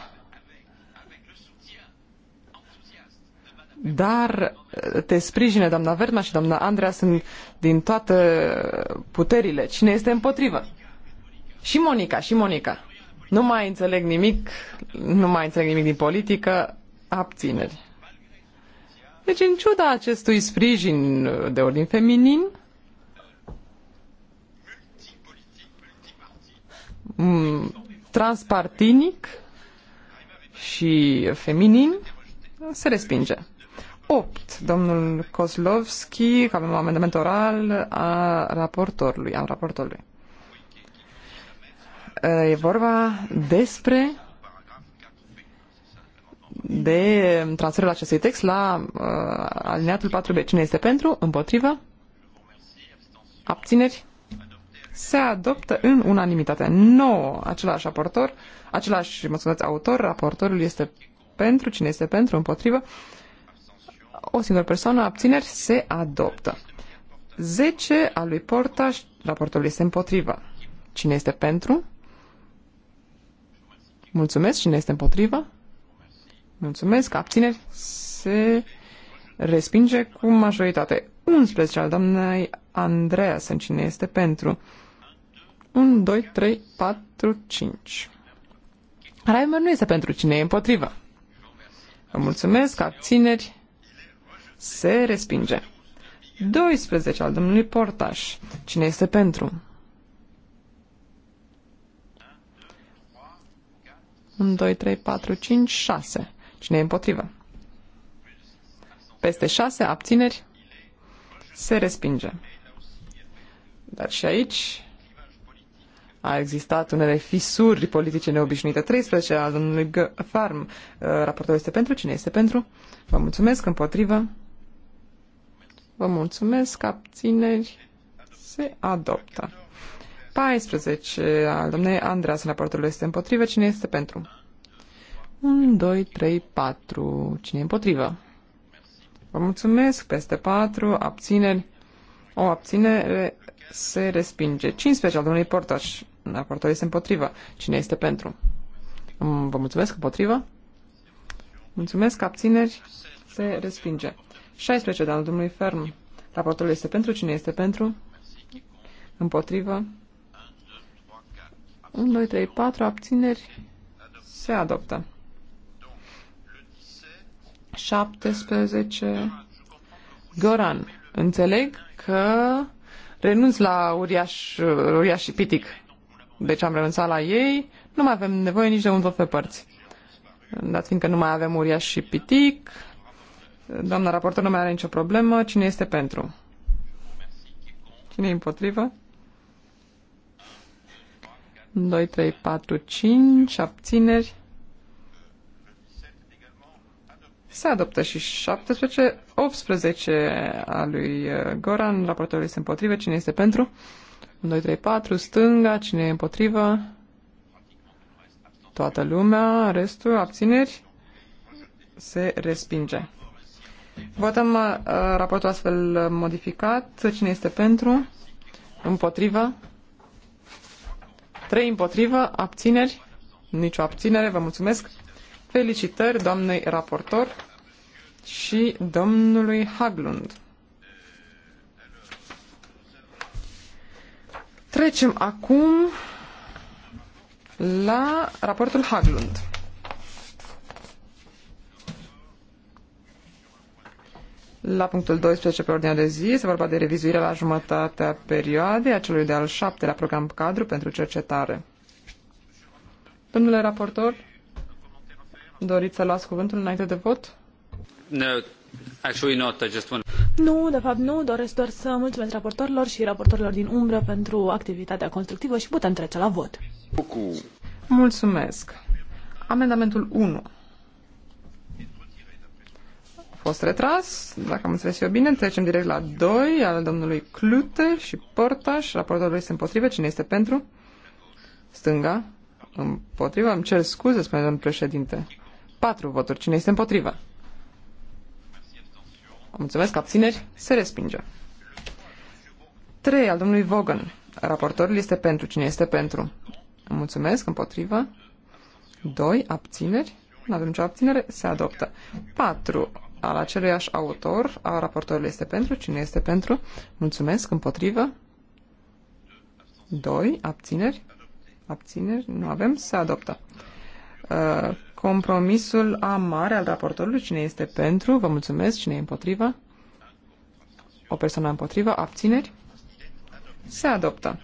dar uh, te sprijine doamna Verma și doamna Andrea sunt din toate puterile. Cine este împotrivă? Și Monica, și Monica. Nu mai înțeleg nimic, nu mai înțeleg nimic din politică, abțineri. Deci, în ciuda acestui sprijin de ordin feminin, transpartinic și feminin, se respinge. 8, domnul Kozlovski, că avem un amendament oral a raportorului, a raportorului. E vorba despre de transferul acestui text la uh, alineatul 4b. Cine este pentru? Împotrivă? Abțineri? Se adoptă în unanimitate. 9. Același raportor, același, mă scuzați, autor, raportorul este pentru, cine este pentru, împotrivă, uh, o singură persoană, abțineri, se adoptă. 10 al lui Portaș, raportul este împotrivă. Cine este pentru? Mulțumesc. Cine este împotrivă? Mulțumesc. Abțineri se respinge cu majoritate. 11 al doamnei Andreea sunt cine este pentru. 1, 2, 3, 4, 5. Raimer nu este pentru cine e împotrivă. Vă mulțumesc. Abțineri se respinge. 12 al domnului Portaș. Cine este pentru? 1, 2, 3, 4, 5, 6. Cine e împotrivă? Peste 6 abțineri se respinge. Dar și aici a existat unele fisuri politice neobișnuite. 13 al domnului Farm. Uh, Raportul este pentru. Cine este pentru? Vă mulțumesc. Împotrivă. Vă mulțumesc. Abțineri. Se adoptă. 14 al domnei Andreas în raportul este împotrivă. Cine este pentru? 1, 2, 3, 4. Cine e împotrivă? Vă mulțumesc. Peste 4. Abțineri. O abținere se respinge. 15 al domnului Portaș. în Raportul este împotrivă. Cine este pentru? Vă mulțumesc. Împotrivă? Mulțumesc. Abțineri. Se respinge. 16 de al domnului Ferm. Raportul este pentru cine este pentru? Împotrivă. 1, 2, 3, 4 abțineri se adoptă. 17. Goran, înțeleg că renunț la uriaș, uriaș și pitic. Deci am renunțat la ei, nu mai avem nevoie nici de un vot pe părți. Dar fiindcă nu mai avem uriaș și pitic, Doamna raportor nu mai are nicio problemă. Cine este pentru? Cine e împotrivă? 2, 3, 4, 5, abțineri. Se adoptă și 17, 18 a lui uh, Goran, raportorul este împotrivă, cine este pentru? 2, 3, 4, stânga, cine e împotrivă? Toată lumea, restul, abțineri, se respinge. Votăm uh, raportul astfel modificat. Cine este pentru? Împotrivă? Trei împotrivă, abțineri? Nicio abținere, vă mulțumesc. Felicitări doamnei raportor și domnului Haglund. Trecem acum la raportul Haglund. La punctul 12 pe ordinea de zi se vorba de revizuirea la jumătatea perioadei a celui de-al șaptelea program cadru pentru cercetare. Domnule raportor, doriți să luați cuvântul înainte de vot? No, actually not. I just want... Nu, de fapt nu. Doresc doar să mulțumesc raportorilor și raportorilor din umbră pentru activitatea constructivă și putem trece la vot. Mulțumesc. Amendamentul 1 fost retras, dacă am înțeles eu bine, trecem direct la 2, al domnului Clute și Portaș, raportorul este împotrivă, cine este pentru? Stânga, împotriva, îmi cer scuze, spune domnul președinte. 4 voturi, cine este împotriva? Mulțumesc, abțineri, se respinge. 3, al domnului Vogan, raportorul este pentru, cine este pentru? Mulțumesc, împotriva. 2, abțineri, nu avem nicio abținere, se adoptă. 4 al aceluiași autor, a raportorului este pentru, cine este pentru, mulțumesc, împotrivă, 2, abțineri, abțineri, nu avem, se adoptă. Uh, compromisul A mare al raportorului, cine este pentru, vă mulțumesc, cine e împotrivă, o persoană împotrivă, abțineri, se adoptă.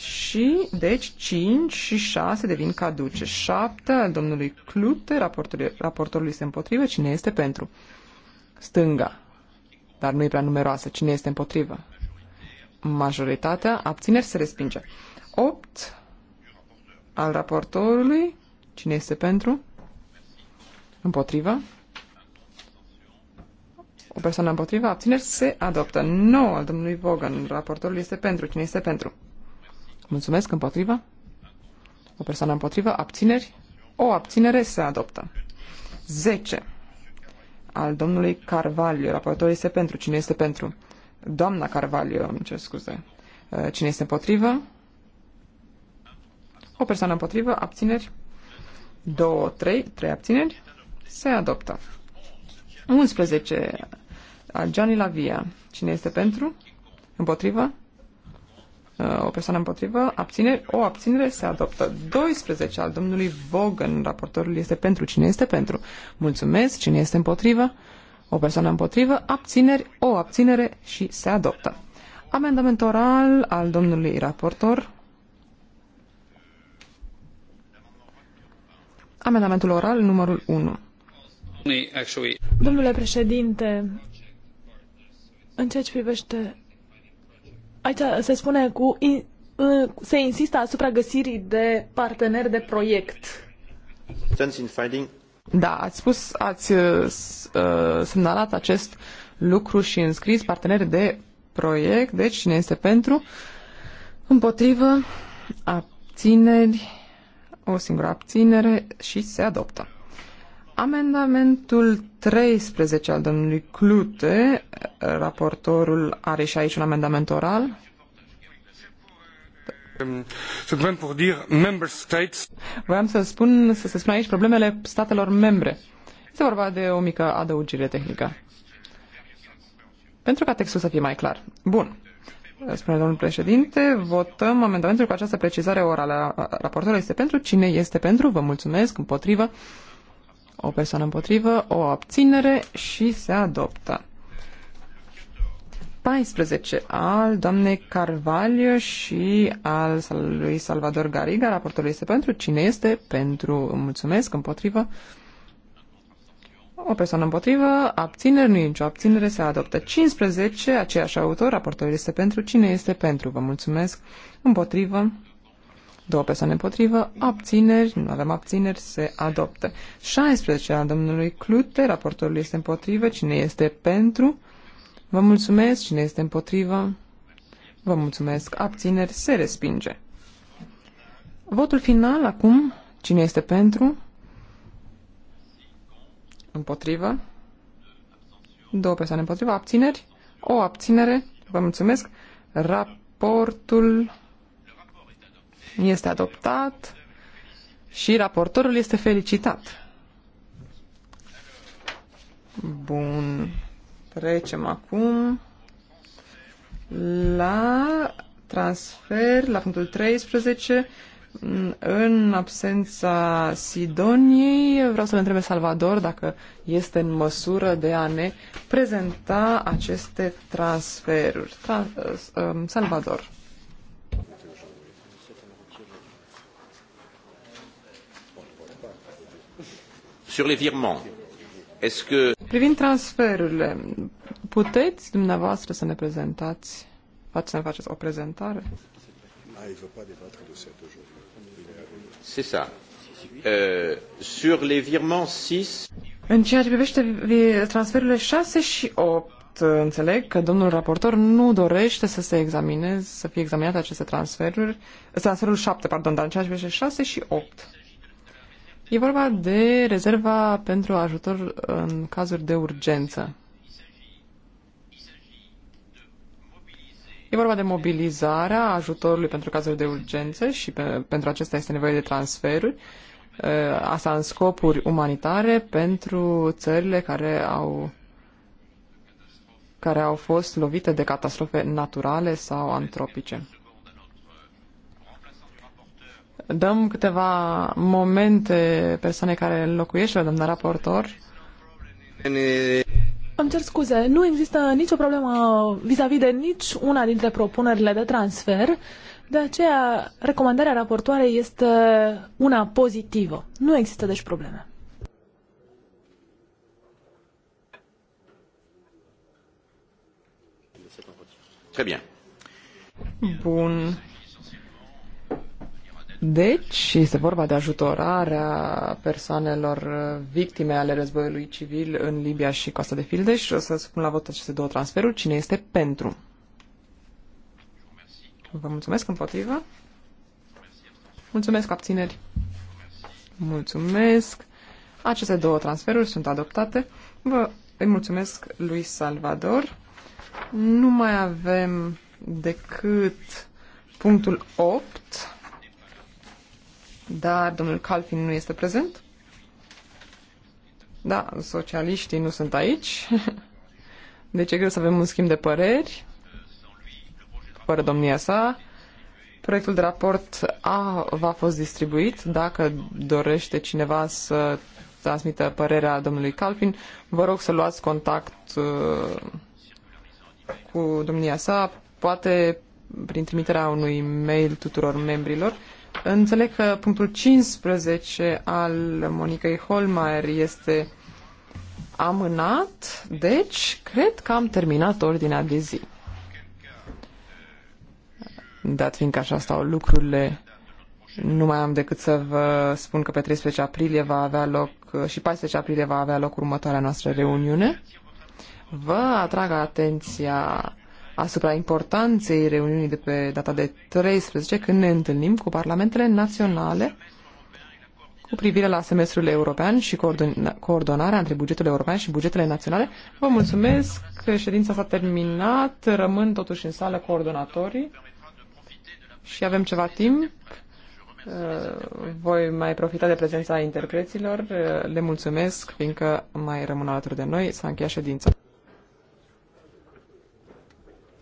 Și, deci, 5 și 6 devin caduce. 7 al domnului Clute, raportorului, raportorului se împotrivă. Cine este pentru? Stânga. Dar nu e prea numeroasă. Cine este împotrivă? Majoritatea. Abțineri se respinge. 8 al raportorului. Cine este pentru? Împotrivă. O persoană împotrivă. Abțineri se adoptă. 9 al domnului Vogan. Raportorul este pentru. Cine este pentru? Mulțumesc împotrivă. O persoană împotrivă. Abțineri. O abținere se adoptă. 10. Al domnului Carvalho. Raportorul este pentru. Cine este pentru? Doamna Carvalho, îmi cer scuze. Uh, cine este împotrivă? O persoană împotrivă. Abțineri. 2, 3, 3 abțineri. Se adoptă. 11. Al Gianni Lavia. Cine este pentru? Împotrivă? Uh, o persoană împotrivă, abțineri, o abținere se adoptă. 12 al domnului Vogan, raportorul este pentru. Cine este pentru? Mulțumesc. Cine este împotrivă? O persoană împotrivă, abțineri, o abținere și se adoptă. Amendament oral al domnului raportor. Amendamentul oral numărul 1. Domnule președinte, în ceea ce privește Aici se spune cu in, se insistă asupra găsirii de parteneri de proiect. Da, ați spus, ați uh, uh semnalat acest lucru și înscris parteneri de proiect, deci cine este pentru, împotrivă, abțineri, o singură abținere și se adoptă. Amendamentul 13 al domnului Clute, raportorul are și aici un amendament oral. Vreau să spun, să se spun aici problemele statelor membre. Este vorba de o mică adăugire tehnică. Pentru ca textul să fie mai clar. Bun. Spune domnul președinte, votăm amendamentul cu această precizare orală. Raportorul este pentru. Cine este pentru? Vă mulțumesc. Împotrivă o persoană împotrivă, o abținere și se adoptă. 14 al doamnei Carvalho și al lui Salvador Gariga. Raportul este pentru. Cine este? Pentru. Mulțumesc. Împotrivă. O persoană împotrivă. abținere Nu e nicio abținere. Se adoptă. 15. Aceeași autor. Raportul este pentru. Cine este? Pentru. Vă mulțumesc. Împotrivă două persoane împotrivă, abțineri, nu avem abțineri, se adoptă. 16 al domnului Clute, raportorul este împotrivă, cine este pentru? Vă mulțumesc, cine este împotrivă? Vă mulțumesc, abțineri, se respinge. Votul final acum, cine este pentru? Împotrivă? Două persoane împotrivă, abțineri, o abținere, vă mulțumesc, raportul este adoptat și raportorul este felicitat. Bun. Trecem acum la transfer, la punctul 13, în absența Sidoniei, vreau să-l întrebe Salvador dacă este în măsură de a ne prezenta aceste transferuri. Tra uh, um, Salvador. Privind transferurile, puteți dumneavoastră să ne prezentați, să ne faceți o prezentare? Ah, C'est ça. Euh, sur les virements 6... În ceea ce privește transferurile 6 și 8, înțeleg că domnul raportor nu dorește să se examineze, să fie examinate aceste transferuri, transferul 7, pardon, dar în ceea ce privește 6 și 8. E vorba de rezerva pentru ajutor în cazuri de urgență. E vorba de mobilizarea ajutorului pentru cazuri de urgență și pe, pentru acesta este nevoie de transferuri, ă, asta în scopuri umanitare pentru țările care au, care au fost lovite de catastrofe naturale sau antropice dăm câteva momente persoane care locuiește, domnul raportor. Îmi cer scuze, nu există nicio problemă vis-a-vis -vis de nici una dintre propunerile de transfer, de aceea recomandarea raportoarei este una pozitivă. Nu există deci probleme. Bun. Deci, este vorba de ajutorarea persoanelor victime ale războiului civil în Libia și Costa de Fildeș. o să spun la vot aceste două transferuri. Cine este pentru? Vă mulțumesc împotrivă. Mulțumesc abțineri. Mulțumesc. Aceste două transferuri sunt adoptate. Vă îi mulțumesc lui Salvador. Nu mai avem decât punctul 8 dar domnul Calfin nu este prezent. Da, socialiștii nu sunt aici. Deci e greu să avem un schimb de păreri. Fără domnia sa. Proiectul de raport A va fost distribuit. Dacă dorește cineva să transmită părerea domnului Calfin, vă rog să luați contact uh, cu domnia sa, poate prin trimiterea unui mail tuturor membrilor Înțeleg că punctul 15 al Monicăi Holmeier este amânat, deci cred că am terminat ordinea de zi. Dat fiindcă așa stau lucrurile, nu mai am decât să vă spun că pe 13 aprilie va avea loc și 14 aprilie va avea loc următoarea noastră reuniune. Vă atrag atenția asupra importanței reuniunii de pe data de 13, când ne întâlnim cu parlamentele naționale cu privire la semestrul european și coordonarea între bugetul european și bugetele naționale. Vă mulțumesc, că ședința s-a terminat, rămân totuși în sală coordonatorii și avem ceva timp. Uh, voi mai profita de prezența interpreților. Uh, le mulțumesc, fiindcă mai rămân alături de noi. S-a încheiat ședința.